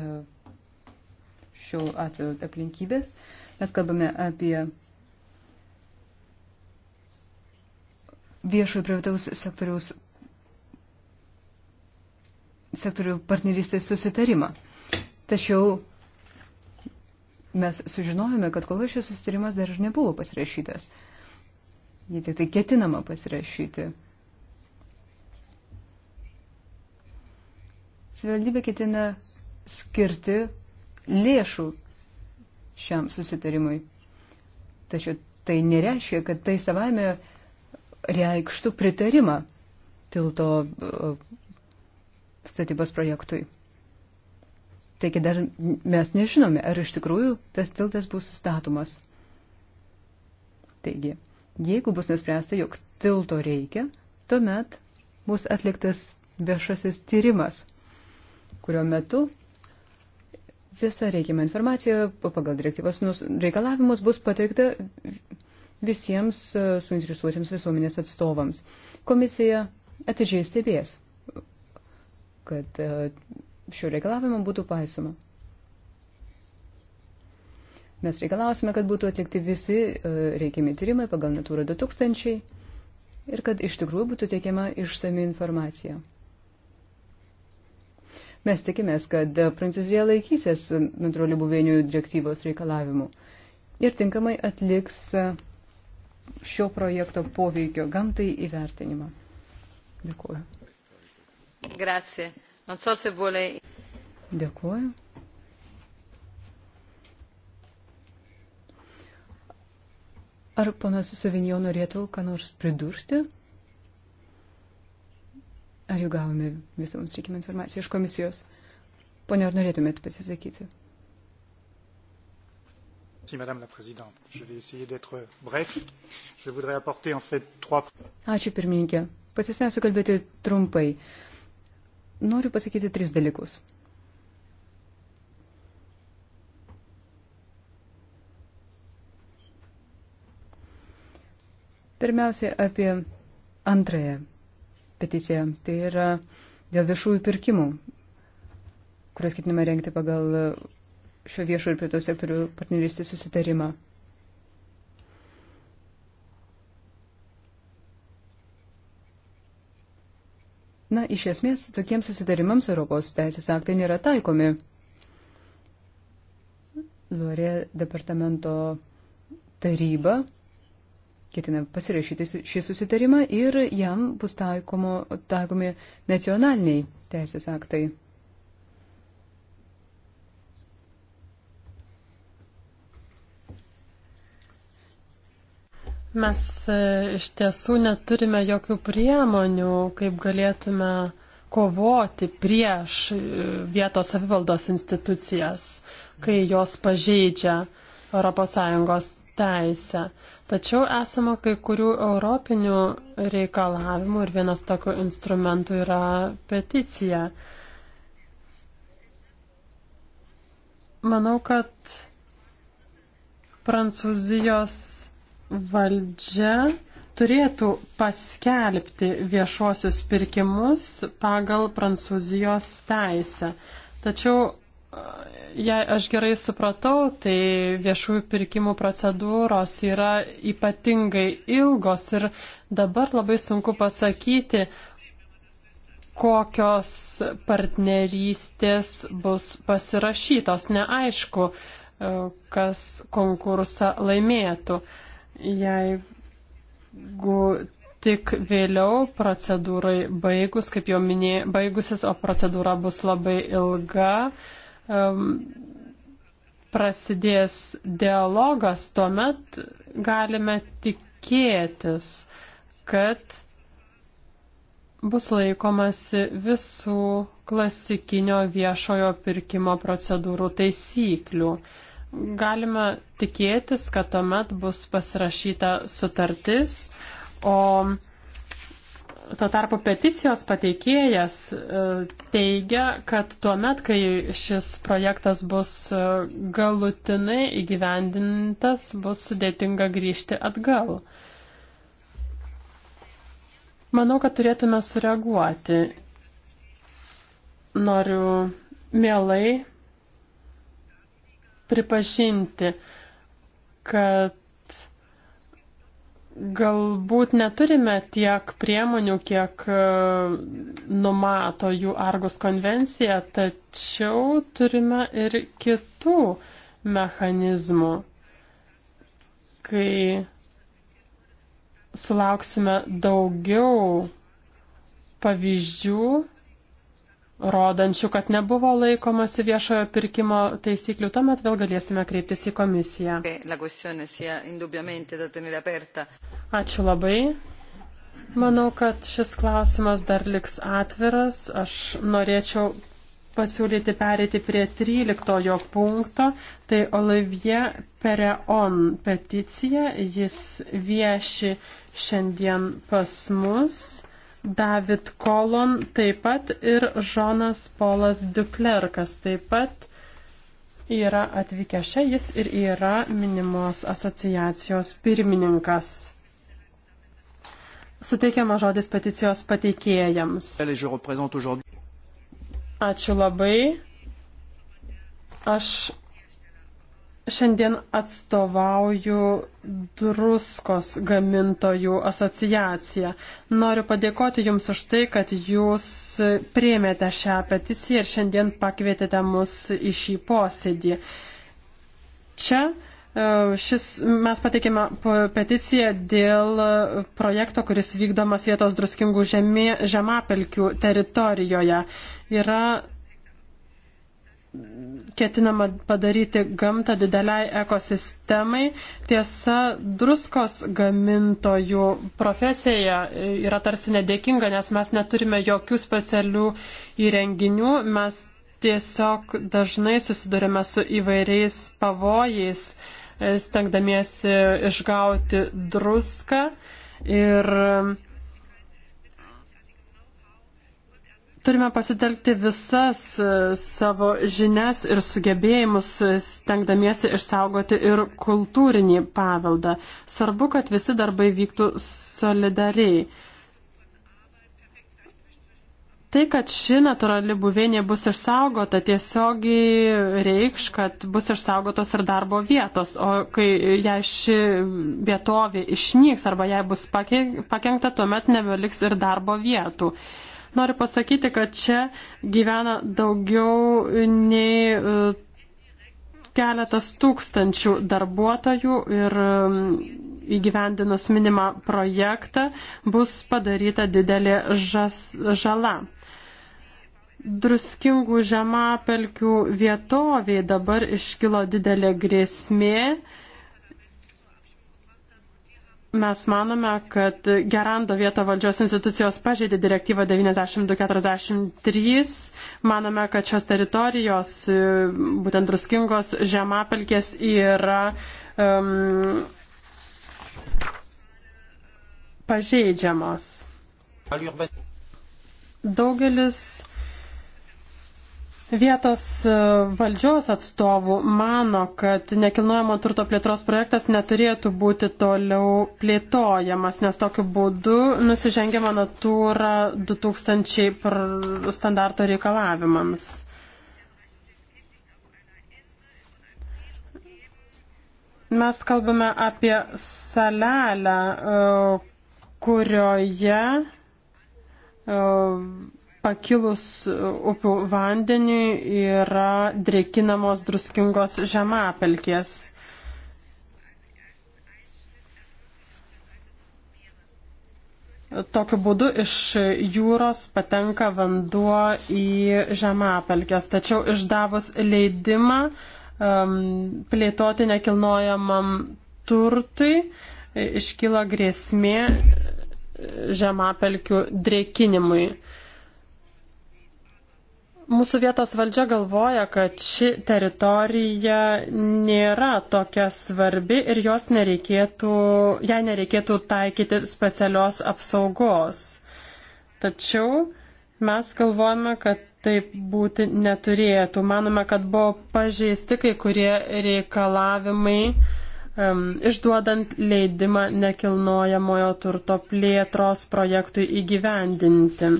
šio atveju aplinkybės. Mes kalbame apie viešojo privataus sektoriaus sektorių partnerystės susitarimą. Tačiau mes sužinojome, kad kol šis susitarimas dar ir nebuvo pasirašytas. Jį tik tai ketinama pasirašyti. savivaldybė ketina skirti lėšų šiam susitarimui. Tačiau tai nereiškia, kad tai savame reikštų pritarimą tilto e, statybos projektui. Taigi dar mes nežinome, ar iš tikrųjų tas tiltas bus statomas. Taigi, jeigu bus nuspręsta, jog tilto reikia, tuomet bus atliktas viešasis tyrimas kurio metu visa reikiama informacija pagal direktyvos reikalavimus bus pateikta visiems e, suinteresuotiems visuomenės atstovams. Komisija atidžiai stebės, kad e, šio reikalavimo būtų paisoma. Mes reikalausime, kad būtų atlikti visi e, reikiami tyrimai pagal Natūra 2000 ir kad iš tikrųjų būtų teikiama išsami informacija. Mes tikimės, kad Prancūzija laikysis natūralių buveinių direktyvos reikalavimų ir tinkamai atliks šio projekto poveikio gamtai įvertinimą. Dėkuoju. Grazie. Non so se vuole... Dėkuoju. Ar ponas Savinio norėtų ką nors pridurti? Ar jau gavome visą mums reikimą informaciją iš komisijos? Pone, ar norėtumėt pasisakyti? Madame la Présidente. Je vais essayer d'être bref. Je voudrais apporter en fait trois. Ačiū pirmininkė. Pasistengsiu kalbėti trumpai. Noriu pasakyti tris dalykus. Pirmiausia, apie antrąją peticiją. Tai yra dėl viešųjų pirkimų, kurias ketiname rengti pagal šio viešo ir prieto sektorių partnerystės susitarimą. Na, iš esmės, tokiems susitarimams Europos teisės aktai nėra taikomi. Lorė departamento taryba ketina pasirašyti šį susitarimą ir jam bus taikomo, taikomi nacionaliniai teisės aktai. Mes e, iš tiesų neturime jokių priemonių, kaip galėtume kovoti prieš e, vietos savivaldos institucijas, kai jos pažeidžia ES teisę. Tačiau esama kai kurių europinių reikalavimų ir vienas tokių instrumentų yra peticija. Manau, kad Prancūzijos valdžia turėtų paskelbti viešuosius pirkimus pagal Prancūzijos teisę. Tačiau jei aš gerai supratau, tai viešųjų pirkimų procedūros yra ypatingai ilgos ir dabar labai sunku pasakyti, kokios partnerystės bus pasirašytos. Neaišku, e, kas konkursą laimėtų. Jeigu tik vėliau procedūrai baigus, kaip jau minėjau, baigusis, o procedūra bus labai ilga, uh, prasidės dialogas, tuomet galime tikėtis, kad bus laikomasi visų klasikinio viešojo pirkimo procedūrų taisyklių. Galime tikėtis, kad tuomet bus pasirašyta sutartis, o Tuo tarpu peticijos pateikėjas e, teigia, kad tuo met, kai šis projektas bus e, galutinai įgyvendintas, bus sudėtinga grįžti atgal. Manau, kad turėtume sureaguoti. Noriu mielai pripažinti, kad galbūt neturime tiek priemonių, kiek e, numato jų Argus konvencija, tačiau turime ir kitų mechanizmų, kai sulauksime daugiau pavyzdžių rodančių, kad nebuvo laikomasi viešojo pirkimo taisyklių, tuomet vėl galėsime kreiptis į komisiją. Ačiū labai. Manau, kad šis klausimas dar liks atviras. Aš norėčiau pasiūlyti pereiti prie 13 punkto. Tai Olivier Pereon peticija. Jis vieši šiandien pas mus. David Kolon taip pat ir Žonas Polas Duklerkas taip pat yra atvykęs čia, jis ir yra minimos asociacijos pirmininkas. Suteikiama žodis peticijos pateikėjams. Ačiū labai. Aš Šiandien atstovauju druskos gamintojų asociaciją. Noriu padėkoti Jums už tai, kad Jūs priemėte šią peticiją ir šiandien pakvietėte mus į šį posėdį. Čia e, šis, mes pateikėme peticiją dėl projekto, kuris vykdomas vietos druskingų žemė, žemapelkių teritorijoje. Yra ketinama padaryti gamtą dideliai ekosistemai. Tiesa, druskos gamintojų profesija yra tarsi nedėkinga, nes mes neturime jokių specialių įrenginių, mes tiesiog dažnai susidurime su įvairiais pavojais, stengdamiesi išgauti druską ir Turime pasitelkti visas e, savo žinias ir sugebėjimus, e, stengdamiesi išsaugoti ir kultūrinį paveldą. Svarbu, kad visi darbai vyktų solidariai. Tai, kad ši natūrali buveinė bus išsaugota, tiesiogiai reikš, kad bus išsaugotos ir darbo vietos, o kai jei ši vietovė išnyks arba jei bus pakenkta, tuomet nebeliks ir darbo vietų. Noriu pasakyti, kad čia gyvena daugiau nei e, keletas tūkstančių darbuotojų ir e, įgyvendinus minimą projektą bus padaryta didelė žas, žala. Druskingų žemapelkių vietoviai dabar iškilo didelė grėsmė Mes manome, kad Gerando vieto valdžios institucijos pažeidė direktyvą 9243. Manome, kad šios teritorijos, e, būtent druskingos žemapelkės, yra um, pažeidžiamos. Daugelis Vietos e, valdžios atstovų mano, kad nekilnojamo turto plėtros projektas neturėtų būti toliau plėtojamas, nes tokiu būdu nusižengiama natūra 2000 standarto reikalavimams. Mes kalbame apie salelę, e, kurioje e, pakilus uh, upių vandeniui yra drėkinamos druskingos žemapelkės. Tokiu būdu iš jūros patenka vanduo į žemapelkės, tačiau išdavus leidimą um, plėtoti nekilnojamam turtui iškyla grėsmė žemapelkių drėkinimui. Mūsų vietos valdžia galvoja, kad ši teritorija nėra tokia svarbi ir jos nereikėtų, jai nereikėtų taikyti specialios apsaugos. Tačiau mes galvojame, kad taip būti neturėtų. Manome, kad buvo pažeisti kai kurie reikalavimai um, išduodant leidimą nekilnojamojo turto plėtros projektui įgyvendinti.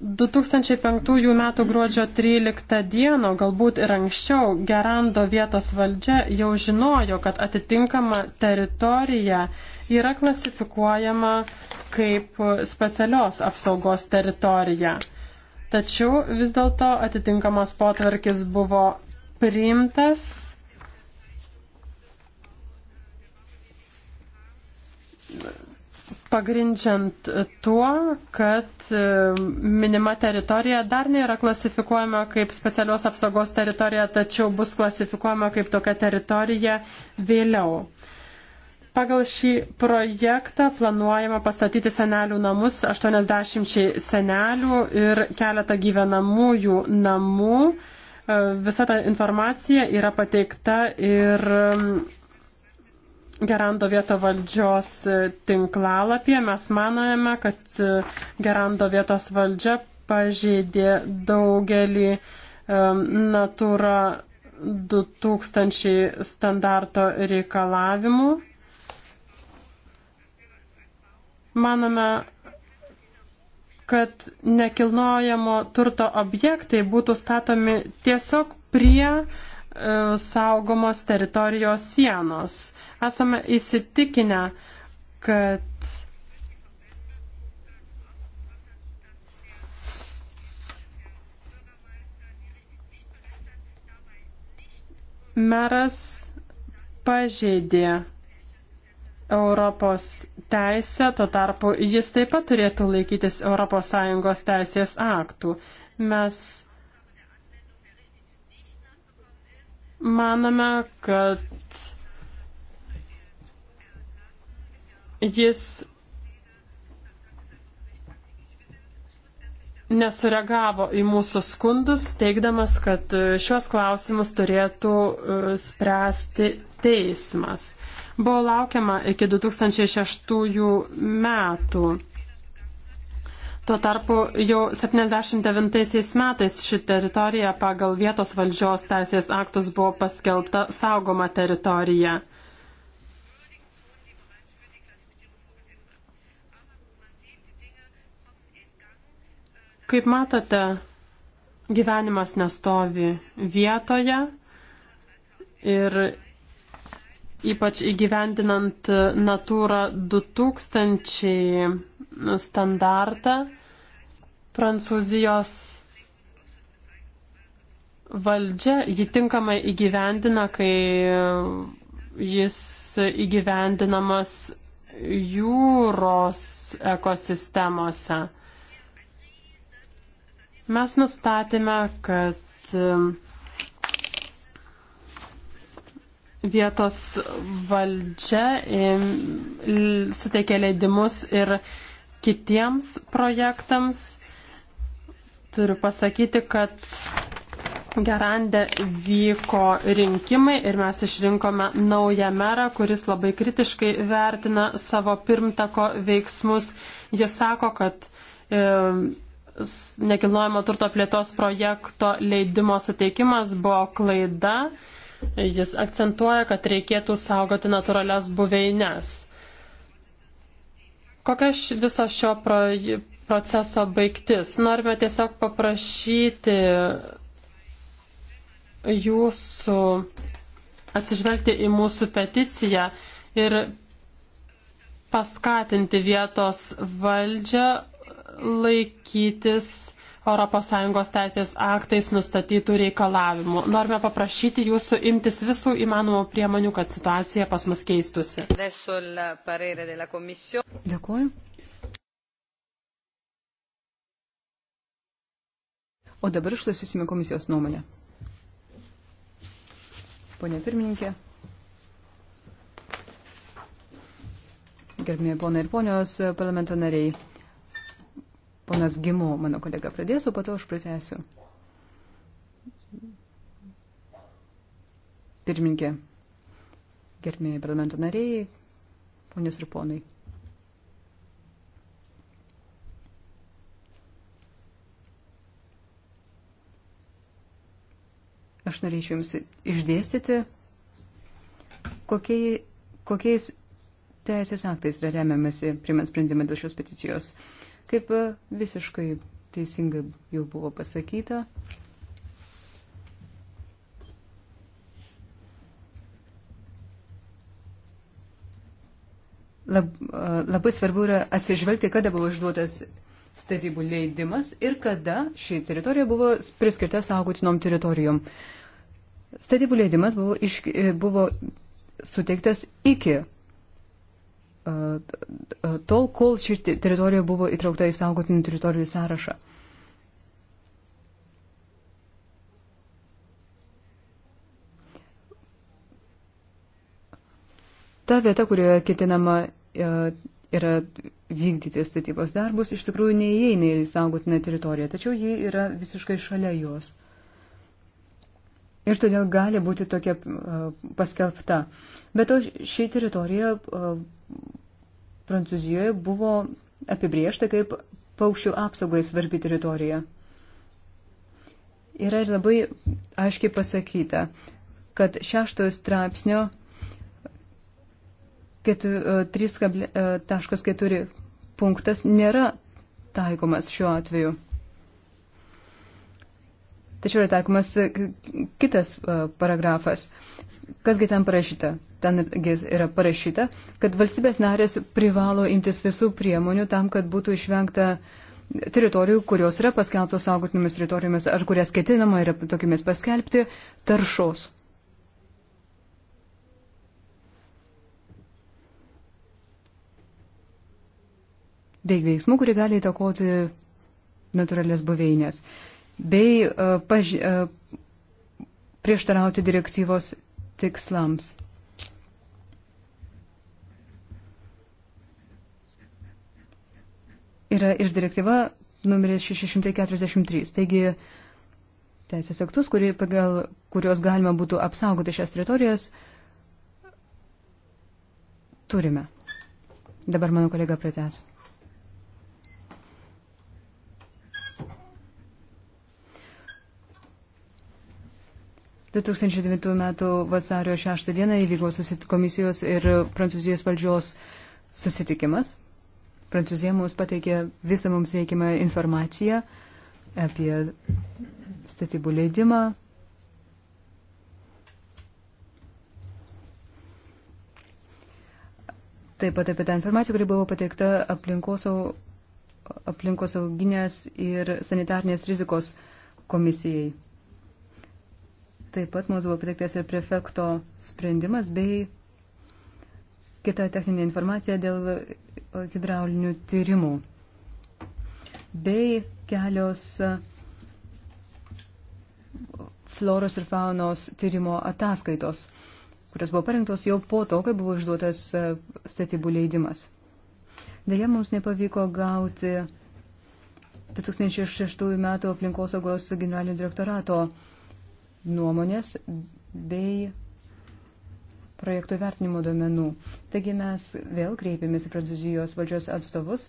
2005 m. gruodžio 13 d. galbūt ir anksčiau Gerando vietos valdžia jau žinojo, kad atitinkama teritorija yra klasifikuojama kaip specialios apsaugos teritorija. Tačiau vis dėlto atitinkamas potvarkis buvo priimtas pagrindžiant tuo, kad e, minima teritorija dar nėra klasifikuojama kaip specialios apsaugos teritorija, tačiau bus klasifikuojama kaip tokia teritorija vėliau. Pagal šį projektą planuojama pastatyti senelių namus 80 senelių ir keletą gyvenamųjų namų. E, visa ta informacija yra pateikta ir Gerando vieto valdžios e, tinklalapyje mes manojame, kad e, Gerando vietos valdžia pažeidė daugelį e, Natura 2000 standarto reikalavimų. Manome, kad nekilnojamo turto objektai būtų statomi tiesiog prie E, saugomos teritorijos sienos. Esame įsitikinę, kad meras pažeidė Europos teisę, tuo tarpu jis taip pat turėtų laikytis ES teisės aktų. Mes Maname, kad jis nesureagavo į mūsų skundus, teikdamas, kad e, šios klausimus turėtų e, spręsti teismas. Buvo laukiama iki 2006 metų. Tuo tarpu jau 79 metais ši teritorija pagal vietos valdžios teisės aktus buvo paskelbta saugoma teritorija. Kaip matote, gyvenimas nestovi vietoje ir ypač įgyvendinant Natūra 2000 standartą Prancūzijos valdžia jį tinkamai įgyvendina, kai jis įgyvendinamas jūros ekosistemose. Mes nustatėme, kad um, vietos valdžia suteikė leidimus ir kitiems projektams turiu pasakyti, kad Gerandė vyko rinkimai ir mes išrinkome naują merą, kuris labai kritiškai vertina savo pirmtako veiksmus. Jis sako, kad e, nekilnojamo turto plėtos projekto leidimo suteikimas buvo klaida. Jis akcentuoja, kad reikėtų saugoti natūralias buveines. Kokia š, viso šio pro, proceso baigtis. Norime tiesiog paprašyti jūsų atsižvelgti į mūsų peticiją ir paskatinti vietos valdžią laikytis ES teisės aktais nustatytų reikalavimų. Norime paprašyti jūsų imtis visų įmanomų priemonių, kad situacija pas mus keistusi. Dėkuoju. O dabar išklausysime komisijos nuomonę. Pone pirmininkė, gerbėjai ponai ir ponios parlamento nariai, ponas Gimu, mano kolega, pradės, o po to aš pratęsiu. Pirmininkė, gerbėjai parlamento nariai, ponios ir ponai. Aš norėčiau Jums išdėstyti, kokie, kokiais teisės aktais yra remiamasi primant sprendimą dėl šios peticijos. Kaip visiškai teisingai jau buvo pasakyta, lab, labai svarbu yra atsižvelgti, kada buvo išduotas statybų leidimas ir kada ši teritorija buvo priskirta saugotinom teritorijom. Statybų leidimas buvo, iš, e, buvo suteiktas iki e, e, tol, kol ši teritorija buvo įtraukta į saugotinių teritorijų sąrašą. Ta vieta, kurioje ketinama yra vykdyti statybos darbus, iš tikrųjų neįeina į saugotinę teritoriją, tačiau ji yra visiškai šalia jos. Ir todėl gali būti tokia paskelbta. Bet to ši teritorija Prancūzijoje buvo apibriešta kaip paukščių apsaugai svarbi teritorija. Yra ir labai aiškiai pasakyta, kad šeštojo straipsnio 3.4 e, e, punktas nėra taikomas šiuo atveju. Tačiau yra taikomas kitas e, paragrafas. Kasgi ten parašyta? Ten yra parašyta, kad valstybės narės privalo imtis visų priemonių tam, kad būtų išvengta teritorijų, kurios yra paskelbtos saugotinėmis teritorijomis ar kurias ketinama yra tokiamis paskelbti, taršos. bei veiksmų, kurie gali įtakoti natūralias buveinės, bei uh, e, paž, uh, e, prieštarauti direktyvos tikslams. Yra ir direktyva numeris 643. Taigi, teisės aktus, kurį, pagal kuriuos galima būtų apsaugoti šias teritorijas, turime. Dabar mano kolega pratęs. 2009 m. vasario 6 d. įvyko komisijos ir Prancūzijos valdžios susitikimas. Prancūzija mums pateikė visą mums reikimą informaciją apie statybų leidimą. Taip pat apie tą informaciją, kuri buvo pateikta aplinkosauginės aplinkos ir sanitarnės rizikos komisijai. Taip pat mums buvo pateiktas ir prefekto sprendimas bei kita techninė informacija dėl hidraulinių tyrimų. Bei kelios floros ir faunos tyrimo ataskaitos, kurios buvo parengtos jau po to, kai buvo išduotas e, statybų leidimas. Deja, mums nepavyko gauti 2006 metų aplinkosaugos generalinio direktorato nuomonės bei projektų vertinimo duomenų. Taigi mes vėl kreipėmės į Prancūzijos valdžios atstovus,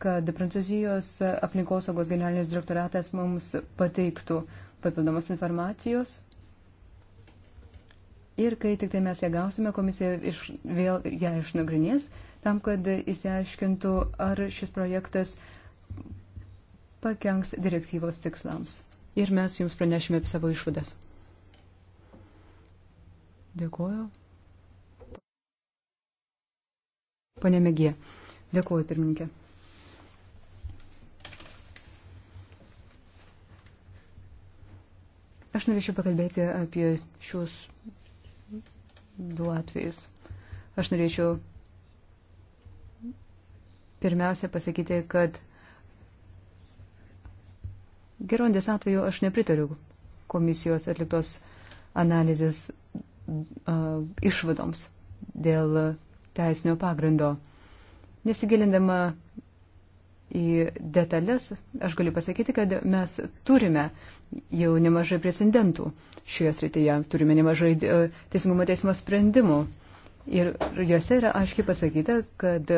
kad Prancūzijos aplinkosaugos generalinis direktoratas mums pateiktų papildomos informacijos. Ir kai tik tai mes ją gausime, komisija iš, vėl ją išnagrinės, tam, kad įsiaiškintų, ar šis projektas pakenks direktyvos tikslams ir mes jums pranešime apie savo išvadas. Dėkuoju. Pane Megė. Dėkuoju, pirmininkė. Aš norėčiau pakalbėti apie šios du atvejus. Aš norėčiau pirmiausia pasakyti, kad Gerondės atveju aš nepritariu komisijos atliktos analizės uh, išvadoms dėl teisinio pagrindo. Nesigilindama į detalės, aš galiu pasakyti, kad mes turime jau nemažai precedentų šioje srityje, turime nemažai e, teisingumo teismo sprendimų. Ir juose yra aiškiai pasakyta, kad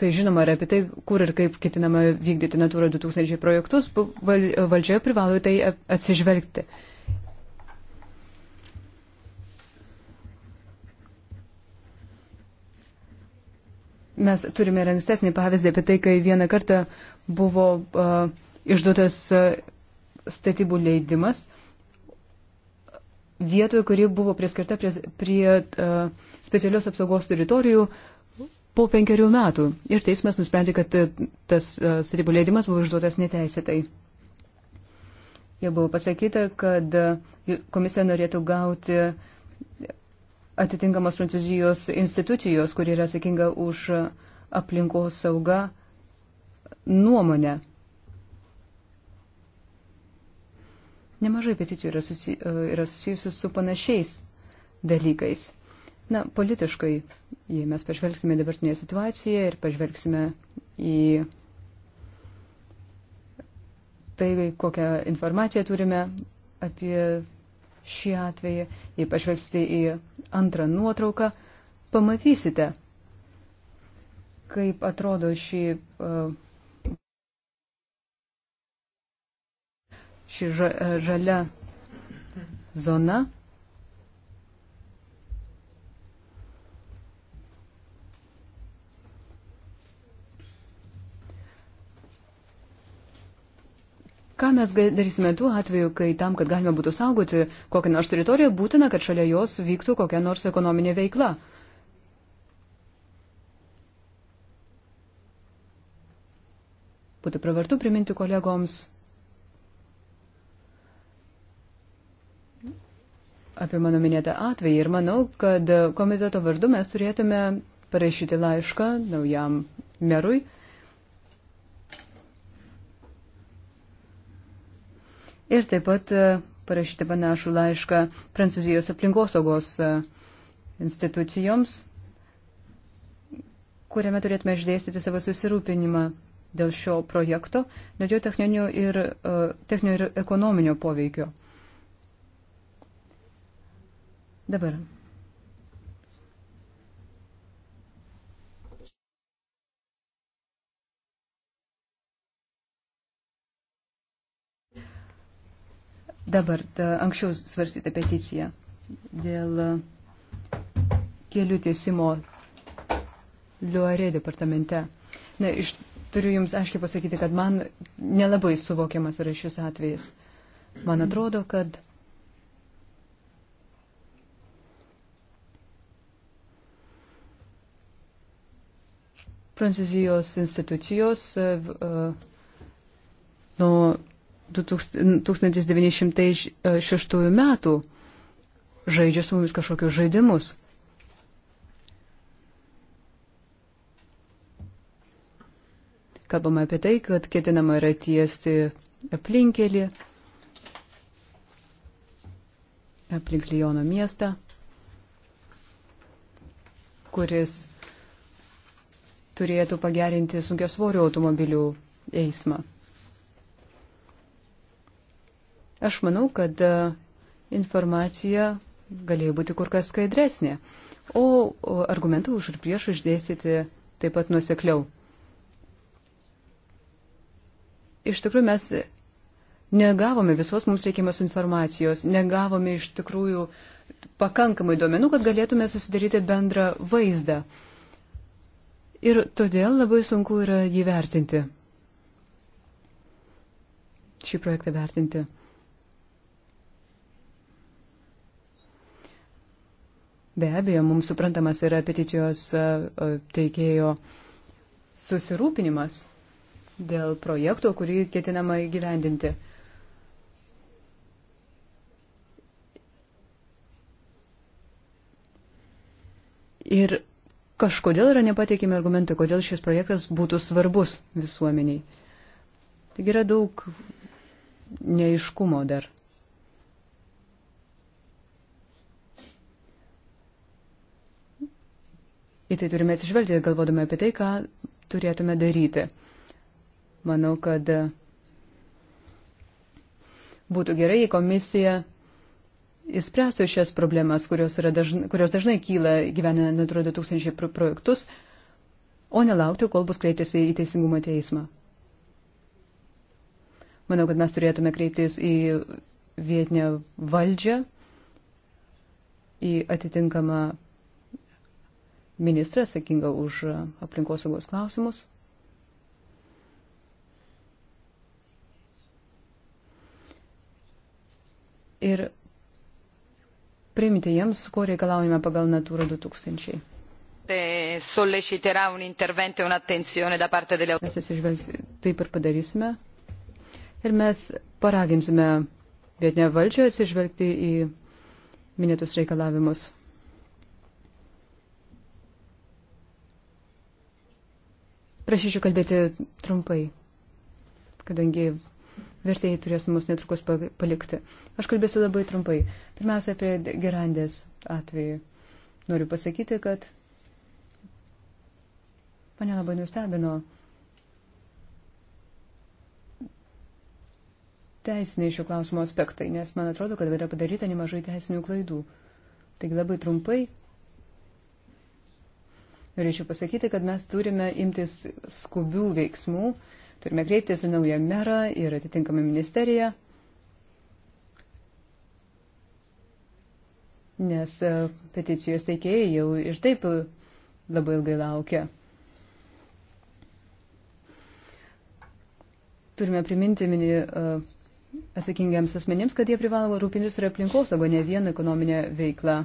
Kai žinoma yra apie tai, kur ir kaip ketinama vykdyti Natūra 2000 projektus, valdžia privalo į tai atsižvelgti. Mes turime ir ankstesnį pavyzdį apie tai, kai vieną kartą buvo uh, išduotas uh, statybų leidimas vietoje, kuri buvo priskirta prie, prie uh, specialios apsaugos teritorijų uh, po penkerių metų ir teismas nusprendė, kad e, tas e, statybų leidimas buvo išduotas neteisėtai. Jau buvo pasakyta, kad e, komisija norėtų gauti atitinkamos Prancūzijos institucijos, kuri yra atsakinga už aplinkos saugą nuomonę. Nemažai peticijų yra, susi, yra susijusius su panašiais dalykais. Na, politiškai, jei mes pažvelgsime dabartinę situaciją ir pažvelgsime į tai, kokią informaciją turime apie šį atvejį, jei pažvelgsite į antrą nuotrauką, pamatysite, kaip atrodo šį, uh, šį žalia zona. Ką mes darysime tuo atveju, kai tam, kad galima būtų saugoti kokią nors teritoriją, būtina, kad šalia jos vyktų kokia nors ekonominė veikla? Būtų pravartu priminti kolegoms apie mano minėtą atvejį ir manau, kad komiteto vardu mes turėtume parašyti laišką naujam merui ir taip pat e, parašyti panašų laišką Prancūzijos aplinkosaugos e, institucijoms, kuriame turėtume išdėstyti savo susirūpinimą dėl šio projekto, dėl jo techninio ir, e, techninio ir ekonominio poveikio. Dabar Dabar ta, anksčiau svarstyta peticija dėl e, kelių tiesimo Liuarė departamente. Na, iš, turiu Jums aiškiai pasakyti, kad man nelabai suvokiamas yra šis atvejis. Man atrodo, kad Prancūzijos institucijos uh, e, e, nuo 1906 metų žaidžia su mumis kažkokius žaidimus. Kalbama apie tai, kad ketinama yra tiesti aplinkelį, aplink Lyono miestą, kuris turėtų pagerinti sunkiasvorių automobilių eismą. Aš manau, kad e, informacija galėjo būti kur kas skaidresnė, o argumentų už ir prieš išdėstyti taip pat nusekliau. Iš tikrųjų, mes negavome visos mums reikiamos informacijos, negavome iš tikrųjų pakankamai duomenų, kad galėtume susidaryti bendrą vaizdą. Ir todėl labai sunku yra jį vertinti. Šį projektą vertinti. Be abejo, mums suprantamas yra peticijos teikėjo susirūpinimas dėl projekto, kurį ketinama įgyvendinti. Ir kažkodėl yra nepateikimi argumentai, kodėl šis projektas būtų svarbus visuomeniai. Taigi yra daug neiškumo dar. Į tai turime atsižvelgti, galvodami apie tai, ką turėtume daryti. Manau, kad būtų gerai, jei komisija įspręstų šias problemas, kurios, dažn, kurios dažnai kyla gyvenant Natura 2000 projektus, o nelaukti, kol bus kreiptasi į Teisingumo teismą. Manau, kad mes turėtume kreiptis į vietinę valdžią, į atitinkamą ministrą atsakingą už aplinkosaugos klausimus. Ir priimti jiems, ko reikalaujame pagal Natūra 2000. Solleciterà un intervento e un'attenzione da parte delle autorità. Taip ir padarysime. Ir mes paraginsime vietinę valdžią atsižvelgti į minėtus reikalavimus. Prašyčiau kalbėti trumpai, kadangi vertėjai turės mus netrukus palikti. Aš kalbėsiu labai trumpai. Pirmiausia, apie Gerandės atvejį. Noriu pasakyti, kad mane labai nustebino teisiniai šių klausimų aspektai, nes man atrodo, kad yra padaryta nemažai teisinių klaidų. Taigi labai trumpai norėčiau pasakyti, kad mes turime imtis skubių veiksmų, turime kreiptis į naują merą ir atitinkamą ministeriją, nes e, peticijos teikėjai jau ir taip e, labai ilgai laukia. Turime priminti mini, e, atsakingiams asmenims, kad jie privalo rūpintis ir aplinkosaugą, ne vien ekonominę veiklą.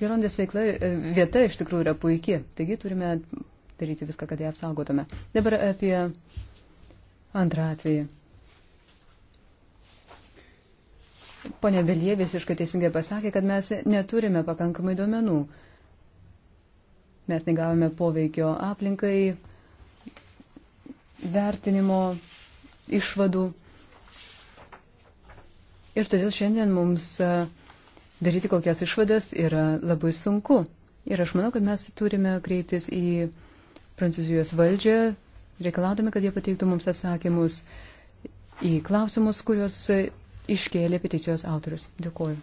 Gerondės veikla, e, vieta iš tikrųjų yra puikia, taigi turime daryti viską, kad ją apsaugotume. Dabar apie antrą atvejį. Pone Belie visiškai teisingai pasakė, kad mes neturime pakankamai duomenų. Mes negavome poveikio aplinkai, vertinimo, išvadų. Ir todėl šiandien mums uh, daryti kokias išvadas yra labai sunku. Ir aš manau, kad mes turime kreiptis į Prancūzijos valdžią, reikalaudami, kad jie pateiktų mums atsakymus į klausimus, kuriuos iškėlė peticijos autorius. Dėkuoju.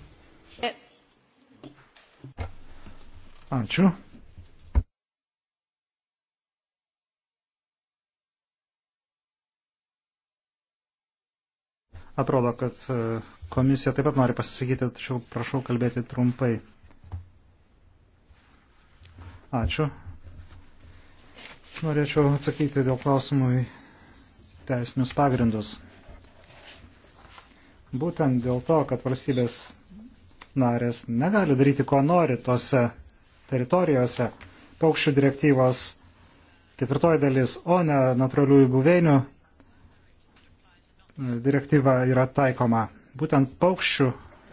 Ačiū. Atrodo, kad e, Komisija taip pat nori pasisakyti, tačiau prašau kalbėti trumpai. Ačiū. Norėčiau atsakyti dėl klausimų į teisinius pagrindus. Būtent dėl to, kad valstybės narės negali daryti, ko nori tose teritorijose, paukščių direktyvos ketvirtoji dalis, o ne natūraliųjų buveinių e, direktyva yra taikoma. Būtent paukščių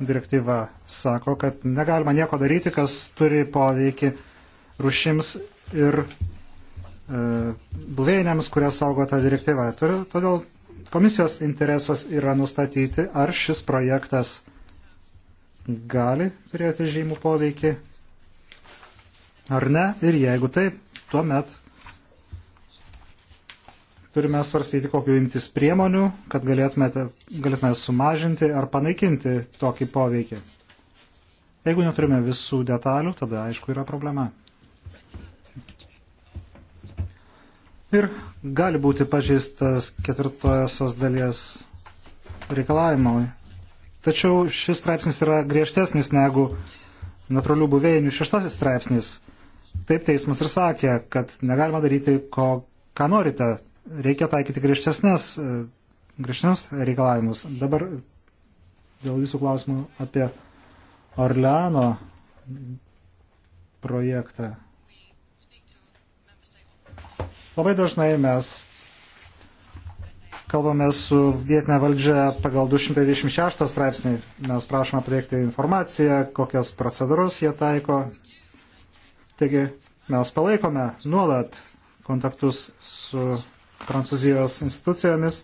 direktyva sako, kad negalima nieko daryti, kas turi poveikį rušims ir e, buveinėms, kurias saugo ta direktyva. Todėl komisijos interesas yra nustatyti, ar šis projektas gali turėti žymų poveikį ar ne. Ir jeigu taip, tuomet turime svarstyti, kokiu imtis priemonių, kad galėtume, galėtume sumažinti ar panaikinti tokį poveikį. Jeigu neturime visų detalių, tada aišku yra problema. Ir gali būti pažeistas ketvirtojosios dalies reikalavimui. Tačiau šis straipsnis yra griežtesnis negu natūralių buveinių šeštasis straipsnis. Taip teismas ir sakė, kad negalima daryti, ko, ką norite reikia taikyti griežtesnės, e, griežtesnės reikalavimus. Dabar dėl jūsų klausimų apie Orleano projektą. Labai dažnai mes kalbame su vietinė valdžia pagal 226 straipsnį. Mes prašome pateikti informaciją, kokias procedūras jie taiko. Taigi mes palaikome nuolat kontaktus su Prancūzijos institucijomis